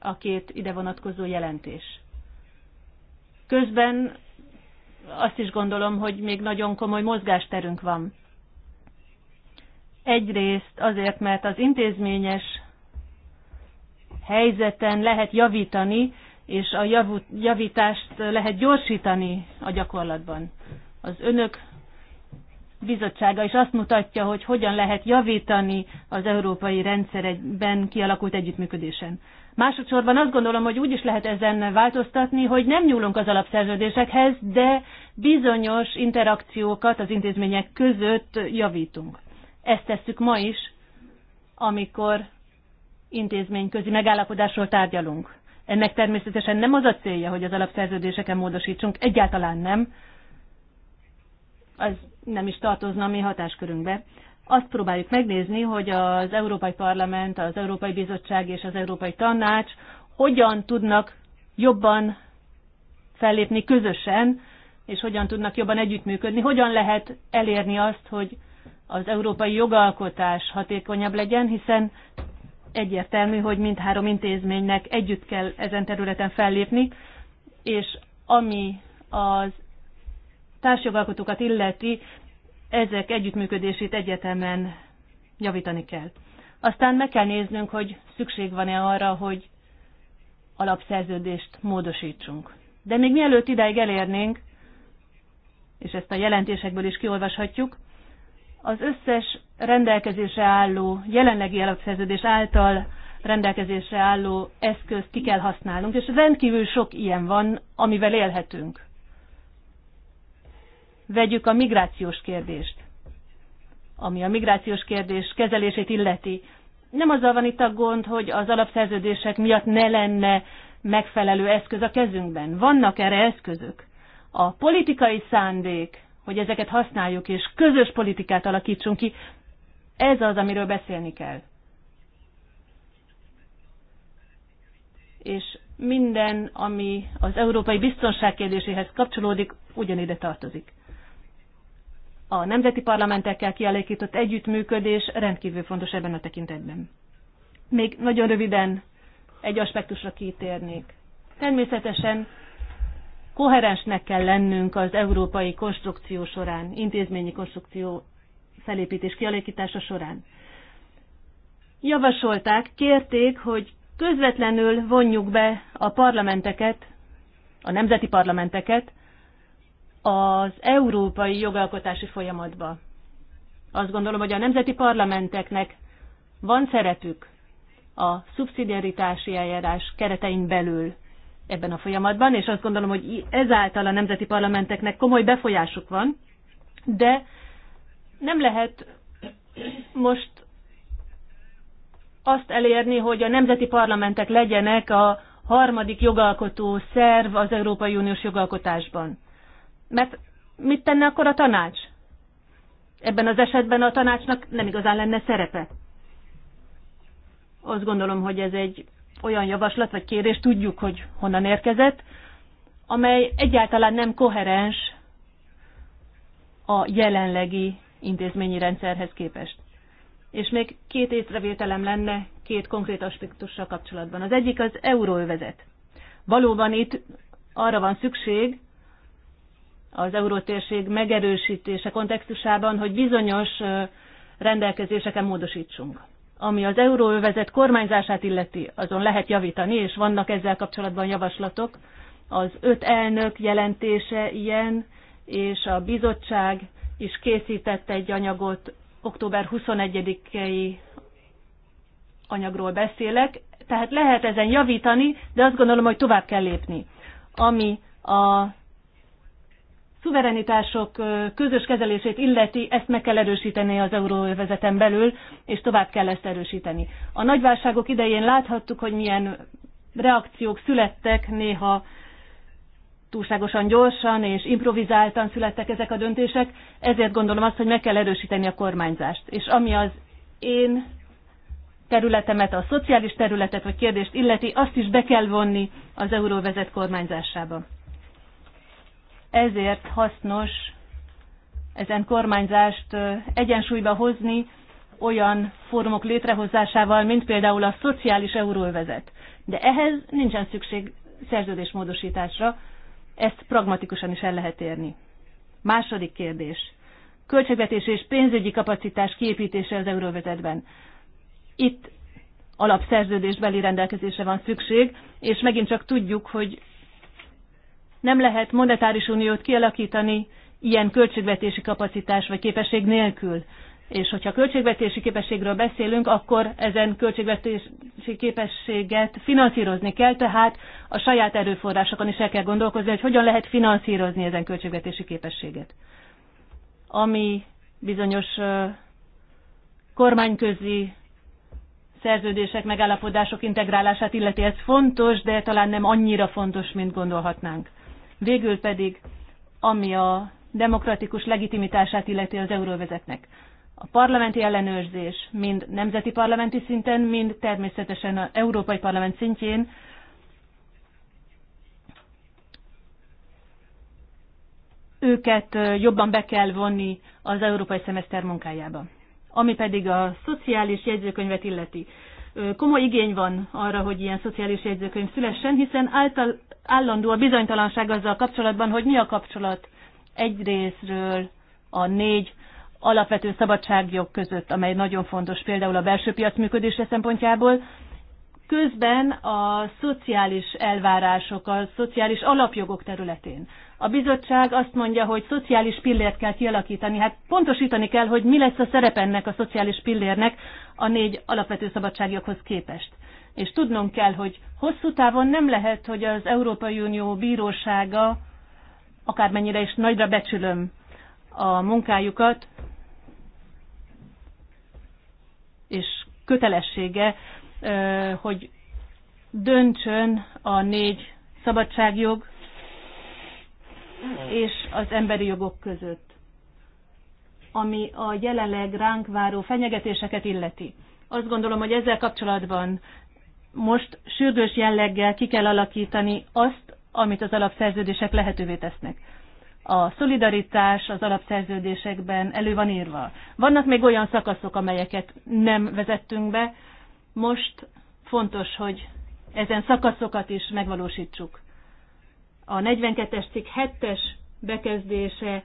a két ide vonatkozó jelentés. Közben azt is gondolom, hogy még nagyon komoly mozgásterünk van. Egyrészt azért, mert az intézményes helyzeten lehet javítani, és a javítást lehet gyorsítani a gyakorlatban. Az önök bizottsága is azt mutatja, hogy hogyan lehet javítani az európai rendszerben kialakult együttműködésen. Másodszorban azt gondolom, hogy úgy is lehet ezen változtatni, hogy nem nyúlunk az alapszerződésekhez, de bizonyos interakciókat az intézmények között javítunk. Ezt tesszük ma is, amikor intézményközi megállapodásról tárgyalunk. Ennek természetesen nem az a célja, hogy az alapszerződéseken módosítsunk, egyáltalán nem. Az nem is tartozna a mi hatáskörünkbe. Azt próbáljuk megnézni, hogy az Európai Parlament, az Európai Bizottság és az Európai Tanács hogyan tudnak jobban fellépni közösen, és hogyan tudnak jobban együttműködni, hogyan lehet elérni azt, hogy az európai jogalkotás hatékonyabb legyen, hiszen egyértelmű, hogy mindhárom intézménynek együtt kell ezen területen fellépni, és ami az társjogalkotókat illeti, ezek együttműködését egyetemen javítani kell. Aztán meg kell néznünk, hogy szükség van-e arra, hogy alapszerződést módosítsunk. De még mielőtt ideig elérnénk, és ezt a jelentésekből is kiolvashatjuk, az összes rendelkezésre álló, jelenlegi alapszerződés által rendelkezésre álló eszközt ki kell használnunk, és rendkívül sok ilyen van, amivel élhetünk. Vegyük a migrációs kérdést, ami a migrációs kérdés kezelését illeti. Nem azzal van itt a gond, hogy az alapszerződések miatt ne lenne megfelelő eszköz a kezünkben. Vannak erre eszközök. A politikai szándék, hogy ezeket használjuk, és közös politikát alakítsunk ki. Ez az, amiről beszélni kell. És minden, ami az európai biztonság kérdéséhez kapcsolódik, ugyanide tartozik. A nemzeti parlamentekkel kialakított együttműködés rendkívül fontos ebben a tekintetben. Még nagyon röviden egy aspektusra kitérnék. Természetesen koherensnek kell lennünk az európai konstrukció során, intézményi konstrukció felépítés kialakítása során. Javasolták, kérték, hogy közvetlenül vonjuk be a parlamenteket, a nemzeti parlamenteket az európai jogalkotási folyamatba. Azt gondolom, hogy a nemzeti parlamenteknek van szerepük a szubszidiaritási eljárás keretein belül ebben a folyamatban, és azt gondolom, hogy ezáltal a nemzeti parlamenteknek komoly befolyásuk van, de nem lehet most azt elérni, hogy a nemzeti parlamentek legyenek a harmadik jogalkotó szerv az Európai Uniós jogalkotásban. Mert mit tenne akkor a tanács? Ebben az esetben a tanácsnak nem igazán lenne szerepe. Azt gondolom, hogy ez egy olyan javaslat vagy kérés, tudjuk, hogy honnan érkezett, amely egyáltalán nem koherens a jelenlegi intézményi rendszerhez képest. És még két észrevételem lenne két konkrét aspektussal kapcsolatban. Az egyik az euróövezet. Valóban itt arra van szükség, az eurótérség megerősítése kontextusában, hogy bizonyos rendelkezéseken módosítsunk ami az euróövezet kormányzását illeti, azon lehet javítani, és vannak ezzel kapcsolatban javaslatok. Az öt elnök jelentése ilyen, és a bizottság is készített egy anyagot, október 21-i anyagról beszélek, tehát lehet ezen javítani, de azt gondolom, hogy tovább kell lépni. Ami a szuverenitások közös kezelését illeti, ezt meg kell erősíteni az euróövezeten belül, és tovább kell ezt erősíteni. A nagyválságok idején láthattuk, hogy milyen reakciók születtek, néha túlságosan gyorsan és improvizáltan születtek ezek a döntések, ezért gondolom azt, hogy meg kell erősíteni a kormányzást. És ami az én területemet, a szociális területet vagy kérdést illeti, azt is be kell vonni az euróvezet kormányzásába ezért hasznos ezen kormányzást egyensúlyba hozni olyan fórumok létrehozásával, mint például a szociális euróvezet. De ehhez nincsen szükség szerződésmódosításra, ezt pragmatikusan is el lehet érni. Második kérdés. Költségvetés és pénzügyi kapacitás kiépítése az euróvezetben. Itt alapszerződésbeli rendelkezésre van szükség, és megint csak tudjuk, hogy nem lehet monetáris uniót kialakítani ilyen költségvetési kapacitás vagy képesség nélkül. És hogyha költségvetési képességről beszélünk, akkor ezen költségvetési képességet finanszírozni kell, tehát a saját erőforrásokon is el kell gondolkozni, hogy hogyan lehet finanszírozni ezen költségvetési képességet. Ami bizonyos kormányközi szerződések, megállapodások integrálását illeti, ez fontos, de talán nem annyira fontos, mint gondolhatnánk. Végül pedig, ami a demokratikus legitimitását illeti az euróvezetnek. A parlamenti ellenőrzés mind nemzeti parlamenti szinten, mind természetesen az Európai Parlament szintjén őket jobban be kell vonni az európai szemeszter munkájába. Ami pedig a szociális jegyzőkönyvet illeti komoly igény van arra, hogy ilyen szociális jegyzőkönyv szülessen, hiszen által, állandó a bizonytalanság azzal kapcsolatban, hogy mi a kapcsolat egyrésztről a négy alapvető szabadságjog között, amely nagyon fontos például a belső piac működése szempontjából, közben a szociális elvárások, a szociális alapjogok területén. A bizottság azt mondja, hogy szociális pillért kell kialakítani. Hát pontosítani kell, hogy mi lesz a szerep ennek a szociális pillérnek a négy alapvető szabadságjoghoz képest. És tudnunk kell, hogy hosszú távon nem lehet, hogy az Európai Unió bírósága, akármennyire is nagyra becsülöm a munkájukat, és kötelessége, hogy döntsön a négy szabadságjog és az emberi jogok között, ami a jelenleg ránk váró fenyegetéseket illeti. Azt gondolom, hogy ezzel kapcsolatban most sürgős jelleggel ki kell alakítani azt, amit az alapszerződések lehetővé tesznek. A szolidaritás az alapszerződésekben elő van írva. Vannak még olyan szakaszok, amelyeket nem vezettünk be, most fontos, hogy ezen szakaszokat is megvalósítsuk. A 42-es cikk 7-es bekezdése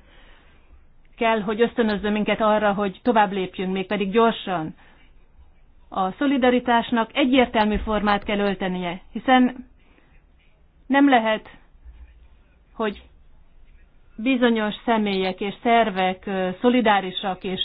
kell, hogy ösztönözze minket arra, hogy tovább lépjünk, mégpedig gyorsan. A szolidaritásnak egyértelmű formát kell öltenie, hiszen nem lehet, hogy bizonyos személyek és szervek szolidárisak és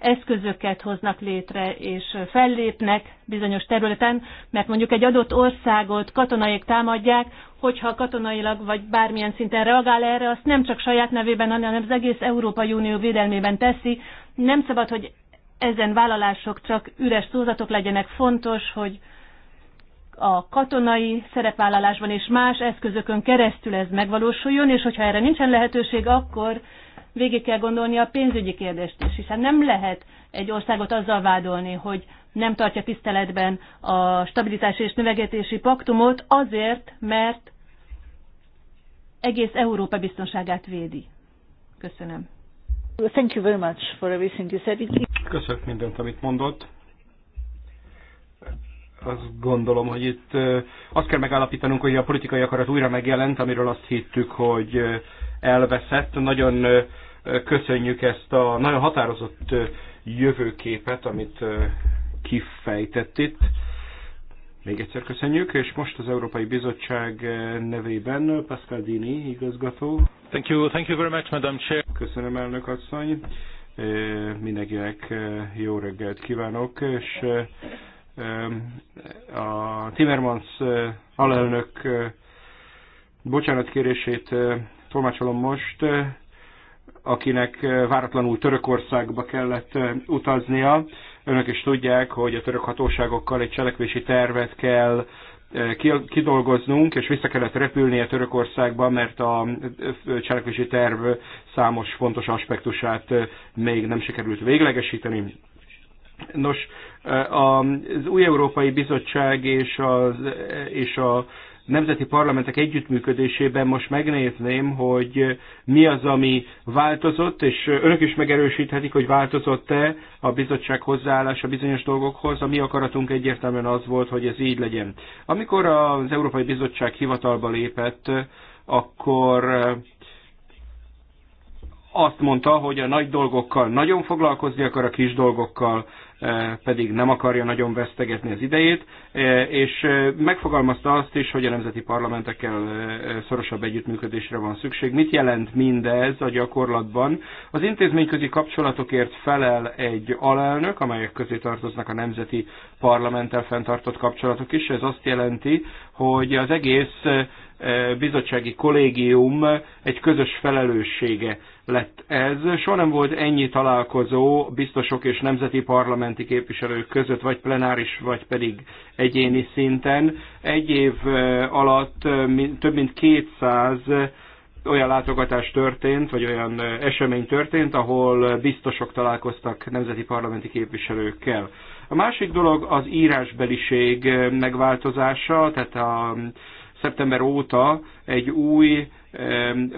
eszközöket hoznak létre, és fellépnek bizonyos területen, mert mondjuk egy adott országot katonaik támadják, hogyha katonailag vagy bármilyen szinten reagál erre, azt nem csak saját nevében, hanem az egész Európai Unió védelmében teszi. Nem szabad, hogy ezen vállalások csak üres szózatok legyenek. Fontos, hogy a katonai szerepvállalásban és más eszközökön keresztül ez megvalósuljon, és hogyha erre nincsen lehetőség, akkor végig kell gondolni a pénzügyi kérdést is, hiszen nem lehet egy országot azzal vádolni, hogy nem tartja tiszteletben a stabilizási és növegetési paktumot azért, mert egész Európa biztonságát védi. Köszönöm. Thank you very much for everything you said. Köszönöm mindent, amit mondott. Azt gondolom, hogy itt azt kell megállapítanunk, hogy a politikai akarat újra megjelent, amiről azt hittük, hogy elveszett. Nagyon Köszönjük ezt a nagyon határozott jövőképet, amit kifejtett itt. Még egyszer köszönjük, és most az Európai Bizottság nevében Pascal Dini igazgató. Thank you, thank you very much, Madam Chair. Köszönöm, elnök asszony. Mindenkinek jó reggelt kívánok, és a Timmermans alelnök bocsánatkérését tolmácsolom most akinek eh, váratlanul Törökországba kellett eh, utaznia. Önök is tudják, hogy a török hatóságokkal egy cselekvési tervet kell eh, kidolgoznunk, és vissza kellett repülnie Törökországba, mert a cselekvési terv számos fontos aspektusát még nem sikerült véglegesíteni. Nos, az Új Európai Bizottság és, az, és a nemzeti parlamentek együttműködésében most megnézném, hogy mi az, ami változott, és önök is megerősíthetik, hogy változott-e a bizottság hozzáállása bizonyos dolgokhoz. A mi akaratunk egyértelműen az volt, hogy ez így legyen. Amikor az Európai Bizottság hivatalba lépett, akkor azt mondta, hogy a nagy dolgokkal nagyon foglalkozni akar, a kis dolgokkal E, pedig nem akarja nagyon vesztegetni az idejét, e, és e, megfogalmazta azt is, hogy a nemzeti parlamentekkel szorosabb együttműködésre van szükség. Mit jelent mindez a gyakorlatban? Az intézményközi kapcsolatokért felel egy alelnök, amelyek közé tartoznak a nemzeti parlamenttel fenntartott kapcsolatok is. Ez azt jelenti, hogy az egész bizottsági kollégium egy közös felelőssége lett ez. Soha nem volt ennyi találkozó biztosok és nemzeti parlamenti képviselők között, vagy plenáris, vagy pedig egyéni szinten. Egy év alatt több mint 200 olyan látogatás történt, vagy olyan esemény történt, ahol biztosok találkoztak nemzeti parlamenti képviselőkkel. A másik dolog az írásbeliség megváltozása, tehát a szeptember óta egy új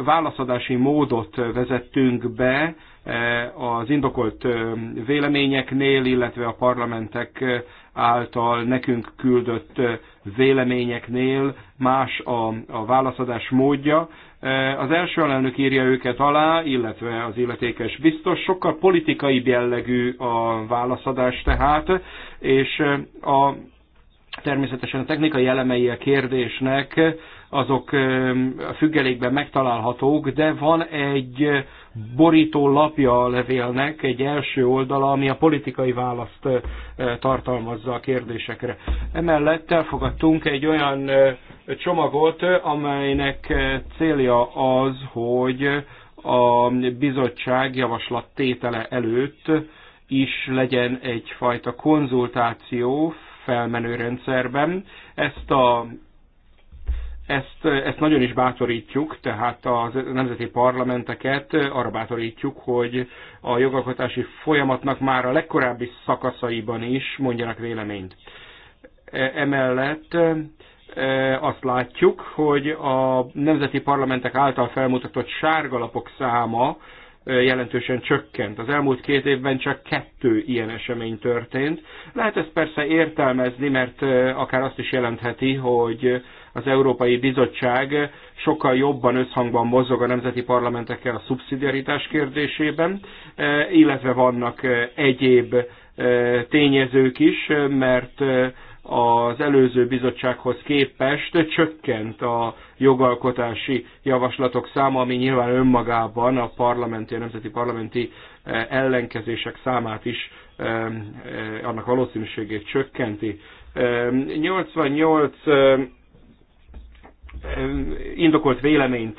válaszadási módot vezettünk be az indokolt véleményeknél, illetve a parlamentek által nekünk küldött véleményeknél más a, a válaszadás módja. Az első alelnök írja őket alá, illetve az illetékes biztos. Sokkal politikai jellegű a válaszadás tehát, és a Természetesen a technikai elemei a kérdésnek azok a függelékben megtalálhatók, de van egy borító lapja a levélnek, egy első oldala, ami a politikai választ tartalmazza a kérdésekre. Emellett elfogadtunk egy olyan csomagot, amelynek célja az, hogy a bizottság javaslat tétele előtt is legyen egyfajta konzultáció, felmenő rendszerben. Ezt a ezt, ezt nagyon is bátorítjuk, tehát a nemzeti parlamenteket arra bátorítjuk, hogy a jogalkotási folyamatnak már a legkorábbi szakaszaiban is mondjanak véleményt. E, emellett e, azt látjuk, hogy a nemzeti parlamentek által felmutatott sárgalapok száma jelentősen csökkent. Az elmúlt két évben csak kettő ilyen esemény történt. Lehet ezt persze értelmezni, mert akár azt is jelentheti, hogy az Európai Bizottság sokkal jobban összhangban mozog a nemzeti parlamentekkel a szubszidiaritás kérdésében, illetve vannak egyéb tényezők is, mert az előző bizottsághoz képest csökkent a jogalkotási javaslatok száma, ami nyilván önmagában a parlamenti, a nemzeti parlamenti eh, ellenkezések számát is, eh, eh, annak valószínűségét csökkenti. 88 indokolt véleményt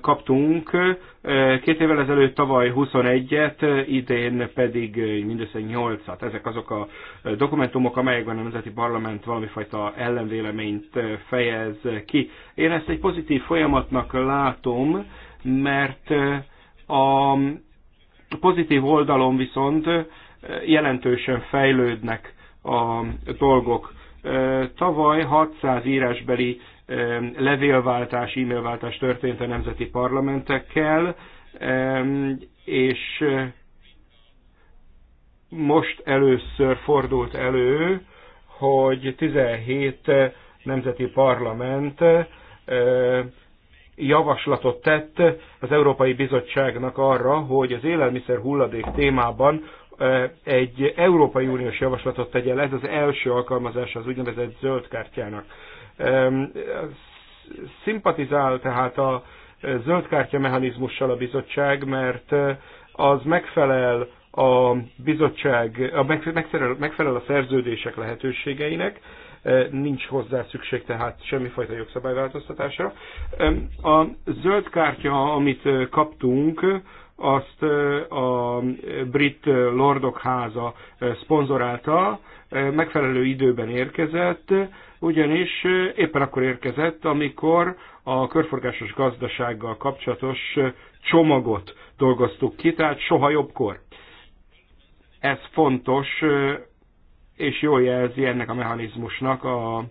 kaptunk, Két évvel ezelőtt tavaly 21-et, idén pedig mindössze 8-at. Ezek azok a dokumentumok, amelyekben a Nemzeti Parlament valamifajta ellenvéleményt fejez ki. Én ezt egy pozitív folyamatnak látom, mert a pozitív oldalon viszont jelentősen fejlődnek a dolgok. Tavaly 600 írásbeli levélváltás, e-mailváltás történt a nemzeti parlamentekkel, és eh, most először fordult elő, hogy 17 nemzeti parlament eh, javaslatot tett az Európai Bizottságnak arra, hogy az élelmiszer hulladék témában eh, egy Európai Uniós javaslatot tegyen. Ez az első alkalmazás az úgynevezett zöld kártyának. Szimpatizál tehát a zöldkártya mechanizmussal a bizottság, mert eh, az megfelel a bizottság, a megfelel, megfelel a szerződések lehetőségeinek, eh, nincs hozzá szükség tehát semmifajta jogszabályváltoztatásra. A zöld kártya, amit eh, kaptunk, azt a brit lordok háza szponzorálta, megfelelő időben érkezett, ugyanis éppen akkor érkezett, amikor a körforgásos gazdasággal kapcsolatos csomagot dolgoztuk ki, tehát soha jobbkor. Ez fontos, és jól jelzi ennek a mechanizmusnak a, az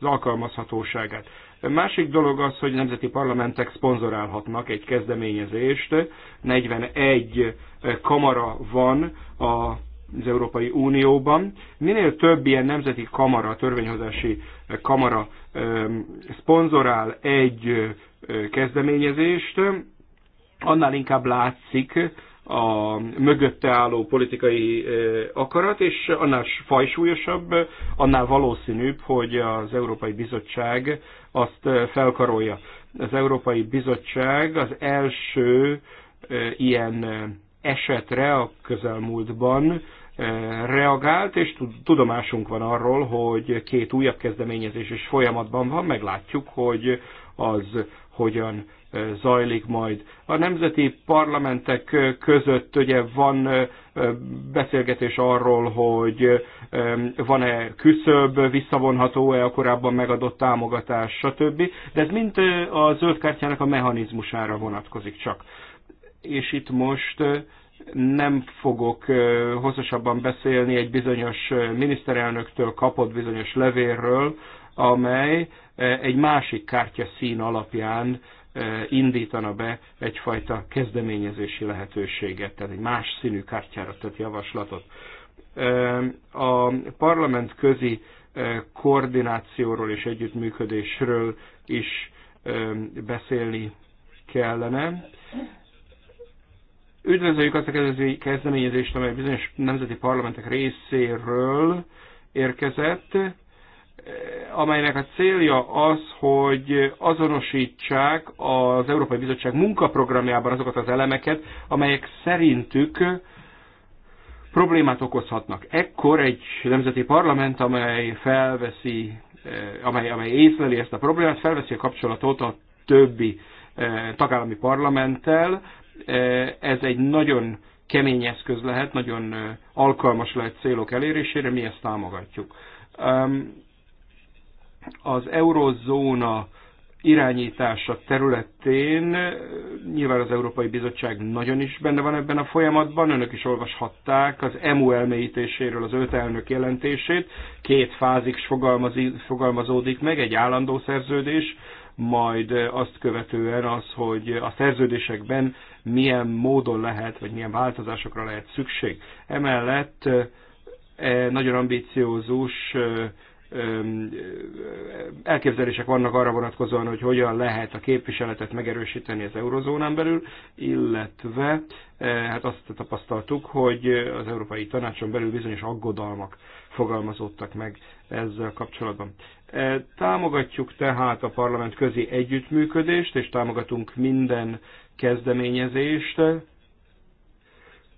alkalmazhatóságát. Másik dolog az, hogy nemzeti parlamentek szponzorálhatnak egy kezdeményezést. 41 kamara van a az Európai Unióban. Minél több ilyen nemzeti kamara, törvényhozási kamara szponzorál egy kezdeményezést, annál inkább látszik a mögötte álló politikai akarat, és annál fajsúlyosabb, annál valószínűbb, hogy az Európai Bizottság azt felkarolja. Az Európai Bizottság az első ilyen esetre a közelmúltban reagált, és tudomásunk van arról, hogy két újabb kezdeményezés is folyamatban van, meglátjuk, hogy az hogyan zajlik majd. A nemzeti parlamentek között ugye van beszélgetés arról, hogy van-e küszöb, visszavonható-e a korábban megadott támogatás, stb. De ez mind a zöld kártyának a mechanizmusára vonatkozik csak. És itt most nem fogok hosszasabban beszélni egy bizonyos miniszterelnöktől kapott bizonyos levélről, amely egy másik kártya szín alapján indítana be egyfajta kezdeményezési lehetőséget, tehát egy más színű kártyára tett javaslatot. A parlament közi koordinációról és együttműködésről is beszélni kellene. Üdvözöljük azt a kezdeményezést, amely bizonyos nemzeti parlamentek részéről érkezett, eh, amelynek a célja az, hogy azonosítsák az Európai Bizottság munkaprogramjában azokat az elemeket, amelyek szerintük problémát okozhatnak. Ekkor egy nemzeti parlament, amely felveszi, eh, amely, amely észleli ezt a problémát, felveszi a kapcsolatot a többi eh, tagállami parlamenttel, Eh, ez egy nagyon kemény eszköz lehet, nagyon eh, alkalmas lehet célok elérésére, mi ezt támogatjuk. Az eurozóna irányítása területén eh, nyilván az Európai Bizottság nagyon is benne van ebben a folyamatban, önök is olvashatták az EMU elmélyítéséről az öt elnök jelentését, két fázik fogalmazódik meg, egy állandó szerződés, majd azt követően az, hogy a szerződésekben milyen módon lehet, vagy milyen változásokra lehet szükség. Emellett e, nagyon ambiciózus elképzelések vannak arra vonatkozóan, hogy hogyan lehet a képviseletet megerősíteni az eurozónán belül, illetve e, hát azt tapasztaltuk, hogy az Európai Tanácson belül bizonyos aggodalmak fogalmazódtak meg ezzel kapcsolatban. E, támogatjuk tehát a parlament közi együttműködést, és támogatunk minden kezdeményezést,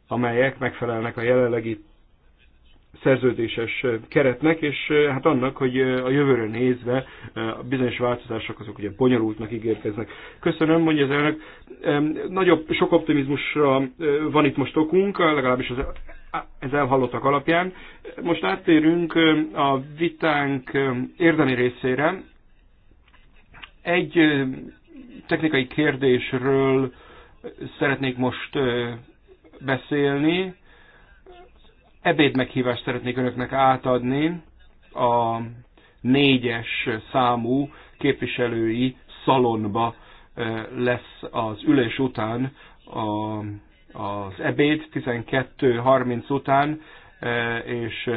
amelyek megfelelnek a jelenlegi szerződéses keretnek, és hát annak, hogy a jövőre nézve a bizonyos változások azok ugye bonyolultnak ígérkeznek. Köszönöm, mondja az elnök. Nagyobb, sok optimizmusra van itt most okunk, legalábbis az, ez elhallottak alapján. Most áttérünk a vitánk érdemi részére. Egy technikai kérdésről szeretnék most beszélni. Ebéd meghívást szeretnék önöknek átadni a négyes számú képviselői szalonba lesz az ülés után a, az ebéd 12.30 után, és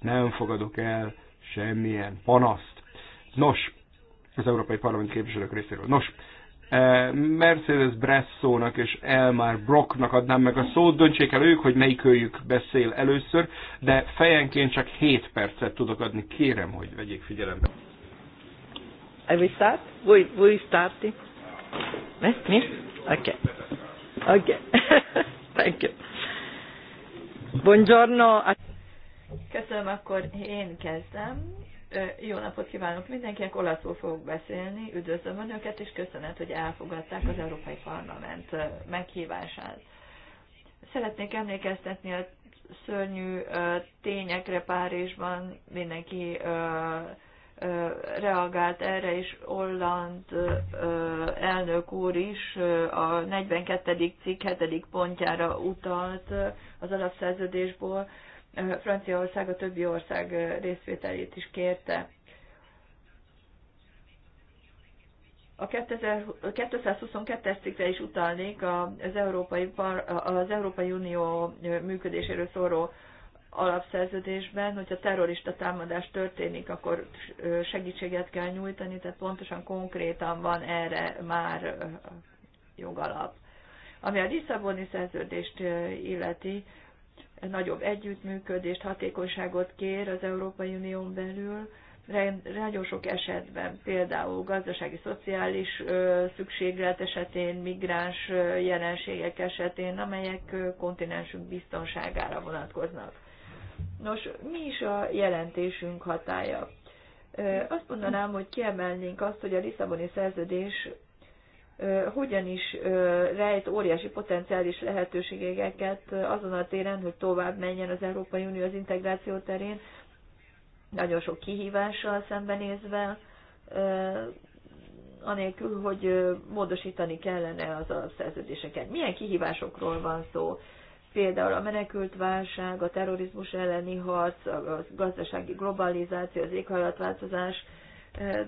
nem fogadok el semmilyen panaszt. Nos, az Európai Parlament képviselők részéről. Nos, Eh, Mercedes Bressónak és Elmar Brocknak adnám meg a szót, döntsék el ők, hogy melyikőjük beszél először, de fejenként csak 7 percet tudok adni, kérem, hogy vegyék figyelembe. I will start? Will, we start? Me? Me? Okay. Okay. Thank you. Buongiorno. Köszönöm, akkor én kezdem. Jó napot kívánok mindenkinek, olaszul fogok beszélni, üdvözlöm Önöket, és köszönet, hogy elfogadták az Európai Parlament meghívását. Szeretnék emlékeztetni a szörnyű tényekre Párizsban, mindenki reagált erre, és Holland elnök úr is a 42. cikk 7. pontjára utalt az alapszerződésből, Franciaország a többi ország részvételét is kérte. A 222-es cikkre is utalnék az Európai, az Európai Unió működéséről szóró alapszerződésben, hogyha terrorista támadás történik, akkor segítséget kell nyújtani, tehát pontosan konkrétan van erre már jogalap. Ami a Lisszaboni szerződést illeti, nagyobb együttműködést, hatékonyságot kér az Európai Unión belül, nagyon sok esetben, például gazdasági, szociális szükséglet esetén, migráns jelenségek esetén, amelyek kontinensünk biztonságára vonatkoznak. Nos, mi is a jelentésünk hatája? Azt mondanám, hogy kiemelnénk azt, hogy a Lisszaboni szerződés hogyan is rejt óriási potenciális lehetőségeket azon a téren, hogy tovább menjen az Európai Unió az integráció terén, nagyon sok kihívással szembenézve, anélkül, hogy módosítani kellene az a szerződéseket. Milyen kihívásokról van szó? Például a menekültválság, a terrorizmus elleni harc, a gazdasági globalizáció, az éghajlatváltozás,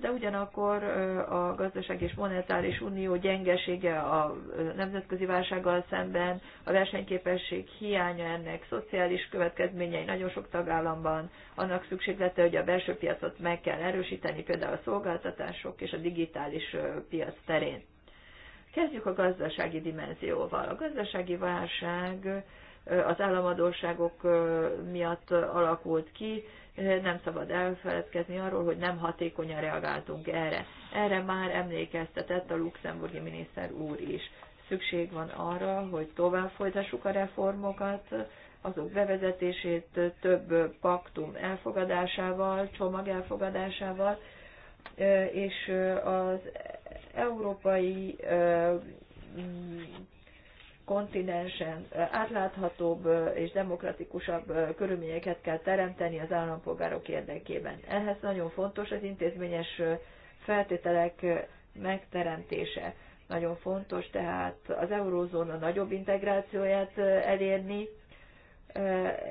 de ugyanakkor a gazdaság és monetáris unió gyengesége a nemzetközi válsággal szemben, a versenyképesség hiánya ennek szociális következményei nagyon sok tagállamban, annak szükséglete, hogy a belső piacot meg kell erősíteni, például a szolgáltatások és a digitális piac terén. Kezdjük a gazdasági dimenzióval. A gazdasági válság az államadóságok miatt alakult ki, nem szabad elfeledkezni arról, hogy nem hatékonyan reagáltunk erre. Erre már emlékeztetett a luxemburgi miniszter úr is. Szükség van arra, hogy tovább folytassuk a reformokat, azok bevezetését több paktum elfogadásával, csomag elfogadásával, és az európai kontinensen átláthatóbb és demokratikusabb körülményeket kell teremteni az állampolgárok érdekében. Ehhez nagyon fontos az intézményes feltételek megteremtése. Nagyon fontos tehát az eurózóna nagyobb integrációját elérni,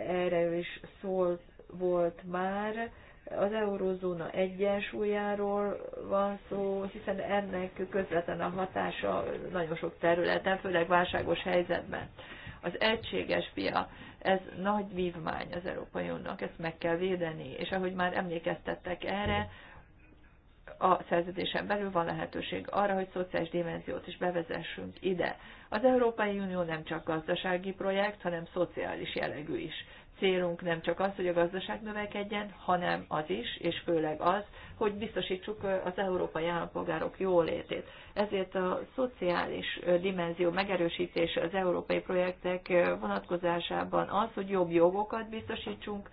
Erre is szó volt már, az eurózóna egyensúlyáról van szó, hiszen ennek közvetlen a hatása nagyon sok területen, főleg válságos helyzetben. Az egységes pia, ez nagy vívmány az Európai Uniónak, ezt meg kell védeni, és ahogy már emlékeztettek erre, a szerződésen belül van lehetőség arra, hogy szociális dimenziót is bevezessünk ide. Az Európai Unió nem csak gazdasági projekt, hanem szociális jellegű is. Célunk nem csak az, hogy a gazdaság növekedjen, hanem az is, és főleg az, hogy biztosítsuk az európai állampolgárok jólétét. Ezért a szociális dimenzió megerősítése az európai projektek vonatkozásában az, hogy jobb jogokat biztosítsunk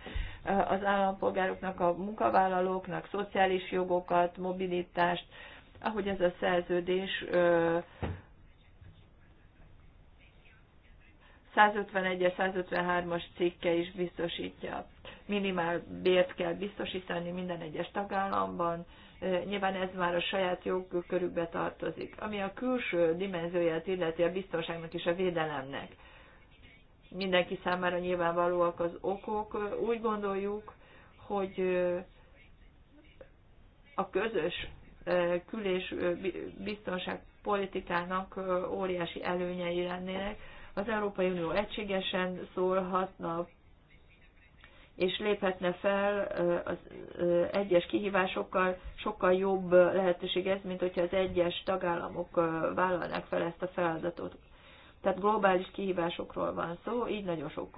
az állampolgároknak, a munkavállalóknak, szociális jogokat, mobilitást, ahogy ez a szerződés 151-es, 153-as cikke is biztosítja. Minimál bért kell biztosítani minden egyes tagállamban, nyilván ez már a saját jogkörükbe tartozik, ami a külső dimenzióját illeti a biztonságnak és a védelemnek. Mindenki számára nyilvánvalóak az okok. Úgy gondoljuk, hogy a közös kül- és biztonságpolitikának óriási előnyei lennének, az Európai Unió egységesen szólhatna, és léphetne fel az egyes kihívásokkal, sokkal jobb lehetőség ez, mint hogyha az egyes tagállamok vállalnák fel ezt a feladatot. Tehát globális kihívásokról van szó, így nagyon sok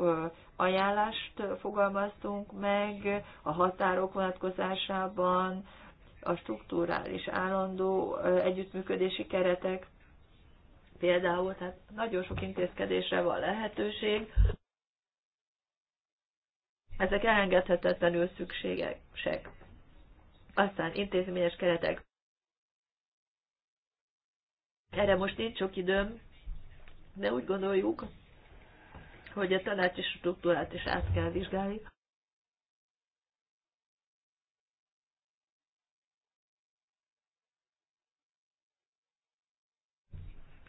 ajánlást fogalmaztunk meg a határok vonatkozásában, a struktúrális állandó együttműködési keretek például, tehát nagyon sok intézkedésre van lehetőség. Ezek elengedhetetlenül szükségesek. Aztán intézményes keretek. Erre most nincs sok időm, de úgy gondoljuk, hogy a tanácsi struktúrát is át kell vizsgálni.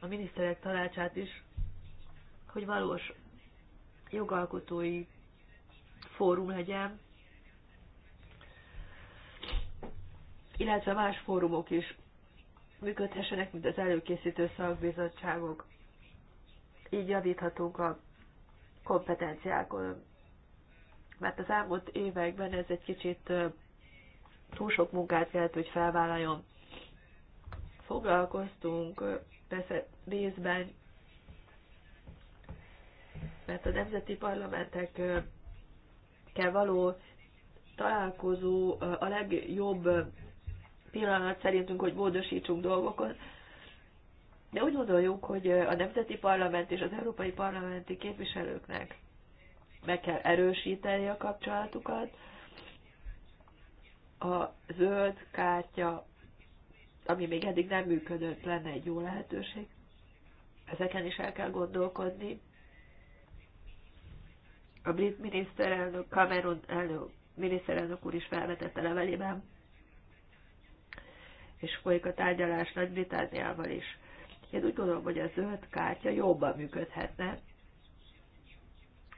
a miniszterek tanácsát is, hogy valós jogalkotói fórum legyen, illetve más fórumok is működhessenek, mint az előkészítő szakbizottságok. Így javíthatunk a kompetenciákon. Mert az elmúlt években ez egy kicsit túl sok munkát kellett, hogy felvállaljon. Foglalkoztunk persze részben, mert a nemzeti parlamentekkel való találkozó a legjobb pillanat szerintünk, hogy módosítsunk dolgokon, de úgy gondoljuk, hogy a Nemzeti Parlament és az Európai Parlamenti képviselőknek meg kell erősíteni a kapcsolatukat. A zöld kártya ami még eddig nem működött, lenne egy jó lehetőség. Ezeken is el kell gondolkodni. A brit miniszterelnök, Cameron elnök, miniszterelnök úr is felvetette levelében, és folyik a tárgyalás Nagy-Britániával is. Én úgy gondolom, hogy a zöld kártya jobban működhetne.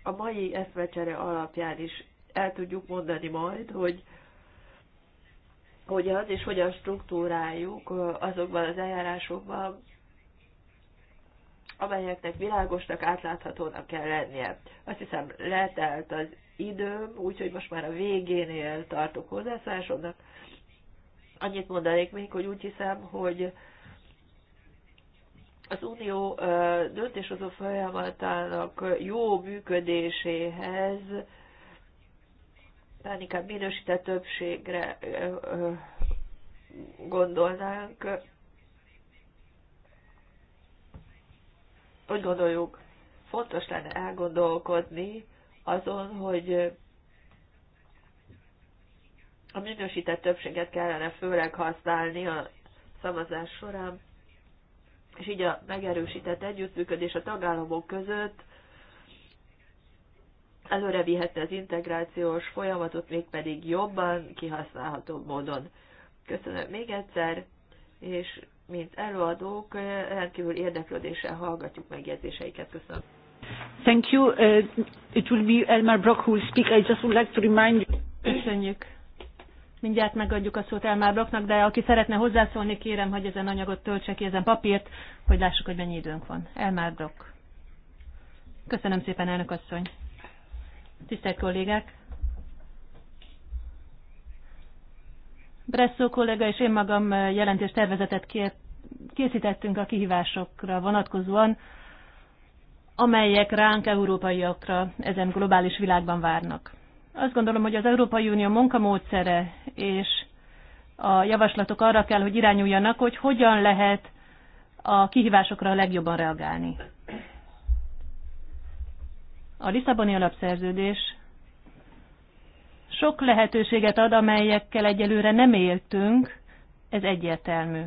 A mai eszvecsere alapján is el tudjuk mondani majd, hogy hogy az és hogyan struktúráljuk azokban az eljárásokban, amelyeknek világosnak, átláthatónak kell lennie. Azt hiszem, letelt az időm, úgyhogy most már a végénél tartok hozzászásomnak. Annyit mondanék még, hogy úgy hiszem, hogy az unió döntéshozó folyamatának jó működéséhez talán inkább minősített többségre gondolnánk. Úgy gondoljuk, fontos lenne elgondolkodni azon, hogy a minősített többséget kellene főleg használni a szavazás során, és így a megerősített együttműködés a tagállamok között előre vihette az integrációs folyamatot, mégpedig jobban kihasználható módon. Köszönöm még egyszer, és mint előadók eh, rendkívül érdeklődéssel hallgatjuk megjegyzéseiket. Köszönöm. Thank you. Uh, it will be Elmar Brock who will speak. I just would like to remind you. Köszönjük. Mindjárt megadjuk a szót Elmar Brocknak, de aki szeretne hozzászólni, kérem, hogy ezen anyagot töltse ki, ezen papírt, hogy lássuk, hogy mennyi időnk van. Elmar Brock. Köszönöm szépen, elnök asszony. Tisztelt kollégák! Bresszó kollega és én magam jelentés tervezetet készítettünk a kihívásokra vonatkozóan, amelyek ránk európaiakra ezen globális világban várnak. Azt gondolom, hogy az Európai Unió munkamódszere és a javaslatok arra kell, hogy irányuljanak, hogy hogyan lehet a kihívásokra a legjobban reagálni. A Lisszaboni alapszerződés sok lehetőséget ad, amelyekkel egyelőre nem éltünk, ez egyértelmű.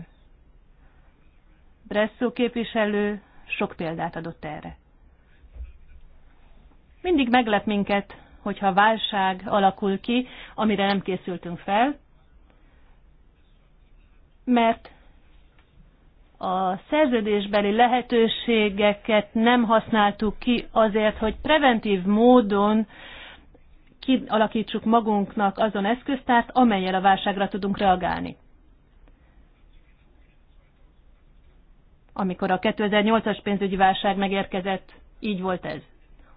Bresszó képviselő sok példát adott erre. Mindig meglep minket, hogyha válság alakul ki, amire nem készültünk fel, mert a szerződésbeli lehetőségeket nem használtuk ki azért, hogy preventív módon kialakítsuk magunknak azon eszköztárt, amelyel a válságra tudunk reagálni. Amikor a 2008-as pénzügyi válság megérkezett, így volt ez.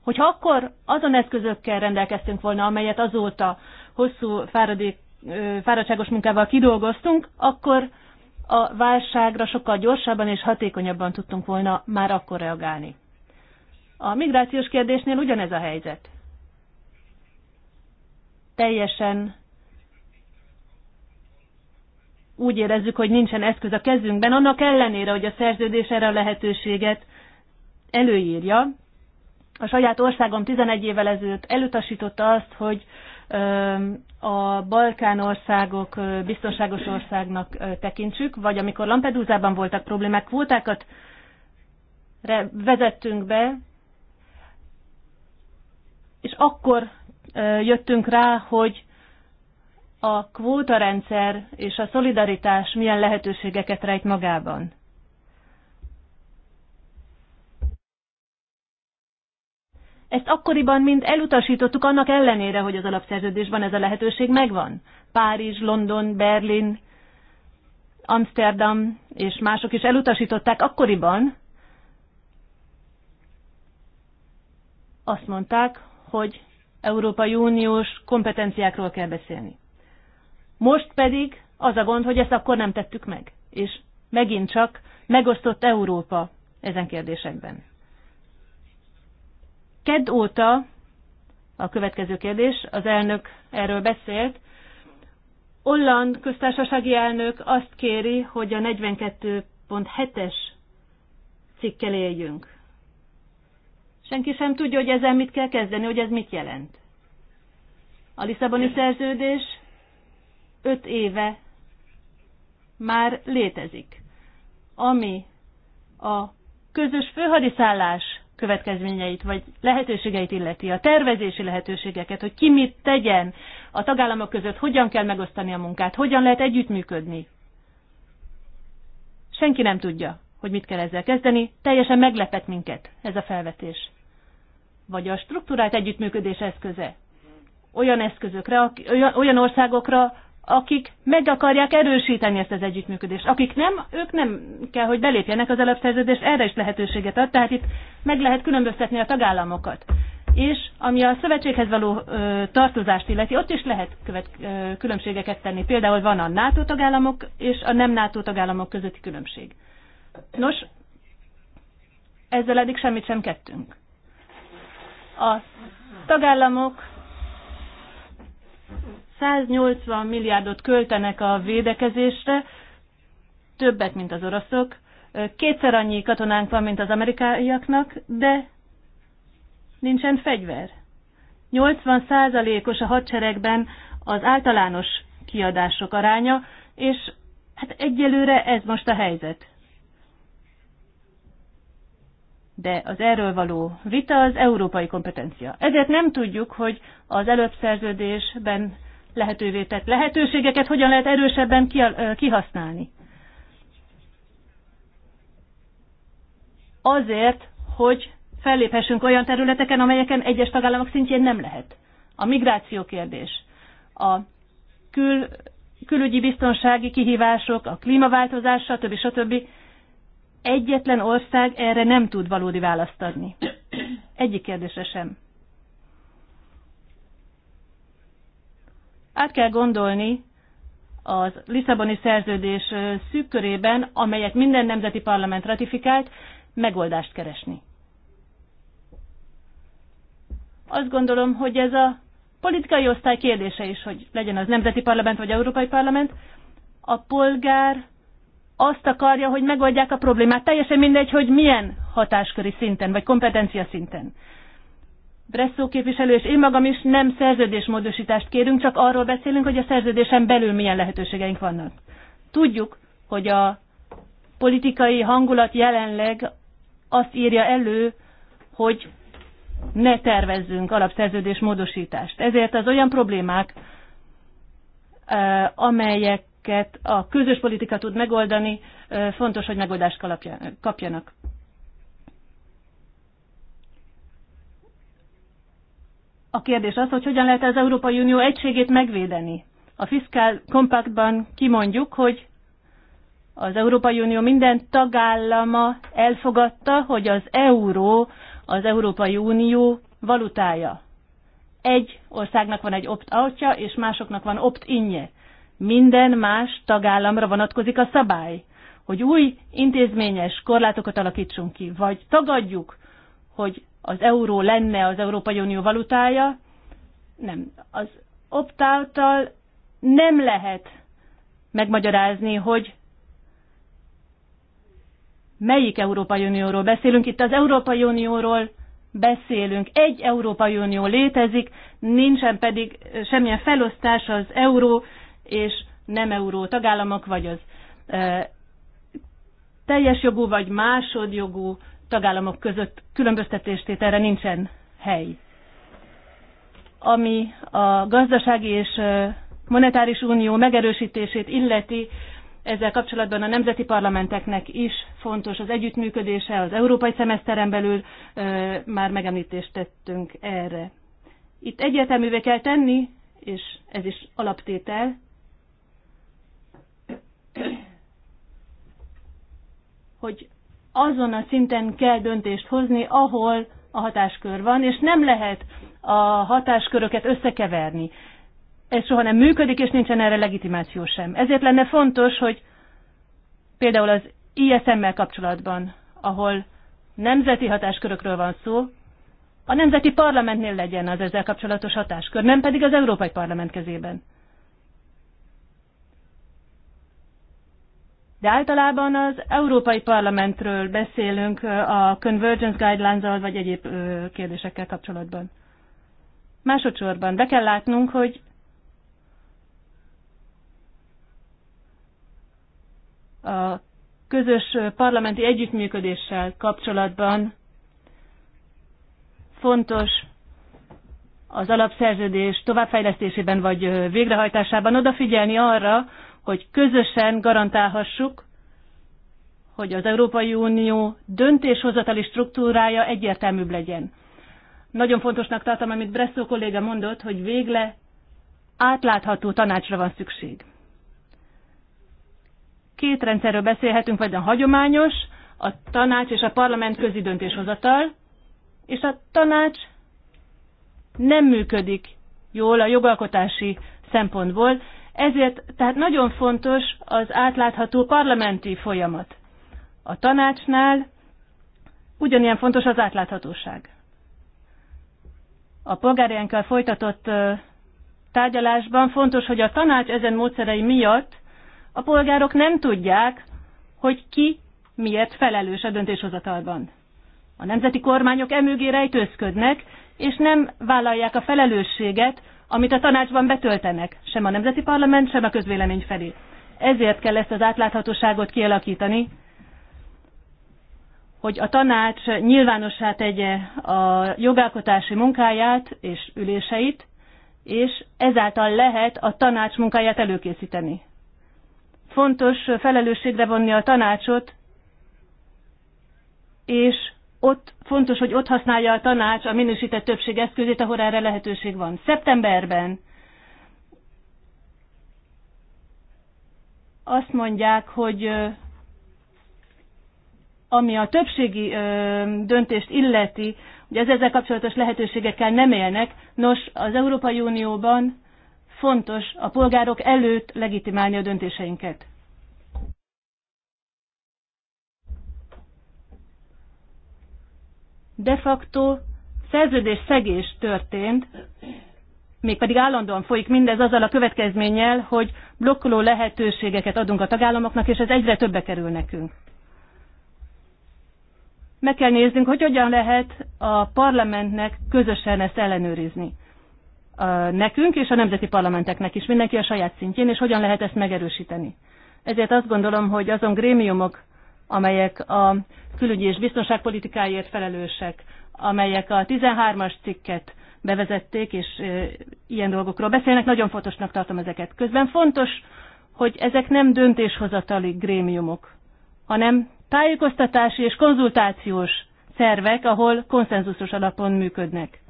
Hogyha akkor azon eszközökkel rendelkeztünk volna, amelyet azóta hosszú fáradék, fáradtságos munkával kidolgoztunk, akkor a válságra sokkal gyorsabban és hatékonyabban tudtunk volna már akkor reagálni. A migrációs kérdésnél ugyanez a helyzet. Teljesen úgy érezzük, hogy nincsen eszköz a kezünkben, annak ellenére, hogy a szerződés erre a lehetőséget előírja. A saját országom 11 évvel ezelőtt elutasította azt, hogy a Balkán országok biztonságos országnak tekintsük, vagy amikor Lampedusa-ban voltak problémák, kvótákat vezettünk be, és akkor jöttünk rá, hogy a kvótarendszer és a szolidaritás milyen lehetőségeket rejt magában. Ezt akkoriban mind elutasítottuk annak ellenére, hogy az alapszerződésben ez a lehetőség megvan. Párizs, London, Berlin, Amsterdam és mások is elutasították akkoriban. Azt mondták, hogy Európai Uniós kompetenciákról kell beszélni. Most pedig az a gond, hogy ezt akkor nem tettük meg, és megint csak megosztott Európa ezen kérdésekben. Kedd óta, a következő kérdés, az elnök erről beszélt, Holland köztársasági elnök azt kéri, hogy a 42.7-es cikkel éljünk. Senki sem tudja, hogy ezzel mit kell kezdeni, hogy ez mit jelent. A Lisszaboni szerződés 5 éve már létezik, ami a közös főhadiszállás következményeit vagy lehetőségeit illeti, a tervezési lehetőségeket, hogy ki mit tegyen a tagállamok között, hogyan kell megosztani a munkát, hogyan lehet együttműködni. Senki nem tudja, hogy mit kell ezzel kezdeni, teljesen meglepet minket ez a felvetés. Vagy a struktúrált együttműködés eszköze. Olyan eszközökre, olyan országokra, akik meg akarják erősíteni ezt az együttműködést. Akik nem, ők nem kell, hogy belépjenek az alapszerződés, erre is lehetőséget ad, tehát itt meg lehet különböztetni a tagállamokat. És ami a szövetséghez való ö, tartozást illeti, ott is lehet követ, ö, különbségeket tenni. Például van a NATO tagállamok és a nem NATO tagállamok közötti különbség. Nos, ezzel eddig semmit sem kettünk. A tagállamok 180 milliárdot költenek a védekezésre, többet, mint az oroszok. Kétszer annyi katonánk van, mint az amerikaiaknak, de nincsen fegyver. 80 százalékos a hadseregben az általános kiadások aránya, és hát egyelőre ez most a helyzet. De az erről való vita az európai kompetencia. Ezért nem tudjuk, hogy az előbb szerződésben lehetővé tett lehetőségeket hogyan lehet erősebben kihasználni. Azért, hogy felléphessünk olyan területeken, amelyeken egyes tagállamok szintjén nem lehet. A migráció kérdés, a kül, külügyi biztonsági kihívások, a klímaváltozás, stb. stb. Egyetlen ország erre nem tud valódi választ adni. Egyik kérdésre sem. Át kell gondolni az Lisszaboni szerződés szűkörében, amelyet minden nemzeti parlament ratifikált, megoldást keresni. Azt gondolom, hogy ez a politikai osztály kérdése is, hogy legyen az nemzeti parlament vagy európai parlament, a polgár azt akarja, hogy megoldják a problémát. Teljesen mindegy, hogy milyen hatásköri szinten, vagy kompetencia szinten. Bresszó képviselő és én magam is nem szerződésmódosítást kérünk, csak arról beszélünk, hogy a szerződésen belül milyen lehetőségeink vannak. Tudjuk, hogy a politikai hangulat jelenleg azt írja elő, hogy ne tervezzünk alapszerződés módosítást. Ezért az olyan problémák, amelyeket a közös politika tud megoldani, fontos, hogy megoldást kapjanak. A kérdés az, hogy hogyan lehet az Európai Unió egységét megvédeni. A Fiskál kompaktban kimondjuk, hogy az Európai Unió minden tagállama elfogadta, hogy az euró az Európai Unió valutája. Egy országnak van egy opt-outja, és másoknak van opt-inje. Minden más tagállamra vonatkozik a szabály, hogy új intézményes korlátokat alakítsunk ki, vagy tagadjuk, hogy az euró lenne az Európai Unió valutája. Nem. Az opt nem lehet megmagyarázni, hogy melyik Európai Unióról beszélünk. Itt az Európai Unióról beszélünk. Egy Európai Unió létezik, nincsen pedig semmilyen felosztás az euró és nem euró tagállamok, vagy az e, teljes jogú, vagy másodjogú tagállamok között erre nincsen hely. Ami a gazdasági és monetáris unió megerősítését illeti, ezzel kapcsolatban a nemzeti parlamenteknek is fontos az együttműködése, az európai szemeszteren belül már megemlítést tettünk erre. Itt egyértelművé kell tenni, és ez is alaptétel, hogy azon a szinten kell döntést hozni, ahol a hatáskör van, és nem lehet a hatásköröket összekeverni. Ez soha nem működik, és nincsen erre legitimáció sem. Ezért lenne fontos, hogy például az ISM-mel kapcsolatban, ahol nemzeti hatáskörökről van szó, a nemzeti parlamentnél legyen az ezzel kapcsolatos hatáskör, nem pedig az Európai Parlament kezében. De általában az Európai Parlamentről beszélünk a Convergence Guidelines-al vagy egyéb kérdésekkel kapcsolatban. Másodszorban be kell látnunk, hogy a közös parlamenti együttműködéssel kapcsolatban fontos az alapszerződés továbbfejlesztésében vagy végrehajtásában odafigyelni arra, hogy közösen garantálhassuk, hogy az Európai Unió döntéshozatali struktúrája egyértelműbb legyen. Nagyon fontosnak tartom, amit Bresszó kolléga mondott, hogy végle átlátható tanácsra van szükség. Két rendszerről beszélhetünk, vagy a hagyományos, a tanács és a parlament közi döntéshozatal, és a tanács nem működik jól a jogalkotási szempontból, ezért tehát nagyon fontos az átlátható parlamenti folyamat. A tanácsnál ugyanilyen fontos az átláthatóság. A polgárjánkkal folytatott tárgyalásban fontos, hogy a tanács ezen módszerei miatt a polgárok nem tudják, hogy ki miért felelős a döntéshozatalban. A nemzeti kormányok emögé rejtőzködnek, és nem vállalják a felelősséget, amit a tanácsban betöltenek, sem a Nemzeti Parlament, sem a közvélemény felé. Ezért kell ezt az átláthatóságot kialakítani, hogy a tanács nyilvánossá tegye a jogalkotási munkáját és üléseit, és ezáltal lehet a tanács munkáját előkészíteni. Fontos felelősségre vonni a tanácsot, és ott fontos, hogy ott használja a tanács a minősített többség eszközét, ahol erre lehetőség van. Szeptemberben azt mondják, hogy ami a többségi döntést illeti, hogy az ezzel kapcsolatos lehetőségekkel nem élnek, nos, az Európai Unióban fontos a polgárok előtt legitimálni a döntéseinket. de facto szerződés szegés történt, mégpedig állandóan folyik mindez azzal a következménnyel, hogy blokkoló lehetőségeket adunk a tagállamoknak, és ez egyre többe kerül nekünk. Meg kell néznünk, hogy hogyan lehet a parlamentnek közösen ezt ellenőrizni. Nekünk és a nemzeti parlamenteknek is, mindenki a saját szintjén, és hogyan lehet ezt megerősíteni. Ezért azt gondolom, hogy azon grémiumok amelyek a külügyi és biztonságpolitikáért felelősek, amelyek a 13-as cikket bevezették, és ilyen dolgokról beszélnek. Nagyon fontosnak tartom ezeket. Közben fontos, hogy ezek nem döntéshozatali grémiumok, hanem tájékoztatási és konzultációs szervek, ahol konszenzusos alapon működnek.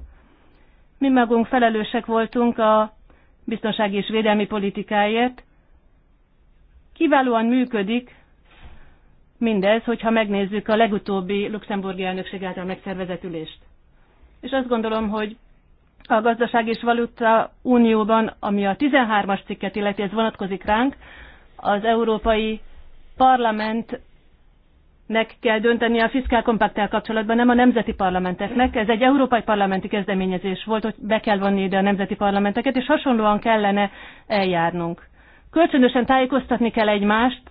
Mi magunk felelősek voltunk a biztonsági és védelmi politikáért. Kiválóan működik, Mindez, hogyha megnézzük a legutóbbi luxemburgi elnökség által megszervezett ülést. És azt gondolom, hogy a gazdaság és valuta unióban, ami a 13-as cikket illeti, ez vonatkozik ránk, az Európai Parlamentnek kell dönteni a fiskál kompakttel kapcsolatban, nem a nemzeti parlamenteknek. Ez egy európai parlamenti kezdeményezés volt, hogy be kell vonni ide a nemzeti parlamenteket, és hasonlóan kellene eljárnunk. Kölcsönösen tájékoztatni kell egymást,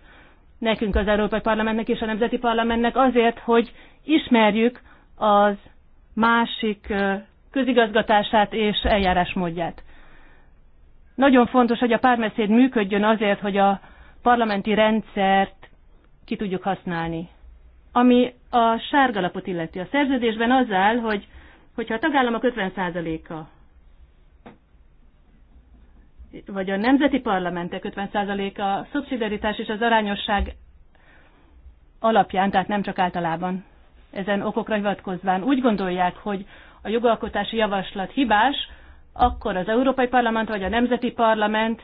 nekünk az Európai Parlamentnek és a Nemzeti Parlamentnek azért, hogy ismerjük az másik közigazgatását és eljárásmódját. Nagyon fontos, hogy a párbeszéd működjön azért, hogy a parlamenti rendszert ki tudjuk használni. Ami a sárgalapot illeti. A szerződésben az áll, hogy hogyha a tagállamok 50%-a vagy a nemzeti parlamentek 50%-a szubszidaritás és az arányosság alapján, tehát nem csak általában ezen okokra hivatkozván úgy gondolják, hogy a jogalkotási javaslat hibás, akkor az Európai Parlament vagy a Nemzeti Parlament,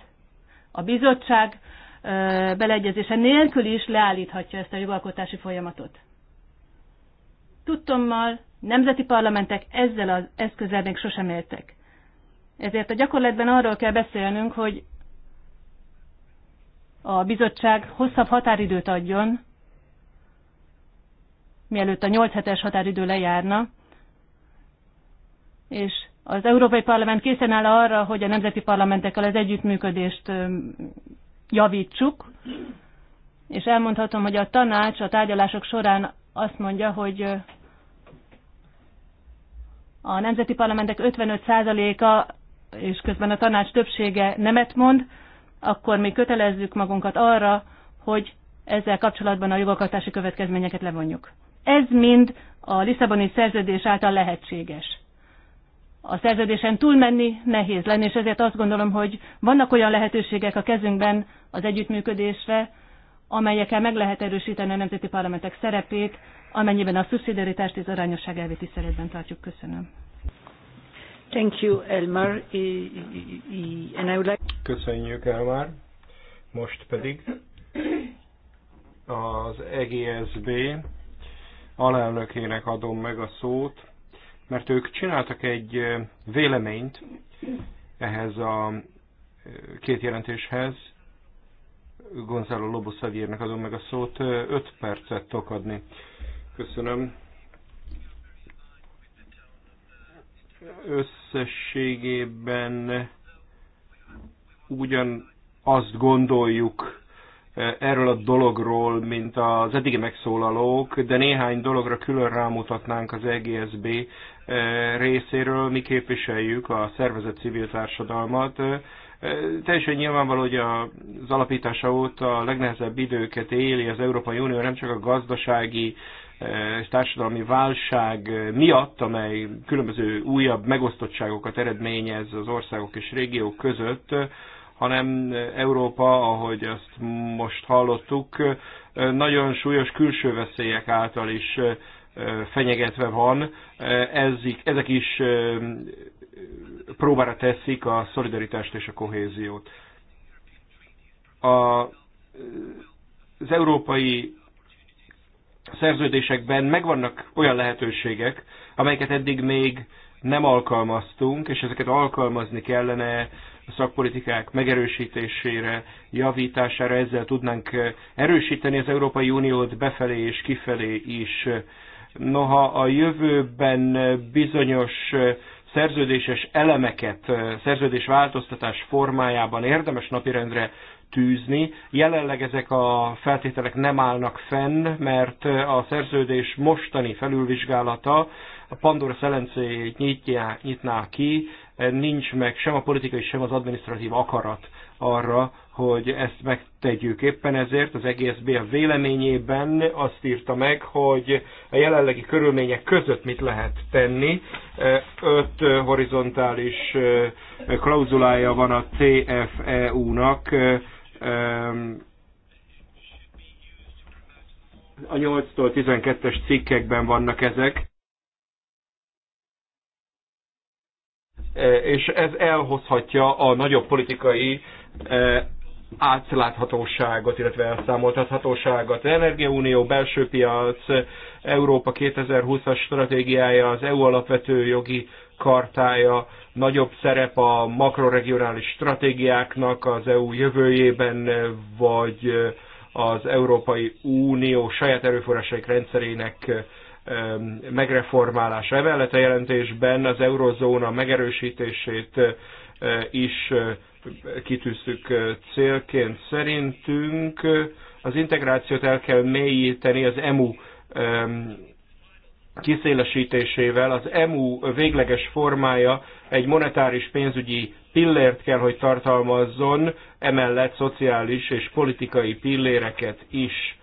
a bizottság beleegyezése nélkül is leállíthatja ezt a jogalkotási folyamatot. Tudtommal nemzeti parlamentek ezzel az eszközzel még sosem éltek. Ezért a gyakorlatban arról kell beszélnünk, hogy a bizottság hosszabb határidőt adjon, mielőtt a 8 hetes határidő lejárna, és az Európai Parlament készen áll arra, hogy a nemzeti parlamentekkel az együttműködést javítsuk, és elmondhatom, hogy a tanács a tárgyalások során azt mondja, hogy a nemzeti parlamentek 55%-a és közben a tanács többsége nemet mond, akkor mi kötelezzük magunkat arra, hogy ezzel kapcsolatban a jogalkotási következményeket levonjuk. Ez mind a Lisszaboni szerződés által lehetséges. A szerződésen túlmenni nehéz lenne, és ezért azt gondolom, hogy vannak olyan lehetőségek a kezünkben az együttműködésre, amelyekkel meg lehet erősíteni a nemzeti parlamentek szerepét, amennyiben a szubszidiaritást és arányosság elvét is szeretben tartjuk. Köszönöm. Thank you, Elmar. And I would like... Köszönjük, Elmar. Most pedig az EGSB alelnökének adom meg a szót, mert ők csináltak egy véleményt ehhez a két jelentéshez. Gonzalo Lobo Szavírnak adom meg a szót, öt percet tokadni. Köszönöm. összességében ugyan azt gondoljuk eh, erről a dologról, mint az eddigi megszólalók, de néhány dologra külön rámutatnánk az EGSB eh, részéről. Mi képviseljük a szervezet civil társadalmat, eh, Teljesen nyilvánvaló, hogy az alapítása óta a legnehezebb időket éli az Európai Unió, nem csak a gazdasági Eh, társadalmi válság miatt, amely különböző újabb megosztottságokat eredményez az országok és régiók között, hanem Európa, ahogy azt most hallottuk, eh, nagyon súlyos külső veszélyek által is eh, fenyegetve van. Ezik, ezek is próbára teszik a szolidaritást és a kohéziót. A, az európai szerződésekben megvannak olyan lehetőségek, amelyeket eddig még nem alkalmaztunk, és ezeket alkalmazni kellene a szakpolitikák megerősítésére, javítására, ezzel tudnánk eh, erősíteni az Európai Uniót befelé és kifelé is. Noha a jövőben eh, bizonyos eh, szerződéses elemeket szerződés változtatás formájában érdemes napirendre tűzni. Jelenleg ezek a feltételek nem állnak fenn, mert a szerződés mostani felülvizsgálata a Pandora szelencéjét nyitja, nyitná ki, nincs meg sem a politikai, sem az administratív akarat arra, hogy ezt megtegyük. Éppen ezért az EGSB a véleményében azt írta meg, hogy a jelenlegi körülmények között mit lehet tenni. Öt horizontális klauzulája van a CFEU-nak, a 8-tól 12-es cikkekben vannak ezek. E, és ez elhozhatja a nagyobb politikai e, átláthatóságot, illetve elszámoltathatóságot. Energiaunió, belső piac, Európa 2020-as stratégiája, az EU alapvető jogi kartája, nagyobb szerep a makroregionális stratégiáknak az EU jövőjében, vagy az Európai Unió saját erőforrásaik rendszerének megreformálása. Emellett a jelentésben az eurozóna megerősítését is kitűztük célként. Szerintünk az integrációt el kell mélyíteni az e EMU kiszélesítésével az EMU végleges formája egy monetáris pénzügyi pillért kell, hogy tartalmazzon, emellett szociális és politikai pilléreket is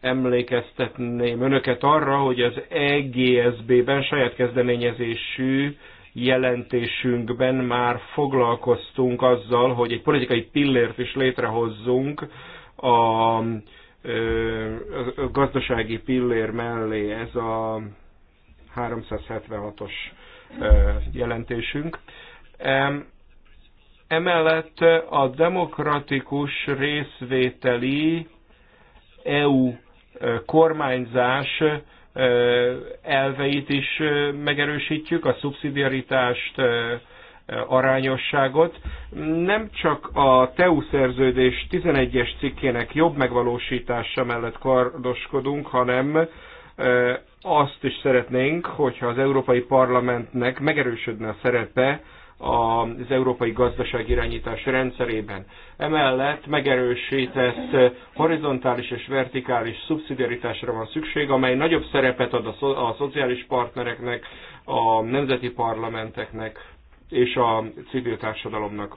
emlékeztetném önöket arra, hogy az EGSB-ben saját kezdeményezésű jelentésünkben már foglalkoztunk azzal, hogy egy politikai pillért is létrehozzunk a a gazdasági pillér mellé ez a 376-os jelentésünk. Emellett a demokratikus részvételi EU kormányzás elveit is megerősítjük, a szubszidiaritást, arányosságot. Nem csak a TEU szerződés 11-es cikkének jobb megvalósítása mellett kardoskodunk, hanem azt is szeretnénk, hogyha az Európai Parlamentnek megerősödne a szerepe az európai gazdaság irányítás rendszerében. Emellett megerősített horizontális és vertikális szubszidiaritásra van szükség, amely nagyobb szerepet ad a, szo a szociális partnereknek, a nemzeti parlamenteknek, és a civil társadalomnak.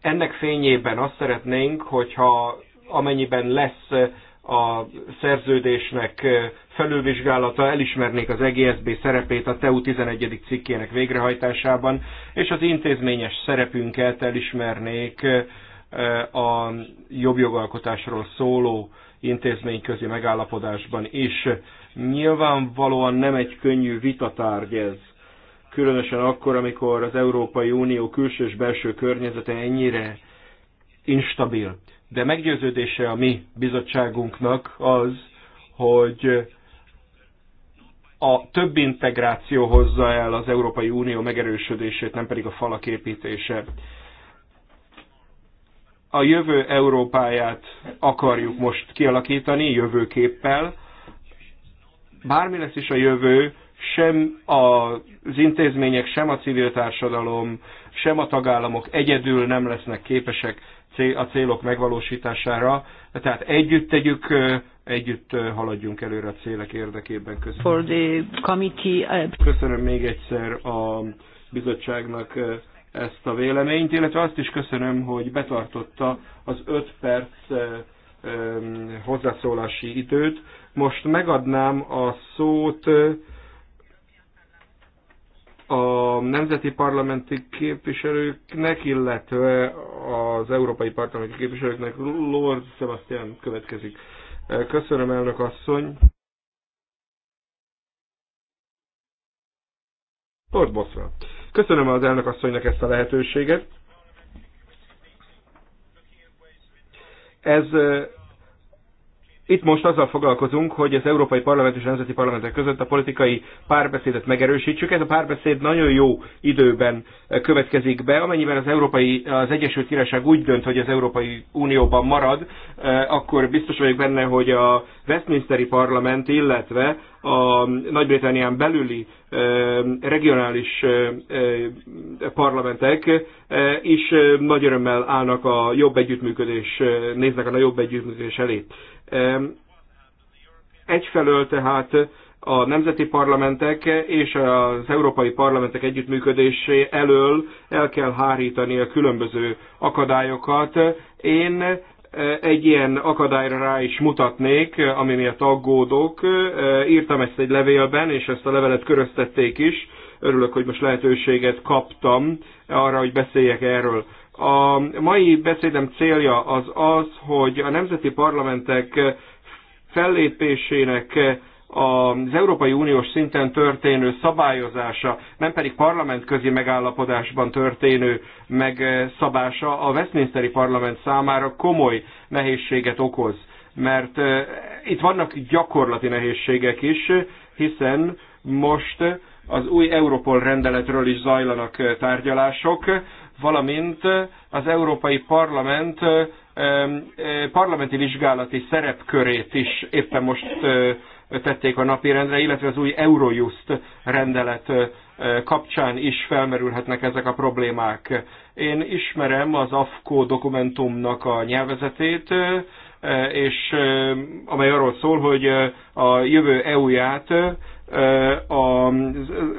Ennek fényében azt szeretnénk, hogyha amennyiben lesz a szerződésnek felülvizsgálata, elismernék az EGSB szerepét a TEU 11. cikkének végrehajtásában, és az intézményes szerepünket elismernék eh, a jobb jogalkotásról szóló intézményközi megállapodásban is. Nyilvánvalóan nem egy könnyű vitatárgy ez különösen akkor, amikor az Európai Unió külső és belső környezete ennyire instabil. De meggyőződése a mi bizottságunknak az, hogy a több integráció hozza el az Európai Unió megerősödését, nem pedig a falak építése. A jövő Európáját akarjuk most kialakítani jövőképpel. Bármi lesz is a jövő, sem az intézmények, sem a civil társadalom, sem a tagállamok egyedül nem lesznek képesek a célok megvalósítására. Tehát együtt tegyük, együtt haladjunk előre a célek érdekében. Köszönöm. For the committee, uh... Köszönöm még egyszer a bizottságnak ezt a véleményt, illetve azt is köszönöm, hogy betartotta az 5 perc hozzászólási időt. Most megadnám a szót a nemzeti parlamenti képviselőknek, illetve az európai parlamenti képviselőknek Lord Sebastian következik. Köszönöm, elnök asszony. Lord Boswell. Köszönöm az elnök asszonynak ezt a lehetőséget. Ez itt most azzal foglalkozunk, hogy az Európai Parlament és a Nemzeti Parlamentek között a politikai párbeszédet megerősítsük. Ez a párbeszéd nagyon jó időben eh, következik be. Amennyiben az, Európai, az Egyesült Királyság úgy dönt, hogy az Európai Unióban marad, eh, akkor biztos vagyok benne, hogy a Westminsteri Parlament, illetve a Nagy-Britannián belüli regionális parlamentek is nagy örömmel állnak a jobb együttműködés, néznek a jobb együttműködés elé. Egyfelől tehát a nemzeti parlamentek és az európai parlamentek együttműködésé elől el kell hárítani a különböző akadályokat. Én egy ilyen akadályra rá is mutatnék, ami miatt aggódok. Írtam ezt egy levélben, és ezt a levelet köröztették is. Örülök, hogy most lehetőséget kaptam arra, hogy beszéljek erről. A mai beszédem célja az az, hogy a nemzeti parlamentek fellépésének az Európai Uniós szinten történő szabályozása, nem pedig parlamentközi megállapodásban történő megszabása a Westminsteri parlament számára komoly nehézséget okoz. Mert itt vannak gyakorlati nehézségek is, hiszen most az új Európol rendeletről is zajlanak tárgyalások, valamint az Európai Parlament parlamenti vizsgálati szerepkörét is éppen most tették a napirendre, illetve az új Eurojust rendelet kapcsán is felmerülhetnek ezek a problémák. Én ismerem az AFKO dokumentumnak a nyelvezetét, és amely arról szól, hogy a jövő EU-ját a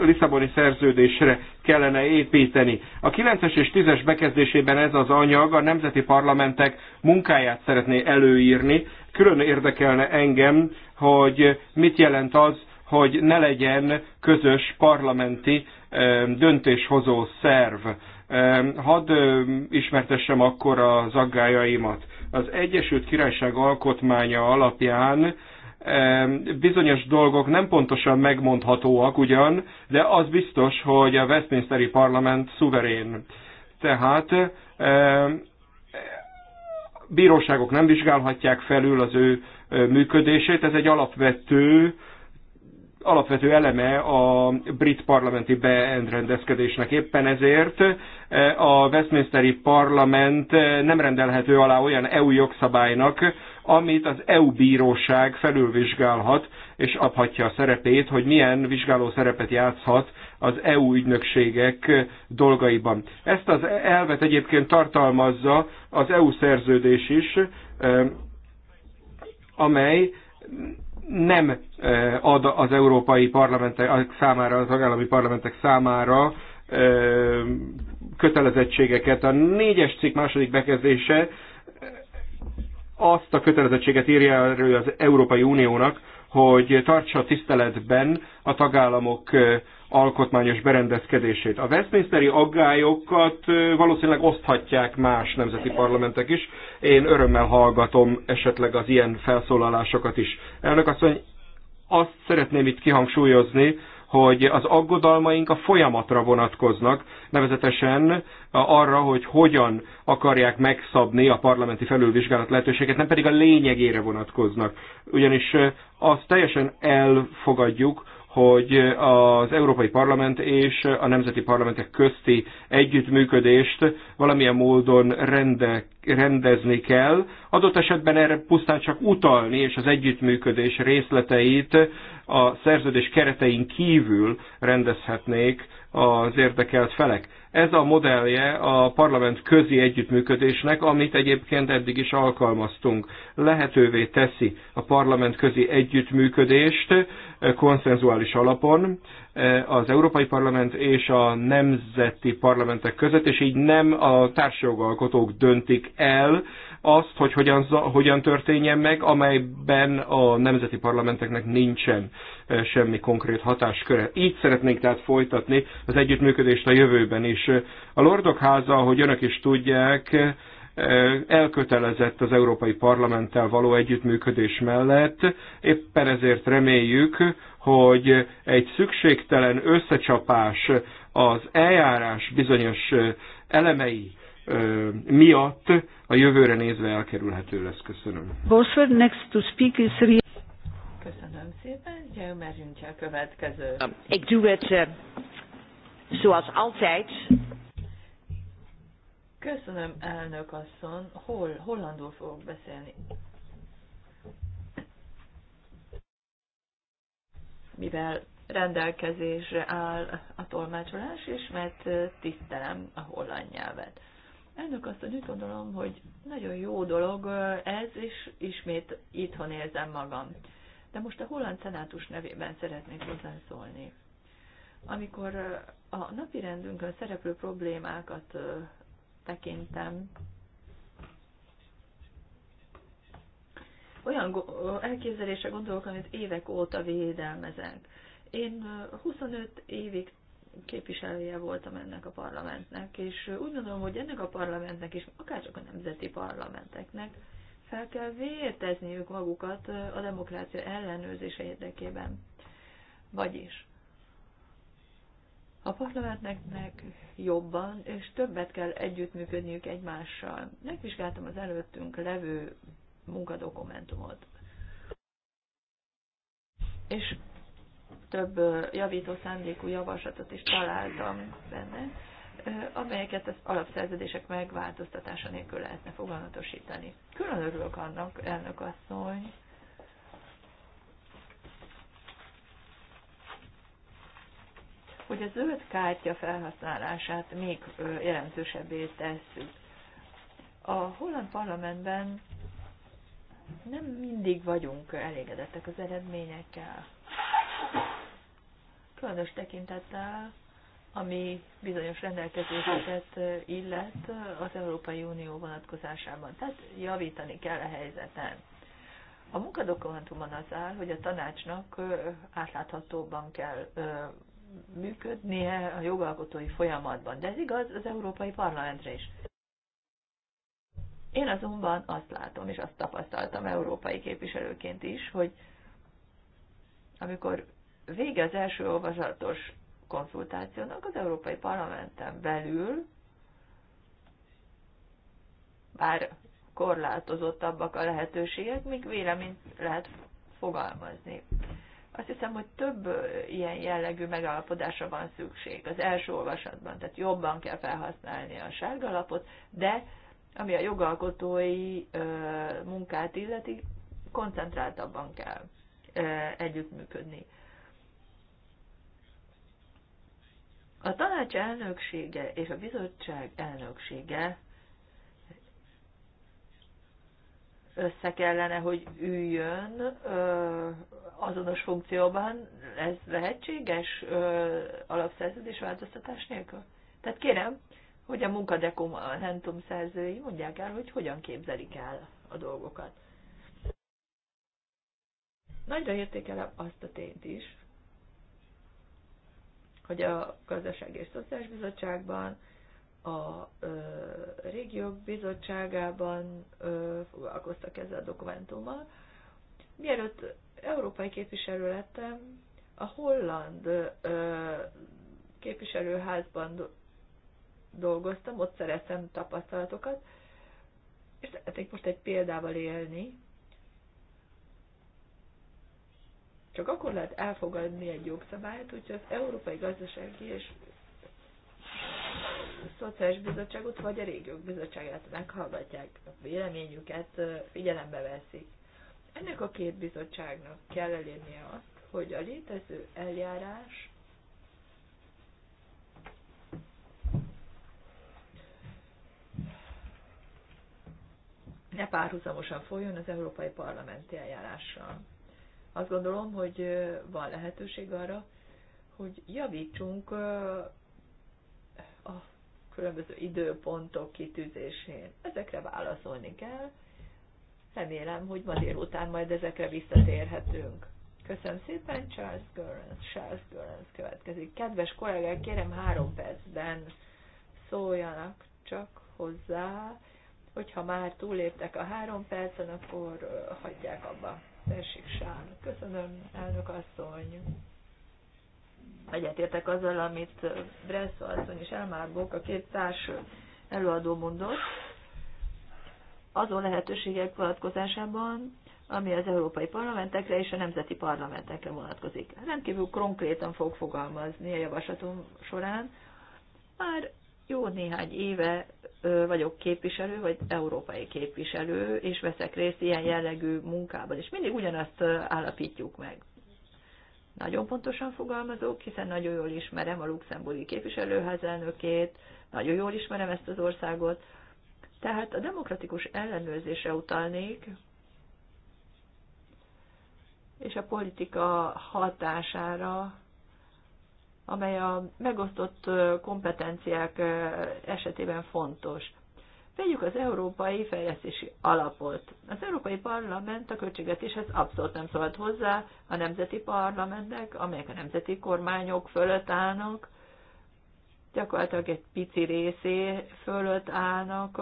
Lisszaboni szerződésre kellene építeni. A 9-es és 10-es bekezdésében ez az anyag a nemzeti parlamentek munkáját szeretné előírni, Külön érdekelne engem, hogy mit jelent az, hogy ne legyen közös parlamenti döntéshozó szerv. Hadd ismertessem akkor az aggájaimat. Az Egyesült Királyság alkotmánya alapján bizonyos dolgok nem pontosan megmondhatóak ugyan, de az biztos, hogy a Westminsteri parlament szuverén. Tehát bíróságok nem vizsgálhatják felül az ő működését, ez egy alapvető alapvető eleme a brit parlamenti beendrendezkedésnek. Éppen ezért a Westminsteri parlament nem rendelhető alá olyan EU jogszabálynak, amit az EU bíróság felülvizsgálhat, és abhatja a szerepét, hogy milyen vizsgáló szerepet játszhat az EU ügynökségek dolgaiban. Ezt az elvet egyébként tartalmazza az EU szerződés is, eh, amely nem eh, ad az európai parlamentek számára, az tagállami parlamentek számára eh, kötelezettségeket. A négyes cikk második bekezdése azt a kötelezettséget írja elő az Európai Uniónak, hogy tartsa tiszteletben a tagállamok alkotmányos berendezkedését. A Westminsteri aggályokat valószínűleg oszthatják más nemzeti parlamentek is. Én örömmel hallgatom esetleg az ilyen felszólalásokat is. Elnök asszony, azt szeretném itt kihangsúlyozni, hogy az aggodalmaink a folyamatra vonatkoznak, nevezetesen arra, hogy hogyan akarják megszabni a parlamenti felülvizsgálat lehetőséget, nem pedig a lényegére vonatkoznak. Ugyanis azt teljesen elfogadjuk, hogy az Európai Parlament és a nemzeti parlamentek közti együttműködést valamilyen módon rende, rendezni kell. Adott esetben erre pusztán csak utalni, és az együttműködés részleteit a szerződés keretein kívül rendezhetnék az érdekelt felek. Ez a modellje a parlament közi együttműködésnek, amit egyébként eddig is alkalmaztunk. Lehetővé teszi a parlament közi együttműködést eh, konszenzuális alapon eh, az Európai Parlament és a nemzeti parlamentek között, és így nem a társjogalkotók döntik el, azt, hogy hogyan, hogyan történjen meg, amelyben a nemzeti parlamenteknek nincsen semmi konkrét hatásköre. Így szeretnénk tehát folytatni az együttműködést a jövőben is. A Lordok háza, ahogy önök is tudják, elkötelezett az Európai Parlamenttel való együttműködés mellett. Éppen ezért reméljük, hogy egy szükségtelen összecsapás az eljárás bizonyos elemei miatt a jövőre nézve elkerülhető lesz. Köszönöm. Borfer, next to speak is Köszönöm szépen. Jelmer Jüntje a következő. Um, ik doe het eh, zoals altijd. Köszönöm, elnök asszony. Hol, hollandul fogok beszélni. Mivel rendelkezésre áll a tolmácsolás, és mert eh, tisztelem a holland nyelvet. Elnök hogy úgy gondolom, hogy nagyon jó dolog ez, és ismét itthon érzem magam. De most a holland szenátus nevében szeretnék hozzászólni. Amikor a napi rendünkön szereplő problémákat tekintem, olyan elképzelése gondolok, amit évek óta védelmezek. Én 25 évig képviselője voltam ennek a parlamentnek, és úgy gondolom, hogy ennek a parlamentnek és akárcsak a nemzeti parlamenteknek fel kell vértezniük magukat a demokrácia ellenőrzése érdekében. Vagyis a parlamentnek jobban és többet kell együttműködniük egymással. Megvizsgáltam az előttünk levő munkadokumentumot. És több javító szándékú javaslatot is találtam benne, amelyeket az alapszerződések megváltoztatása nélkül lehetne foganatosítani. Külön örülök annak, elnök asszony, hogy a zöld kártya felhasználását még jelentősebbé tesszük. A holland parlamentben nem mindig vagyunk elégedettek az eredményekkel. Különös tekintettel, ami bizonyos rendelkezéseket illet az Európai Unió vonatkozásában. Tehát javítani kell a helyzeten. A munkadokumentumon az áll, hogy a tanácsnak átláthatóban kell működnie a jogalkotói folyamatban. De ez igaz az Európai Parlamentre is. Én azonban azt látom, és azt tapasztaltam európai képviselőként is, hogy amikor vége az első olvasatos konzultációnak az Európai Parlamenten belül, bár korlátozottabbak a lehetőségek, még véleményt lehet fogalmazni. Azt hiszem, hogy több ilyen jellegű megállapodásra van szükség az első olvasatban, tehát jobban kell felhasználni a sárgalapot, de ami a jogalkotói ö, munkát illeti, koncentráltabban kell együttműködni. A tanács elnöksége és a bizottság elnöksége össze kellene, hogy üljön ö, azonos funkcióban, ez lehetséges ö, alapszerződés változtatás nélkül? Tehát kérem, hogy a munkadekomentum szerzői mondják el, hogy hogyan képzelik el a dolgokat. Nagyra értékelem azt a tényt is, hogy a Gazdaság és Szociális Bizottságban, a ö, Régiók Bizottságában ö, foglalkoztak ezzel a dokumentummal. Mielőtt európai képviselő lettem, a holland ö, képviselőházban dolgoztam, ott szereztem tapasztalatokat, és szeretnék most egy példával élni, Csak akkor lehet elfogadni egy jogszabályt, hogyha az Európai Gazdasági és Szociális Bizottságot vagy a Régiók Bizottságát meghallgatják, a véleményüket figyelembe veszik. Ennek a két bizottságnak kell elérnie azt, hogy a létező eljárás ne párhuzamosan folyjon az Európai Parlamenti eljárással. Azt gondolom, hogy van lehetőség arra, hogy javítsunk a különböző időpontok kitűzésén. Ezekre válaszolni kell. Remélem, hogy ma délután majd ezekre visszatérhetünk. Köszönöm szépen, Charles Görens. Charles Görens következik. Kedves kollégák, kérem három percben szóljanak csak hozzá, hogyha már túléptek a három percen, akkor hagyják abba. Tessék, Sán. Köszönöm, elnök asszony. Egyetértek azzal, amit Bresszó asszony és Elmárbók, a két társ előadó mondott, azon lehetőségek vonatkozásában, ami az európai parlamentekre és a nemzeti parlamentekre vonatkozik. Rendkívül konkrétan fog fogalmazni a javaslatom során, már jó néhány éve vagyok képviselő, vagy európai képviselő, és veszek részt ilyen jellegű munkában, és mindig ugyanazt állapítjuk meg. Nagyon pontosan fogalmazok, hiszen nagyon jól ismerem a luxemburgi képviselőház elnökét, nagyon jól ismerem ezt az országot, tehát a demokratikus ellenőrzésre utalnék, és a politika hatására amely a megosztott kompetenciák esetében fontos. Vegyük az Európai Fejlesztési Alapot. Az Európai Parlament a költségvetéshez abszolút nem szólt hozzá a nemzeti parlamentnek, amelyek a nemzeti kormányok fölött állnak, gyakorlatilag egy pici részé fölött állnak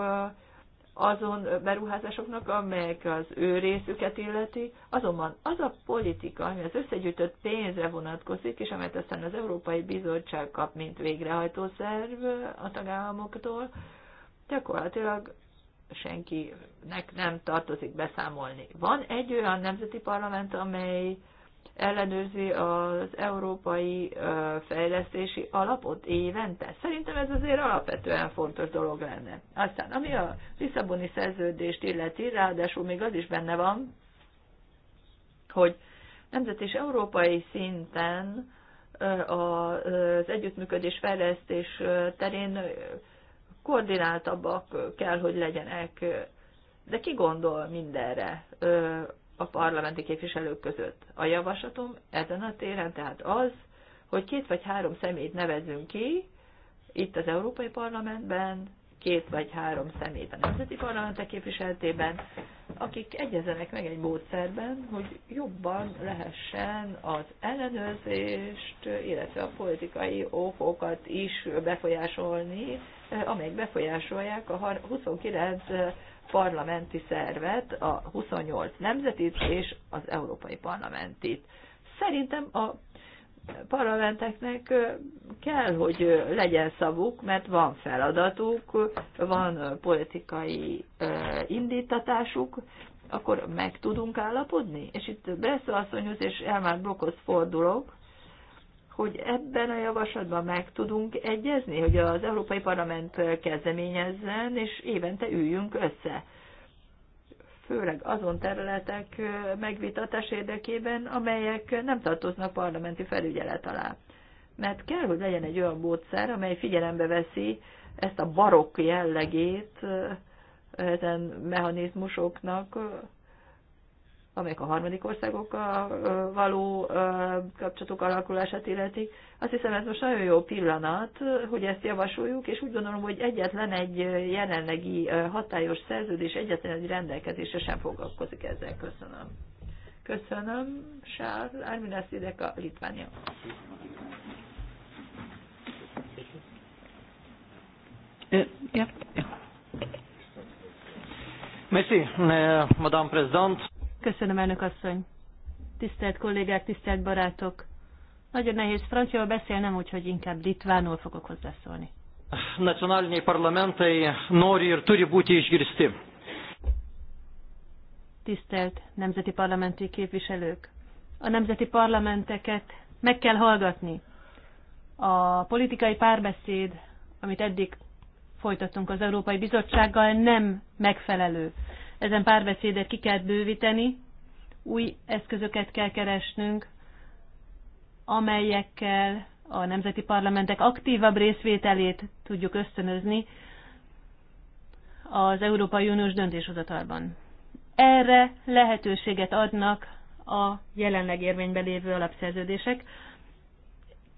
azon beruházásoknak, amelyek az ő részüket illeti. Azonban az a politika, ami az összegyűjtött pénzre vonatkozik, és amelyet aztán az Európai Bizottság kap, mint végrehajtó szerv a tagállamoktól, gyakorlatilag senkinek nem tartozik beszámolni. Van egy olyan nemzeti parlament, amely ellenőrzi az európai fejlesztési alapot évente. Szerintem ez azért alapvetően fontos dolog lenne. Aztán, ami a Lisszaboni szerződést illeti, ráadásul még az is benne van, hogy nemzet és európai szinten az együttműködés fejlesztés terén koordináltabbak kell, hogy legyenek. De ki gondol mindenre? a parlamenti képviselők között. A javaslatom ezen a téren tehát az, hogy két vagy három szemét nevezünk ki, itt az Európai Parlamentben, két vagy három szemét a nemzeti parlamentek képviseltében, akik egyezenek meg egy módszerben, hogy jobban lehessen az ellenőrzést, illetve a politikai okokat is befolyásolni, eh, amelyek befolyásolják a 29 parlamenti szervet, a 28 nemzetit és az Európai Parlamentit. Szerintem a parlamenteknek kell, hogy legyen szavuk, mert van feladatuk, van politikai indítatásuk, akkor meg tudunk állapodni? És itt Bresszó asszonyhoz és Elmár Blokhoz fordulok, hogy ebben a javaslatban meg tudunk egyezni, hogy az Európai Parlament kezdeményezzen, és évente üljünk össze. Főleg azon területek megvitatás érdekében, amelyek nem tartoznak parlamenti felügyelet alá. Mert kell, hogy legyen egy olyan módszer, amely figyelembe veszi ezt a barokk jellegét ezen mechanizmusoknak, amelyek a harmadik országokkal való kapcsolatok alakulását illetik. Azt hiszem, ez most nagyon jó pillanat, hogy ezt javasoljuk, és úgy gondolom, hogy egyetlen egy jelenlegi hatályos szerződés, egyetlen egy rendelkezésre sem foglalkozik ezzel. Köszönöm. Köszönöm, Sár Árminász a Litvánia. Merci, euh, Madame Présidente. Köszönöm, elnök asszony. Tisztelt kollégák, tisztelt barátok. Nagyon nehéz franciaul beszélnem, úgyhogy inkább litvánul fogok hozzászólni. Nacionálni, parlamentai nori ir turi is išgirsti. Tisztelt nemzeti parlamenti képviselők! A nemzeti parlamenteket meg kell hallgatni. A politikai párbeszéd, amit eddig folytattunk az Európai Bizottsággal, nem megfelelő. Ezen párbeszédet ki kell bővíteni, új eszközöket kell keresnünk, amelyekkel a nemzeti parlamentek aktívabb részvételét tudjuk ösztönözni az Európai Uniós döntéshozatalban. Erre lehetőséget adnak a jelenleg érvényben lévő alapszerződések.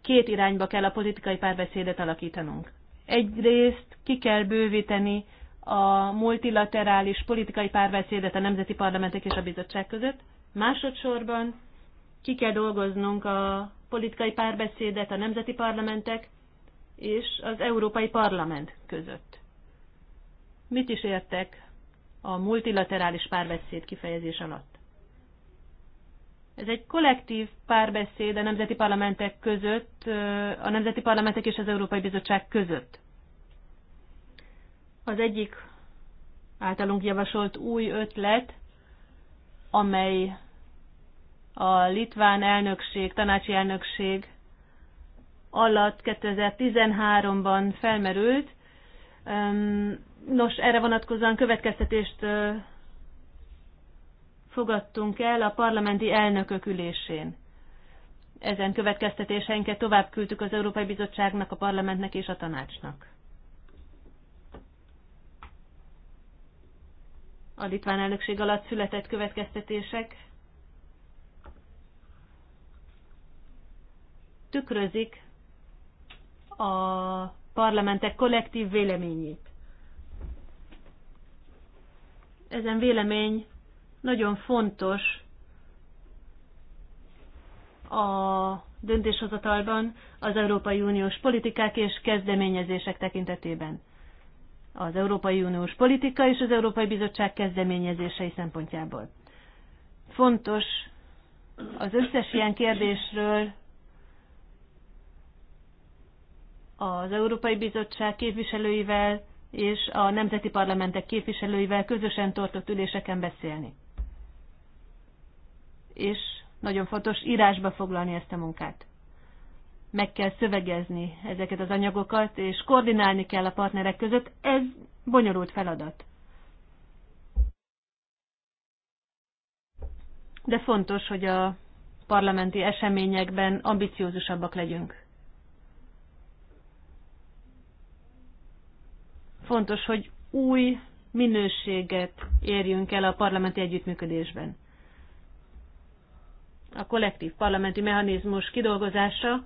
Két irányba kell a politikai párbeszédet alakítanunk. Egyrészt ki kell bővíteni a multilaterális politikai párbeszédet a nemzeti parlamentek és a bizottság között. Másodszorban ki kell dolgoznunk a politikai párbeszédet a nemzeti parlamentek és az Európai Parlament között. Mit is értek a multilaterális párbeszéd kifejezés alatt? Ez egy kollektív párbeszéd a nemzeti parlamentek között, a nemzeti parlamentek és az Európai Bizottság között. Az egyik általunk javasolt új ötlet, amely a litván elnökség, tanácsi elnökség alatt 2013-ban felmerült. Nos, erre vonatkozóan következtetést fogadtunk el a parlamenti elnökök ülésén. Ezen következtetéseinket tovább küldtük az Európai Bizottságnak, a parlamentnek és a tanácsnak. a litván elnökség alatt született következtetések tükrözik a parlamentek kollektív véleményét. Ezen vélemény nagyon fontos a döntéshozatalban az Európai Uniós politikák és kezdeményezések tekintetében az Európai Uniós politika és az Európai Bizottság kezdeményezései szempontjából. Fontos az összes ilyen kérdésről az Európai Bizottság képviselőivel és a nemzeti parlamentek képviselőivel közösen tartott üléseken beszélni. És nagyon fontos írásba foglalni ezt a munkát meg kell szövegezni ezeket az anyagokat, és koordinálni kell a partnerek között. Ez bonyolult feladat. De fontos, hogy a parlamenti eseményekben ambiciózusabbak legyünk. Fontos, hogy új minőséget érjünk el a parlamenti együttműködésben. A kollektív parlamenti mechanizmus kidolgozása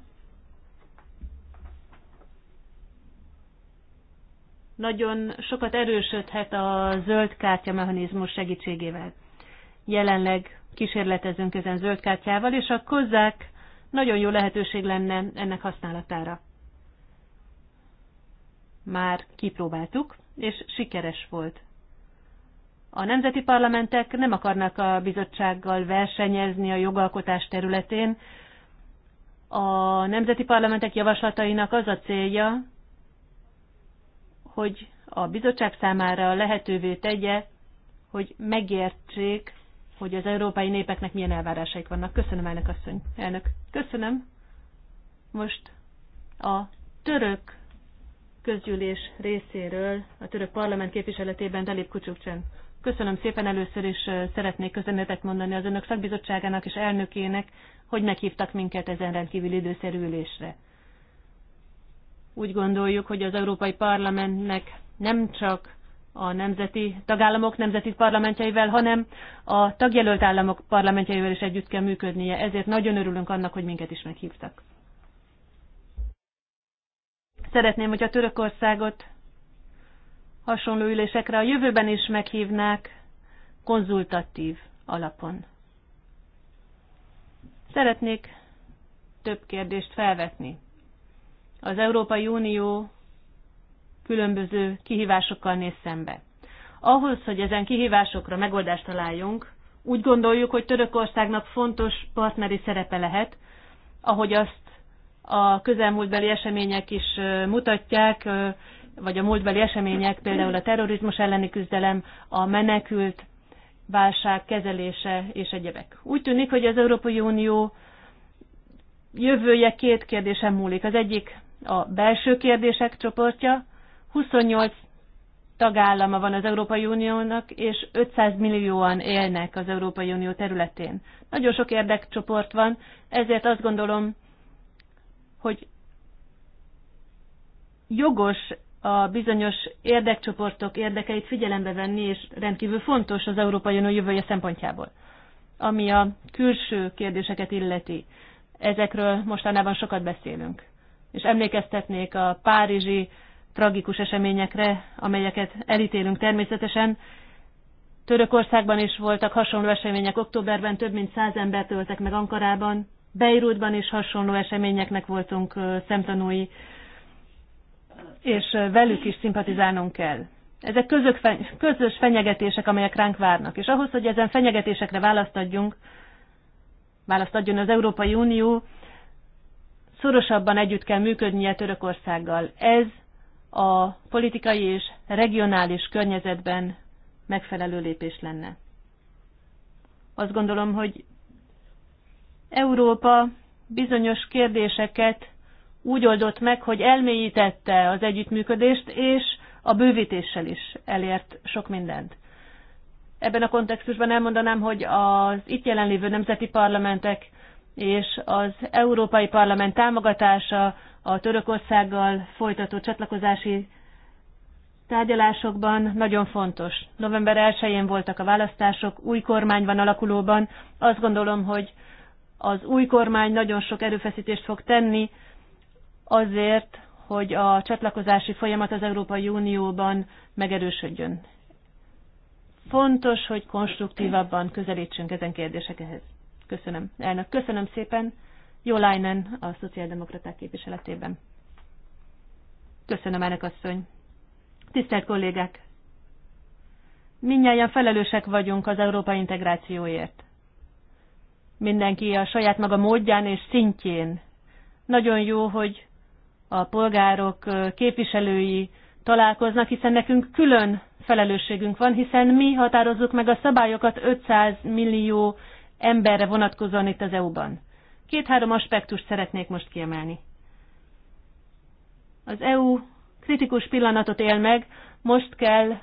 nagyon sokat erősödhet a zöld kártya mechanizmus segítségével. Jelenleg kísérletezünk ezen zöld kártyával, és a kozák nagyon jó lehetőség lenne ennek használatára. Már kipróbáltuk, és sikeres volt. A nemzeti parlamentek nem akarnak a bizottsággal versenyezni a jogalkotás területén. A nemzeti parlamentek javaslatainak az a célja, hogy a bizottság számára lehetővé tegye, hogy megértsék, hogy az európai népeknek milyen elvárásaik vannak. Köszönöm, elnök asszony. Elnök, köszönöm. Most a török közgyűlés részéről, a török parlament képviseletében Dalip Kucsukcsen. Köszönöm szépen először is szeretnék köszönetet mondani az önök szakbizottságának és elnökének, hogy meghívtak minket ezen rendkívül időszerű ülésre. Úgy gondoljuk, hogy az Európai Parlamentnek nem csak a nemzeti tagállamok nemzeti parlamentjeivel, hanem a tagjelölt államok parlamentjeivel is együtt kell működnie. Ezért nagyon örülünk annak, hogy minket is meghívtak. Szeretném, hogy a Törökországot hasonló ülésekre a jövőben is meghívnák konzultatív alapon. Szeretnék több kérdést felvetni az Európai Unió különböző kihívásokkal néz szembe. Ahhoz, hogy ezen kihívásokra megoldást találjunk, úgy gondoljuk, hogy Törökországnak fontos partneri szerepe lehet, ahogy azt a közelmúltbeli események is mutatják, vagy a múltbeli események, például a terrorizmus elleni küzdelem, a menekült válság kezelése és egyebek. Úgy tűnik, hogy az Európai Unió jövője két kérdésen múlik. Az egyik a belső kérdések csoportja, 28 tagállama van az Európai Uniónak, és 500 millióan élnek az Európai Unió területén. Nagyon sok érdekcsoport van, ezért azt gondolom, hogy jogos a bizonyos érdekcsoportok érdekeit figyelembe venni, és rendkívül fontos az Európai Unió jövője szempontjából. Ami a külső kérdéseket illeti, ezekről mostanában sokat beszélünk és emlékeztetnék a párizsi tragikus eseményekre, amelyeket elítélünk természetesen. Törökországban is voltak hasonló események, októberben több mint száz embert öltek meg Ankarában, Beirutban is hasonló eseményeknek voltunk szemtanúi, és velük is szimpatizálnunk kell. Ezek közök, közös fenyegetések, amelyek ránk várnak, és ahhoz, hogy ezen fenyegetésekre választ adjunk, választ adjon az Európai Unió, szorosabban együtt kell működnie Törökországgal. Ez a politikai és regionális környezetben megfelelő lépés lenne. Azt gondolom, hogy Európa bizonyos kérdéseket úgy oldott meg, hogy elmélyítette az együttműködést, és a bővítéssel is elért sok mindent. Ebben a kontextusban elmondanám, hogy az itt jelenlévő nemzeti parlamentek és az Európai Parlament támogatása a Törökországgal folytatott csatlakozási tárgyalásokban nagyon fontos. November 1-én voltak a választások, új kormány van alakulóban. Azt gondolom, hogy az új kormány nagyon sok erőfeszítést fog tenni azért, hogy a csatlakozási folyamat az Európai Unióban megerősödjön. Fontos, hogy konstruktívabban közelítsünk ezen kérdésekhez. Köszönöm. Elnök, köszönöm szépen. Leinen a szociáldemokraták képviseletében. Köszönöm, elnök asszony. Tisztelt kollégák! Mindnyáján felelősek vagyunk az európai integrációért. Mindenki a saját maga módján és szintjén. Nagyon jó, hogy a polgárok képviselői találkoznak, hiszen nekünk külön felelősségünk van, hiszen mi határozzuk meg a szabályokat 500 millió emberre vonatkozóan itt az EU-ban. Két-három aspektust szeretnék most kiemelni. Az EU kritikus pillanatot él meg, most kell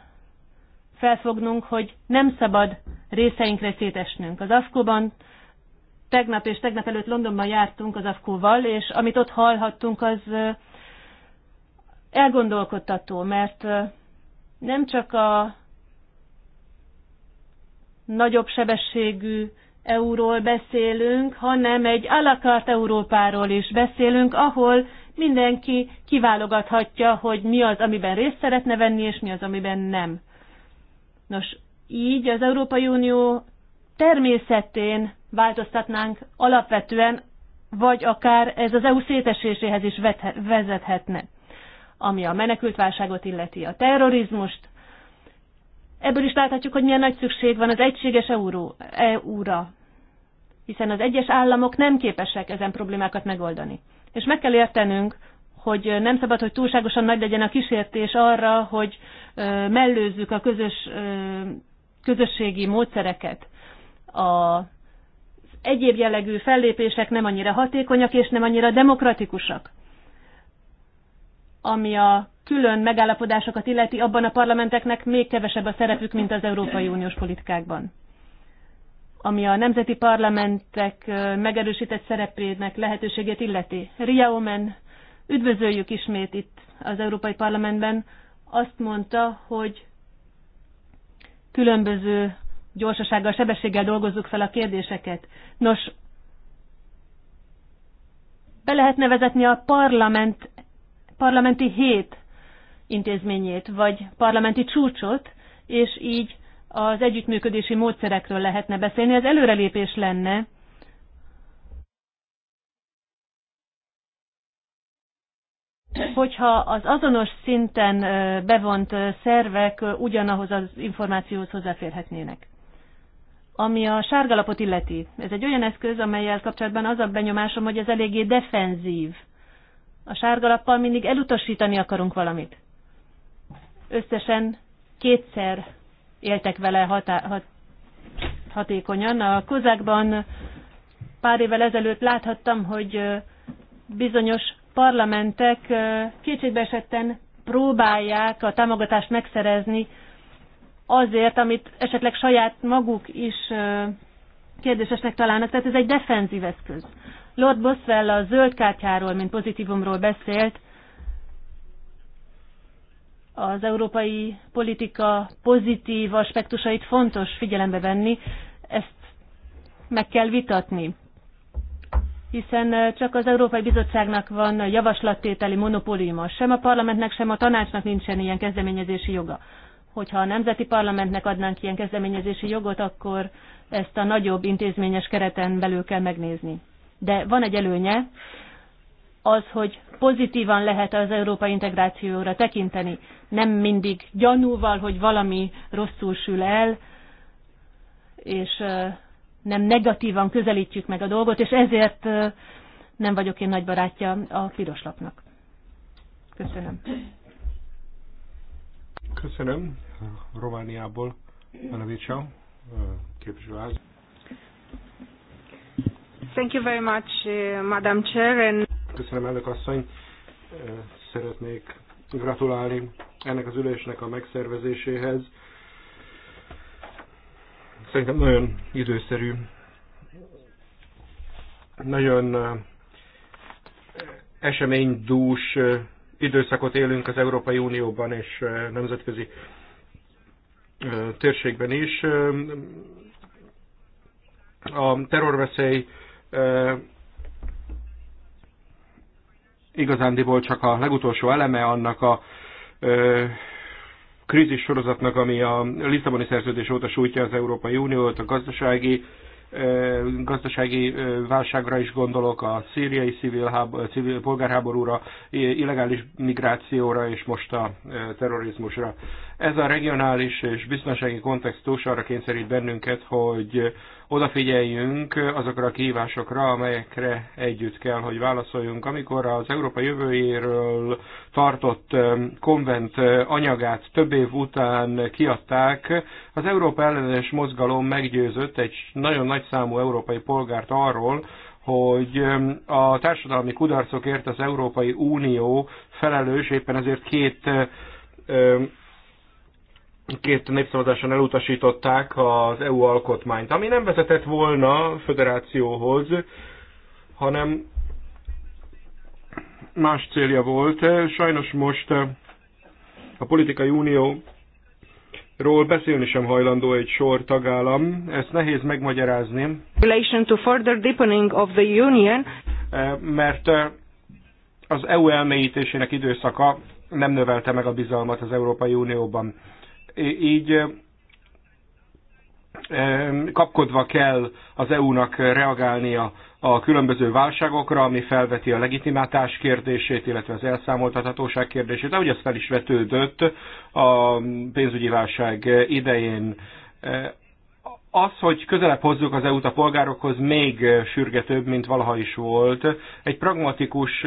felfognunk, hogy nem szabad részeinkre szétesnünk. Az AFKO-ban tegnap és tegnap előtt Londonban jártunk az AFKO-val, és amit ott hallhattunk, az elgondolkodtató, mert nem csak a nagyobb sebességű euróról beszélünk, hanem egy alakart Európáról is beszélünk, ahol mindenki kiválogathatja, hogy mi az, amiben részt szeretne venni, és mi az, amiben nem. Nos, így az Európai Unió természetén változtatnánk alapvetően, vagy akár ez az EU széteséséhez is vezethetne, ami a menekültválságot illeti, a terrorizmust, Ebből is láthatjuk, hogy milyen nagy szükség van az egységes euró, EU-ra, hiszen az egyes államok nem képesek ezen problémákat megoldani. És meg kell értenünk, hogy nem szabad, hogy túlságosan nagy legyen a kísértés arra, hogy mellőzzük a közös, közösségi módszereket. A egyéb jellegű fellépések nem annyira hatékonyak és nem annyira demokratikusak. Ami a külön megállapodásokat illeti, abban a parlamenteknek még kevesebb a szerepük, mint az Európai Uniós politikákban. Ami a nemzeti parlamentek megerősített szerepének lehetőségét illeti. Ria Omen, üdvözöljük ismét itt az Európai Parlamentben, azt mondta, hogy különböző gyorsasággal, sebességgel dolgozzuk fel a kérdéseket. Nos, be lehet nevezetni a parlament, parlamenti hét intézményét, vagy parlamenti csúcsot, és így az együttműködési módszerekről lehetne beszélni. Ez előrelépés lenne. Hogyha az azonos szinten bevont szervek ugyanahoz az információhoz hozzáférhetnének. Ami a sárgalapot illeti, ez egy olyan eszköz, amelyel kapcsolatban az a benyomásom, hogy ez eléggé defenzív. A sárgalappal mindig elutasítani akarunk valamit. Összesen kétszer éltek vele hatá- hat- hatékonyan. A kozákban pár évvel ezelőtt láthattam, hogy bizonyos parlamentek kétségbeesetten próbálják a támogatást megszerezni azért, amit esetleg saját maguk is kérdésesnek találnak. Tehát ez egy defenzív eszköz. Lord Boswell a zöld kártyáról, mint pozitívumról beszélt, az európai politika pozitív aspektusait fontos figyelembe venni, ezt meg kell vitatni. Hiszen csak az Európai Bizottságnak van javaslattételi monopóliuma, sem a parlamentnek, sem a tanácsnak nincsen ilyen kezdeményezési joga. Hogyha a nemzeti parlamentnek adnánk ilyen kezdeményezési jogot, akkor ezt a nagyobb intézményes kereten belül kell megnézni. De van egy előnye, az, hogy pozitívan lehet az európai integrációra tekinteni, nem mindig gyanúval, hogy valami rosszul sül el, és nem negatívan közelítjük meg a dolgot, és ezért nem vagyok én nagy barátja a piros lapnak. Köszönöm. Köszönöm. Romániából, Anavicsa, képviselő. Thank you very much, uh, Madam Chair. And... Köszönöm, elnök asszony. Uh, szeretnék gratulálni ennek az ülésnek a megszervezéséhez. Szerintem nagyon időszerű, nagyon uh, eseménydús időszakot élünk az Európai Unióban és nemzetközi térségben is. Um, a terrorveszély igazándiból csak a legutolsó eleme annak a krízis sorozatnak, ami a Lisszaboni szerződés óta sújtja az Európai Uniót, a gazdasági, gazdasági válságra is gondolok, a szíriai civil, háború, civil polgárháborúra, illegális migrációra és most a terrorizmusra. Ez a regionális és biztonsági kontextus arra kényszerít bennünket, hogy odafigyeljünk azokra a kihívásokra, amelyekre együtt kell, hogy válaszoljunk. Amikor az Európa jövőjéről tartott konvent anyagát több év után kiadták, az Európa ellenes mozgalom meggyőzött egy nagyon nagy számú európai polgárt arról, hogy a társadalmi kudarcokért az Európai Unió felelős, éppen ezért két két népszavazáson elutasították az EU alkotmányt, ami nem vezetett volna föderációhoz, hanem más célja volt. Sajnos most a politikai unió ról beszélni sem hajlandó egy sor tagállam, ezt nehéz megmagyarázni. Relation to further deepening of the union. Eh, mert eh, az EU elmélyítésének időszaka nem növelte meg a bizalmat az Európai Unióban. Így kapkodva kell az EU-nak reagálnia a különböző válságokra, ami felveti a legitimátás kérdését, illetve az elszámoltathatóság kérdését, ahogy az fel is vetődött a pénzügyi válság idején. Az, hogy közelebb hozzuk az EU-t a polgárokhoz, még sürgetőbb, mint valaha is volt. Egy pragmatikus,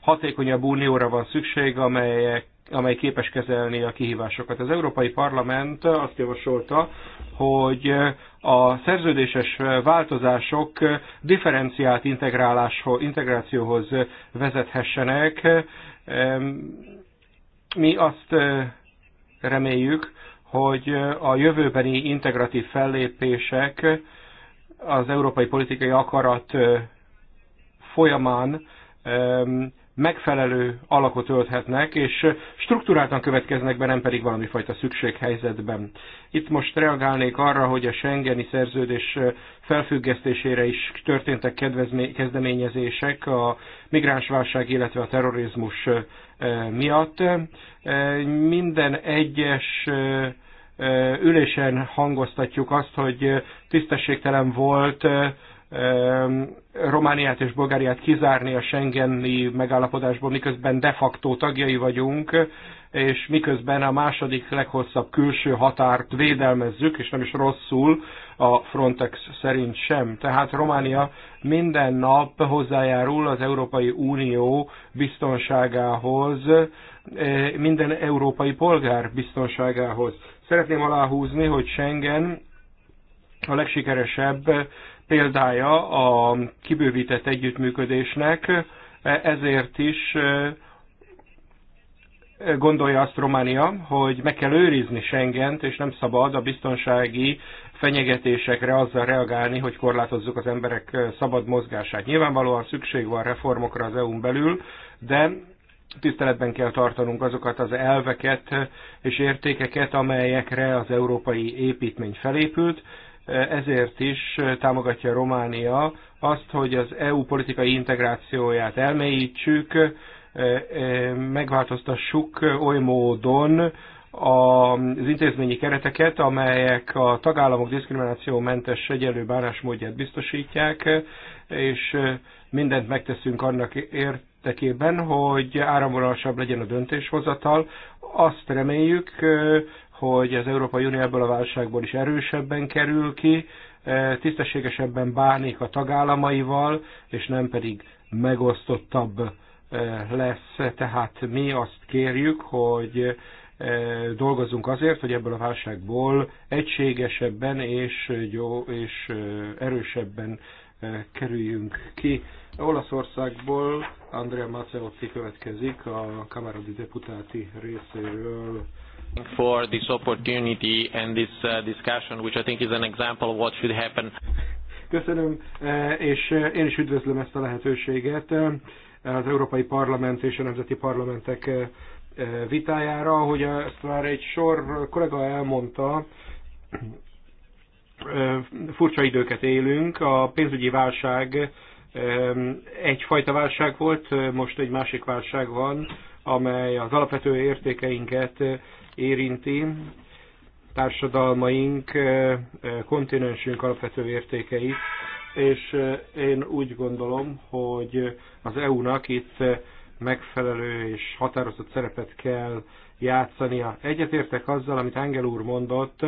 hatékonyabb unióra van szükség, amelyek amely képes kezelni a kihívásokat. Az Európai Parlament azt javasolta, hogy a szerződéses változások differenciált integráláshoz, integrációhoz vezethessenek. Mi azt eh, reméljük, hogy a jövőbeni integratív fellépések az európai politikai akarat eh, folyamán megfelelő alakot ölthetnek, és struktúráltan következnek be, nem pedig valami fajta szükséghelyzetben. Itt most reagálnék arra, hogy a Schengeni szerződés felfüggesztésére is történtek kezdeményezések a migránsválság, illetve a terrorizmus miatt. Minden egyes ülésen hangoztatjuk azt, hogy tisztességtelen volt Romániát és Bulgáriát kizárni a Schengeni megállapodásból, miközben de facto tagjai vagyunk, és miközben a második leghosszabb külső határt védelmezzük, és nem is rosszul, a Frontex szerint sem. Tehát Románia minden nap hozzájárul az Európai Unió biztonságához, e, minden európai polgár biztonságához. Szeretném aláhúzni, hogy Schengen a legsikeresebb példája a kibővített együttműködésnek, ezért is eh, gondolja azt Románia, hogy meg kell őrizni Schengent, és nem szabad a biztonsági fenyegetésekre azzal reagálni, hogy korlátozzuk az emberek eh, szabad mozgását. Nyilvánvalóan szükség van reformokra az EU-n belül, de tiszteletben kell tartanunk azokat az elveket és értékeket, amelyekre az európai építmény felépült, ezért is támogatja Románia azt, hogy az EU politikai integrációját elmélyítsük, megváltoztassuk oly módon, az intézményi kereteket, amelyek a tagállamok diszkriminációmentes egyenlő bánásmódját biztosítják, és mindent megteszünk annak értekében, hogy áramvonalasabb legyen a döntéshozatal. Azt reméljük, hogy az Európai Unió ebből a válságból is erősebben kerül ki, e, tisztességesebben bánik a tagállamaival, és nem pedig megosztottabb e, lesz. Tehát mi azt kérjük, hogy e, dolgozunk azért, hogy ebből a válságból egységesebben és, jó, és erősebben kerüljünk ki. Olaszországból Andrea Maceotti következik a Kamaradi deputáti részéről for this opportunity and this uh, discussion, which I think is an example of what should happen. Köszönöm, eh, és eh, én is üdvözlöm ezt a lehetőséget eh, az Európai Parlament és a Nemzeti Parlamentek vitájára, hogy ezt már egy sor kollega elmondta, furcsa időket élünk, a pénzügyi válság egyfajta válság volt, most egy másik válság van, amely az alapvető értékeinket érinti társadalmaink, eh, eh, kontinensünk alapvető értékeit, és eh, én úgy gondolom, hogy az EU-nak itt megfelelő és határozott szerepet kell játszania. Egyetértek azzal, amit Engel úr mondott,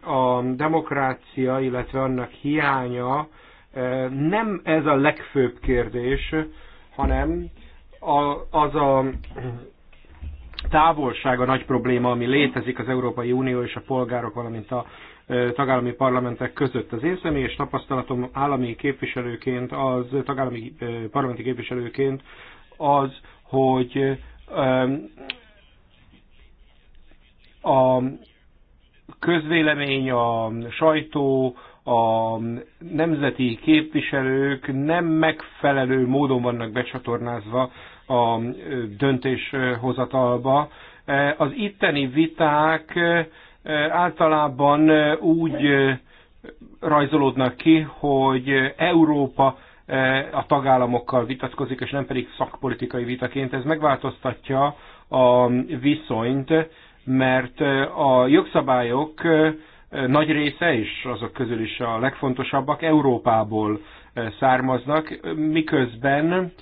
a demokrácia, illetve annak hiánya nem ez a legfőbb kérdés, hanem az a távolság a nagy probléma, ami létezik az Európai Unió és a polgárok, valamint a tagállami parlamentek között. Az én személyes tapasztalatom állami képviselőként, az tagállami parlamenti képviselőként az, hogy a közvélemény, a sajtó, a nemzeti képviselők nem megfelelő módon vannak becsatornázva a döntéshozatalba. E, az itteni viták e, általában úgy e, rajzolódnak ki, hogy Európa a tagállamokkal vitatkozik, és nem pedig szakpolitikai vitaként. Ez megváltoztatja a viszonyt, mert a jogszabályok nagy része is, azok közül is a legfontosabbak Európából származnak, miközben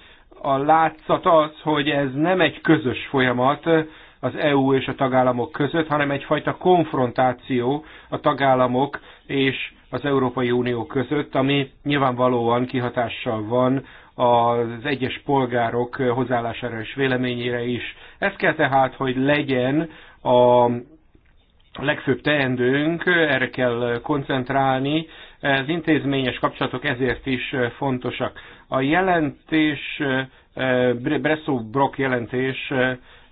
a látszat az, hogy ez nem egy közös folyamat az EU és a tagállamok között, hanem egyfajta konfrontáció a tagállamok és az Európai Unió között, ami nyilvánvalóan kihatással van az egyes polgárok hozzáállására és véleményére is. Ez kell tehát, hogy legyen a legfőbb teendőnk, erre kell koncentrálni, az intézményes kapcsolatok ezért is fontosak. A jelentés, Bresso Brock jelentés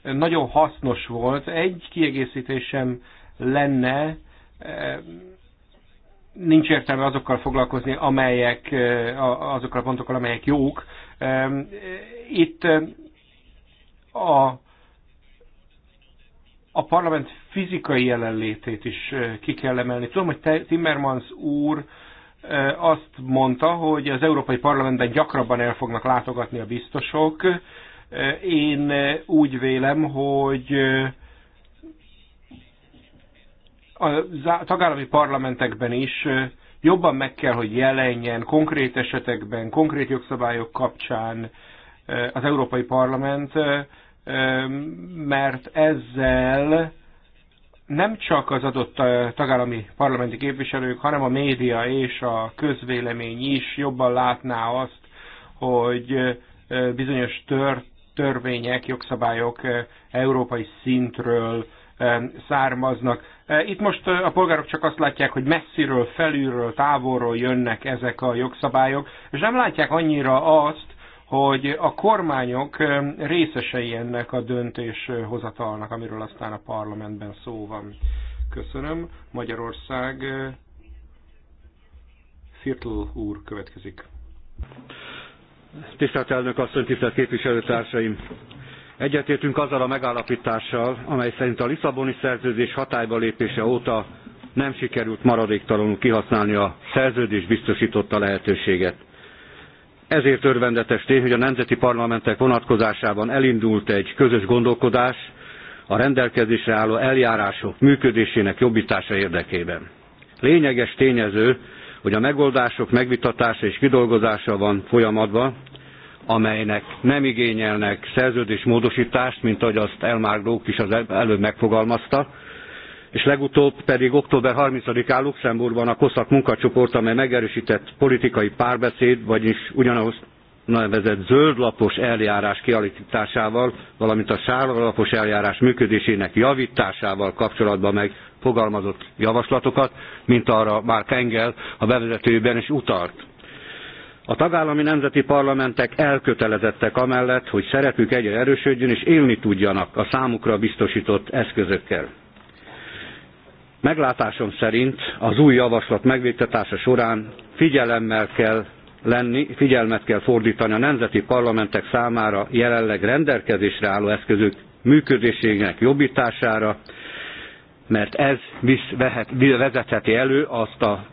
nagyon hasznos volt. Egy kiegészítésem lenne, nincs értelme azokkal foglalkozni, amelyek, azokkal a pontokkal, amelyek jók. Itt a, a parlament fizikai jelenlétét is ki kell emelni. Tudom, hogy Timmermans úr azt mondta, hogy az Európai Parlamentben gyakrabban el fognak látogatni a biztosok. Én úgy vélem, hogy a tagállami parlamentekben is jobban meg kell, hogy jelenjen konkrét esetekben, konkrét jogszabályok kapcsán az Európai Parlament, mert ezzel nem csak az adott tagállami parlamenti képviselők, hanem a média és a közvélemény is jobban látná azt, hogy bizonyos tör, törvények, jogszabályok európai szintről származnak. Itt most a polgárok csak azt látják, hogy messziről, felülről, távolról jönnek ezek a jogszabályok, és nem látják annyira azt, hogy a kormányok részesei ennek a döntéshozatalnak, amiről aztán a parlamentben szó van. Köszönöm. Magyarország Firtl úr következik. Tisztelt elnök asszony, tisztelt képviselőtársaim! Egyetértünk azzal a megállapítással, amely szerint a Lisszaboni szerződés hatályba lépése óta nem sikerült maradéktalanul kihasználni a szerződés biztosította lehetőséget ezért örvendetes tény, hogy a nemzeti parlamentek vonatkozásában elindult egy közös gondolkodás a rendelkezésre álló eljárások működésének jobbítása érdekében. Lényeges tényező, hogy a megoldások megvitatása és kidolgozása van folyamatban, amelynek nem igényelnek szerződésmódosítást, mint ahogy azt Elmár Lók is az előbb megfogalmazta, és legutóbb pedig október thirty án Luxemburgban a cosac munkacsoport, amely megerőstett politikai párbeszéd, vagyis ugyanahoz nevezett zöldlapos eljárás kialakításával, valamint a sárgalapos eljárás működésének javításával kapcsolatban megfogalmazott javaslatokat, mint arra már Engel a bevezetőjében is utalt. A tagállami nemzeti parlamentek elkötelezettek amellett, hogy szerepük egyre erősödjön és élni tudjanak a számukra biztosított eszközökkel. Meglátásom szerint az új javaslat megvitatása során figyelemmel kell lenni, figyelmet kell fordítani a nemzeti parlamentek számára jelenleg rendelkezésre álló eszközök működésének jobbítására, mert ez visz, vehet, vezetheti elő azt a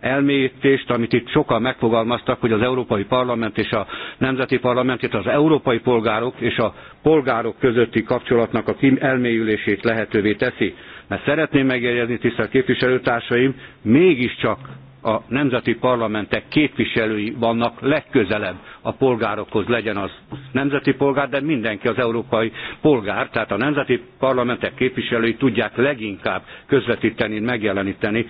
elmélyítést, amit itt sokan megfogalmaztak, hogy az Európai Parlament és a Nemzeti Parlament, itt az európai polgárok és a polgárok közötti kapcsolatnak a elmélyülését lehetővé teszi. Mert szeretném megjegyezni, tisztelt képviselőtársaim, mégiscsak a nemzeti parlamentek képviselői vannak legközelebb a polgárokhoz, legyen az nemzeti polgár, de mindenki az európai polgár, tehát a nemzeti parlamentek képviselői tudják leginkább közvetíteni, megjeleníteni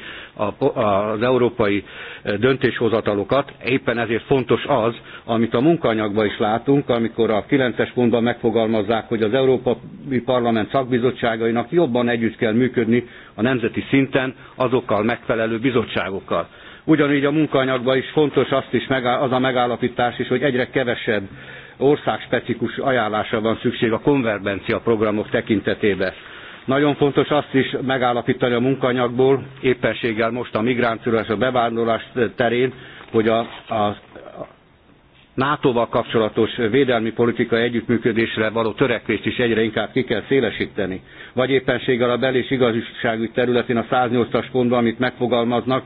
az európai eh, döntéshozatalokat. Éppen ezért fontos az, amit a munkanyagban is látunk, amikor a 9-es pontban megfogalmazzák, hogy az Európai Parlament szakbizottságainak jobban együtt kell működni a nemzeti szinten azokkal megfelelő bizottságokkal Ugyanígy a munkaanyagban is fontos azt is az a megállapítás is, hogy egyre kevesebb országspecifikus ajánlásra van szükség a konvergencia programok tekintetében. Nagyon fontos azt is megállapítani a munkanyagból, éppenséggel most a migráció és a bevándorlás terén, hogy a, a NATO-val kapcsolatos védelmi politikai együttműködésre való törekvést is egyre inkább ki kell szélesíteni. Vagy éppenséggel a bel- és igazságügy területén a 108-as pontban, amit megfogalmaznak,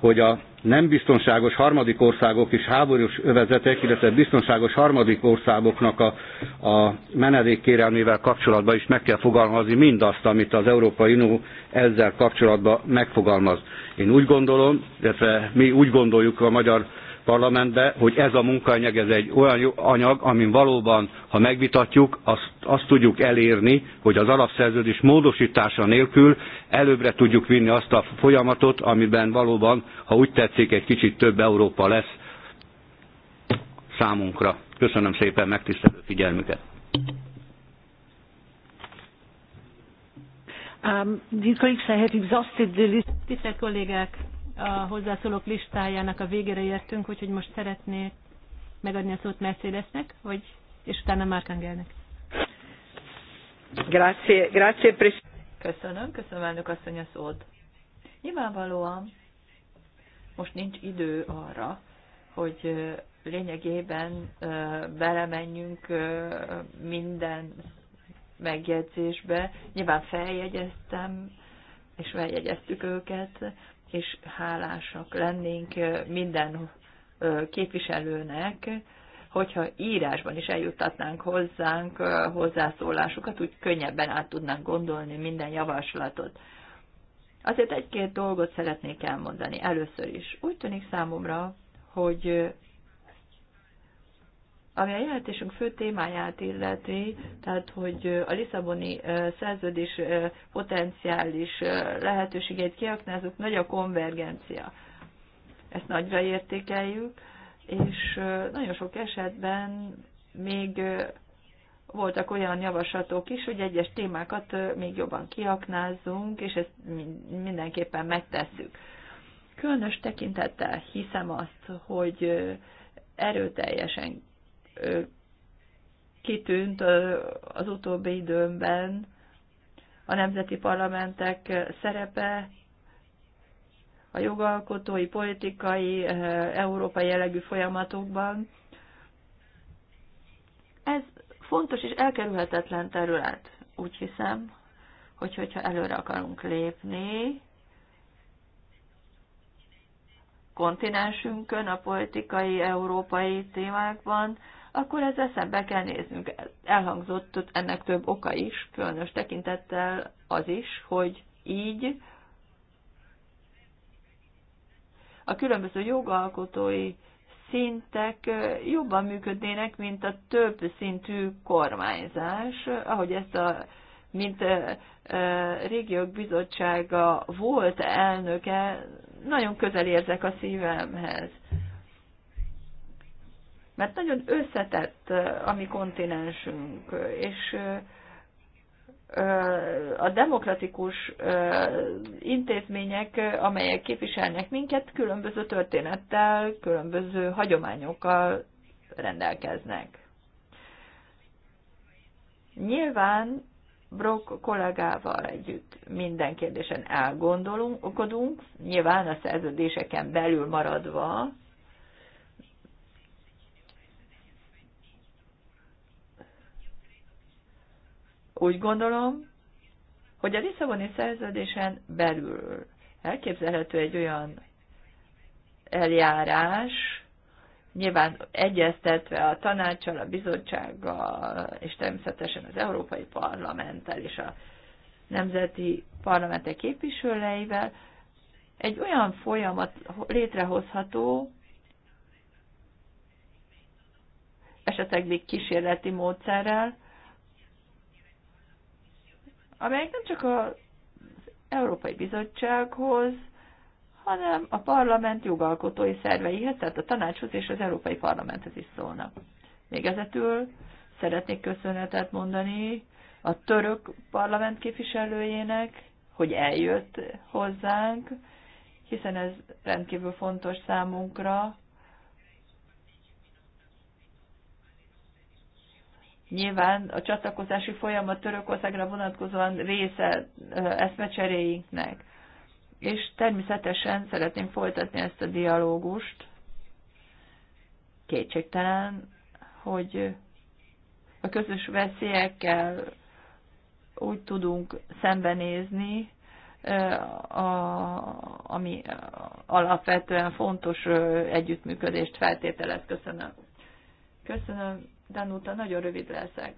hogy a nem biztonságos harmadik országok és háborús övezetek, illetve biztonságos harmadik országoknak a, a menedékkérelmével kapcsolatban is meg kell fogalmazni mindazt, amit az Európai Unió ezzel kapcsolatban megfogalmaz. Én úgy gondolom, illetve mi úgy gondoljuk a magyar parlamentbe, hogy ez a munkaanyag ez egy olyan anyag, amin valóban, ha megvitatjuk, azt, azt tudjuk elérni, hogy az alapszerződés módosítása nélkül előbbre tudjuk vinni azt a folyamatot, amiben valóban, ha úgy tetszik, egy kicsit több Európa lesz számunkra. Köszönöm szépen megtisztelő figyelmüket. Um, colleagues, I have exhausted the list. Tisztelt kollégák, a hozzászólók listájának a végére értünk, úgyhogy most szeretnék megadni a szót Mercedesnek, vagy, és utána már Angelnek. Grazie, grazie, Köszönöm, köszönöm elnök asszony a szót. Nyilvánvalóan most nincs idő arra, hogy lényegében belemenjünk minden megjegyzésbe. Nyilván feljegyeztem, és feljegyeztük őket, és hálásak lennénk minden képviselőnek, hogyha írásban is eljuttatnánk hozzánk hozzászólásukat, úgy könnyebben át tudnánk gondolni minden javaslatot. Azért egy-két dolgot szeretnék elmondani először is. Úgy tűnik számomra, hogy ami a jelentésünk fő témáját illeti, tehát hogy a Lisszaboni szerződés potenciális lehetőségeit kiaknázunk, nagy a konvergencia. Ezt nagyra értékeljük, és nagyon sok esetben még voltak olyan javaslatok is, hogy egyes témákat még jobban kiaknázzunk, és ezt mindenképpen megtesszük. Különös tekintettel hiszem azt, hogy erőteljesen kitűnt az utóbbi időmben a nemzeti parlamentek szerepe a jogalkotói, politikai, európai jellegű folyamatokban. Ez fontos és elkerülhetetlen terület, úgy hiszem, hogy hogyha előre akarunk lépni, kontinensünkön, a politikai, európai témákban, akkor ezzel szembe kell néznünk. Elhangzott ennek több oka is, különös tekintettel az is, hogy így a különböző jogalkotói szintek jobban működnének, mint a több szintű kormányzás, ahogy ezt a mint a régiók bizottsága volt elnöke, nagyon közel érzek a szívemhez. Mert nagyon összetett a mi kontinensünk, és a demokratikus intézmények, amelyek képviselnek minket, különböző történettel, különböző hagyományokkal rendelkeznek. Nyilván Brock kollégával együtt minden kérdésen elgondolunk, nyilván a szerződéseken belül maradva, Úgy gondolom, hogy a Lisszaboni szerződésen belül elképzelhető egy olyan eljárás, nyilván egyeztetve a tanácssal, a bizottsággal, és természetesen az Európai Parlamenttel és a nemzeti parlamentek képviselőivel, egy olyan folyamat létrehozható, esetleg még kísérleti módszerrel, amelyek nem csak az Európai Bizottsághoz, hanem a parlament jogalkotói szerveihez, tehát a tanácshoz és az Európai Parlamenthez is szólnak. Végezetül szeretnék köszönetet mondani a török parlament képviselőjének, hogy eljött hozzánk, hiszen ez rendkívül fontos számunkra, nyilván a csatlakozási folyamat Törökországra vonatkozóan része eszmecseréinknek. És természetesen szeretném folytatni ezt a dialógust. Kétségtelen, hogy a közös veszélyekkel úgy tudunk szembenézni, a, ami alapvetően fontos együttműködést feltételez. Köszönöm. Köszönöm. Danuta, nagyon rövid leszek.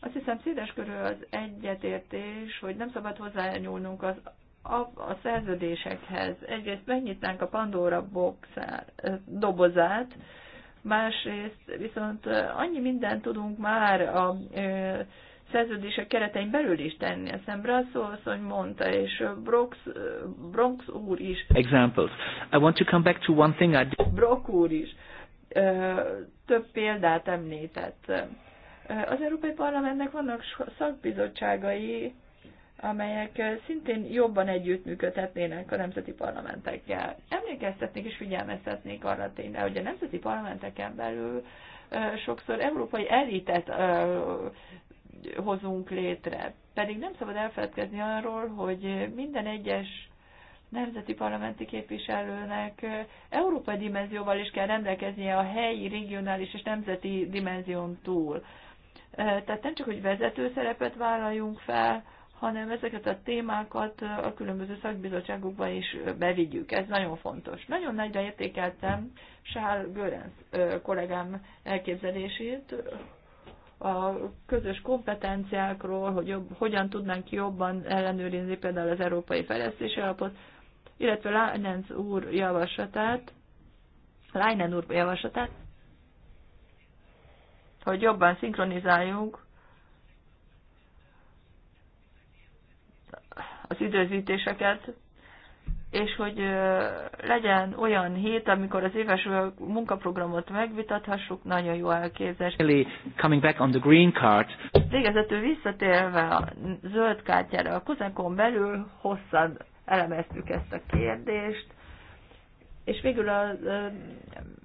Azt hiszem széles körül az egyetértés, hogy nem szabad hozzányúlnunk az, a, a szerződésekhez. Egyrészt megnyitnánk a Pandora boxár, dobozát, másrészt viszont annyi mindent tudunk már a ö, szerződések keretein belül is tenni. Aztán Brasszó hogy mondta, és Brox, Bronx úr is. Examples. I want to come back to one thing I did. Brock úr is több példát említett. Az Európai Parlamentnek vannak szakbizottságai, amelyek szintén jobban együttműködhetnének a nemzeti parlamentekkel. Emlékeztetnék és figyelmeztetnék arra tényleg, hogy a nemzeti parlamenteken belül sokszor európai elitet hozunk létre. Pedig nem szabad elfeledkezni arról, hogy minden egyes nemzeti parlamenti képviselőnek európai dimenzióval is kell rendelkeznie a helyi, regionális és nemzeti dimenzión túl. Tehát nem csak, hogy vezető szerepet vállaljunk fel, hanem ezeket a témákat a különböző szakbizottságokba is bevigyük. Ez nagyon fontos. Nagyon nagyra értékeltem Sál Görenc kollégám elképzelését a közös kompetenciákról, hogy jobb, hogyan tudnánk jobban ellenőrizni például az európai fejlesztési alapot, illetve Leinenz úr javaslatát, Leinen úr javaslatát, hogy jobban szinkronizáljunk az időzítéseket, és hogy legyen olyan hét, amikor az éves munkaprogramot megvitathassuk, nagyon jó elképzelés. Coming back on the green card. Végezetül visszatérve a zöld kártyára, a kozekon belül hosszan elemeztük ezt a kérdést, és végül a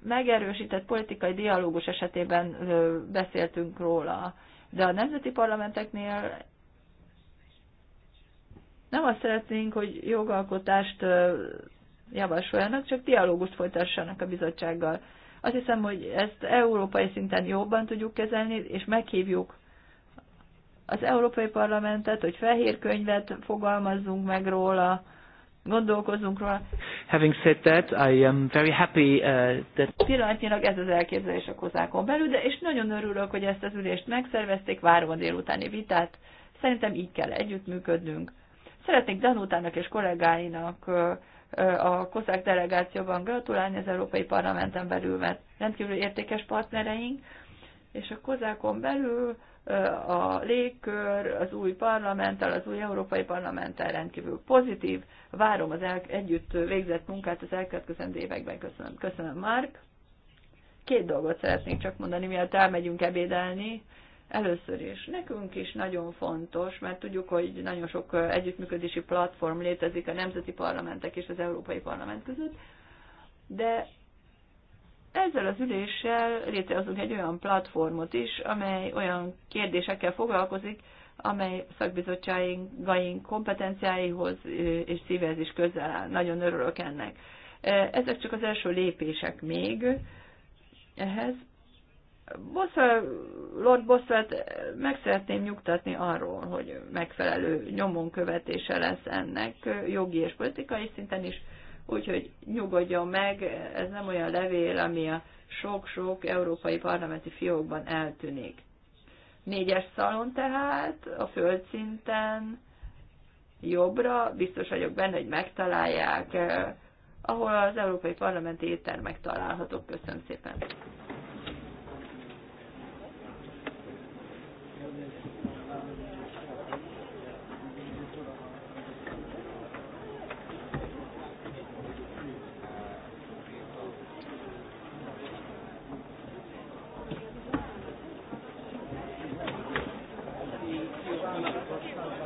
megerősített politikai dialógus esetében beszéltünk róla, de a nemzeti parlamenteknél nem azt szeretnénk, hogy jogalkotást javasoljanak, csak dialógust folytassanak a bizottsággal. Azt hiszem, hogy ezt európai szinten jobban tudjuk kezelni, és meghívjuk az Európai Parlamentet, hogy fehér könyvet fogalmazzunk meg róla, gondolkozunk róla. Having said that, I am very happy uh, that... Pillanatnyilag ez az elképzelés a kozákon belül, de és nagyon örülök, hogy ezt az ülést megszervezték, várom a délutáni vitát. Szerintem így kell együttműködnünk. Szeretnék Danutának és kollégáinak a kozák delegációban gratulálni az Európai Parlamenten belül, mert rendkívül értékes partnereink, és a kozákon belül a légkör az új parlamenttel, az új európai parlamenttel rendkívül pozitív. Várom az el, együtt végzett munkát az elkövetkezendő években. Köszönöm. Köszönöm, Márk. Két dolgot szeretnék csak mondani, mielőtt elmegyünk ebédelni. Először is nekünk is nagyon fontos, mert tudjuk, hogy nagyon sok együttműködési platform létezik a nemzeti parlamentek és az Európai Parlament között, de ezzel az üléssel létrehozunk egy olyan platformot is, amely olyan kérdésekkel foglalkozik, amely szakbizottságaink kompetenciáihoz és szívhez is közel áll. Nagyon örülök ennek. Ezek csak az első lépések még ehhez. Bosszal, Lord Bosszalt meg szeretném nyugtatni arról, hogy megfelelő nyomon követése lesz ennek jogi és politikai szinten is Úgyhogy nyugodjon meg, ez nem olyan levél, ami a sok-sok európai parlamenti fiókban eltűnik. Négyes szalon tehát, a földszinten, jobbra, biztos vagyok benne, hogy megtalálják, eh, ahol az európai parlamenti éttermek találhatók. Köszönöm szépen!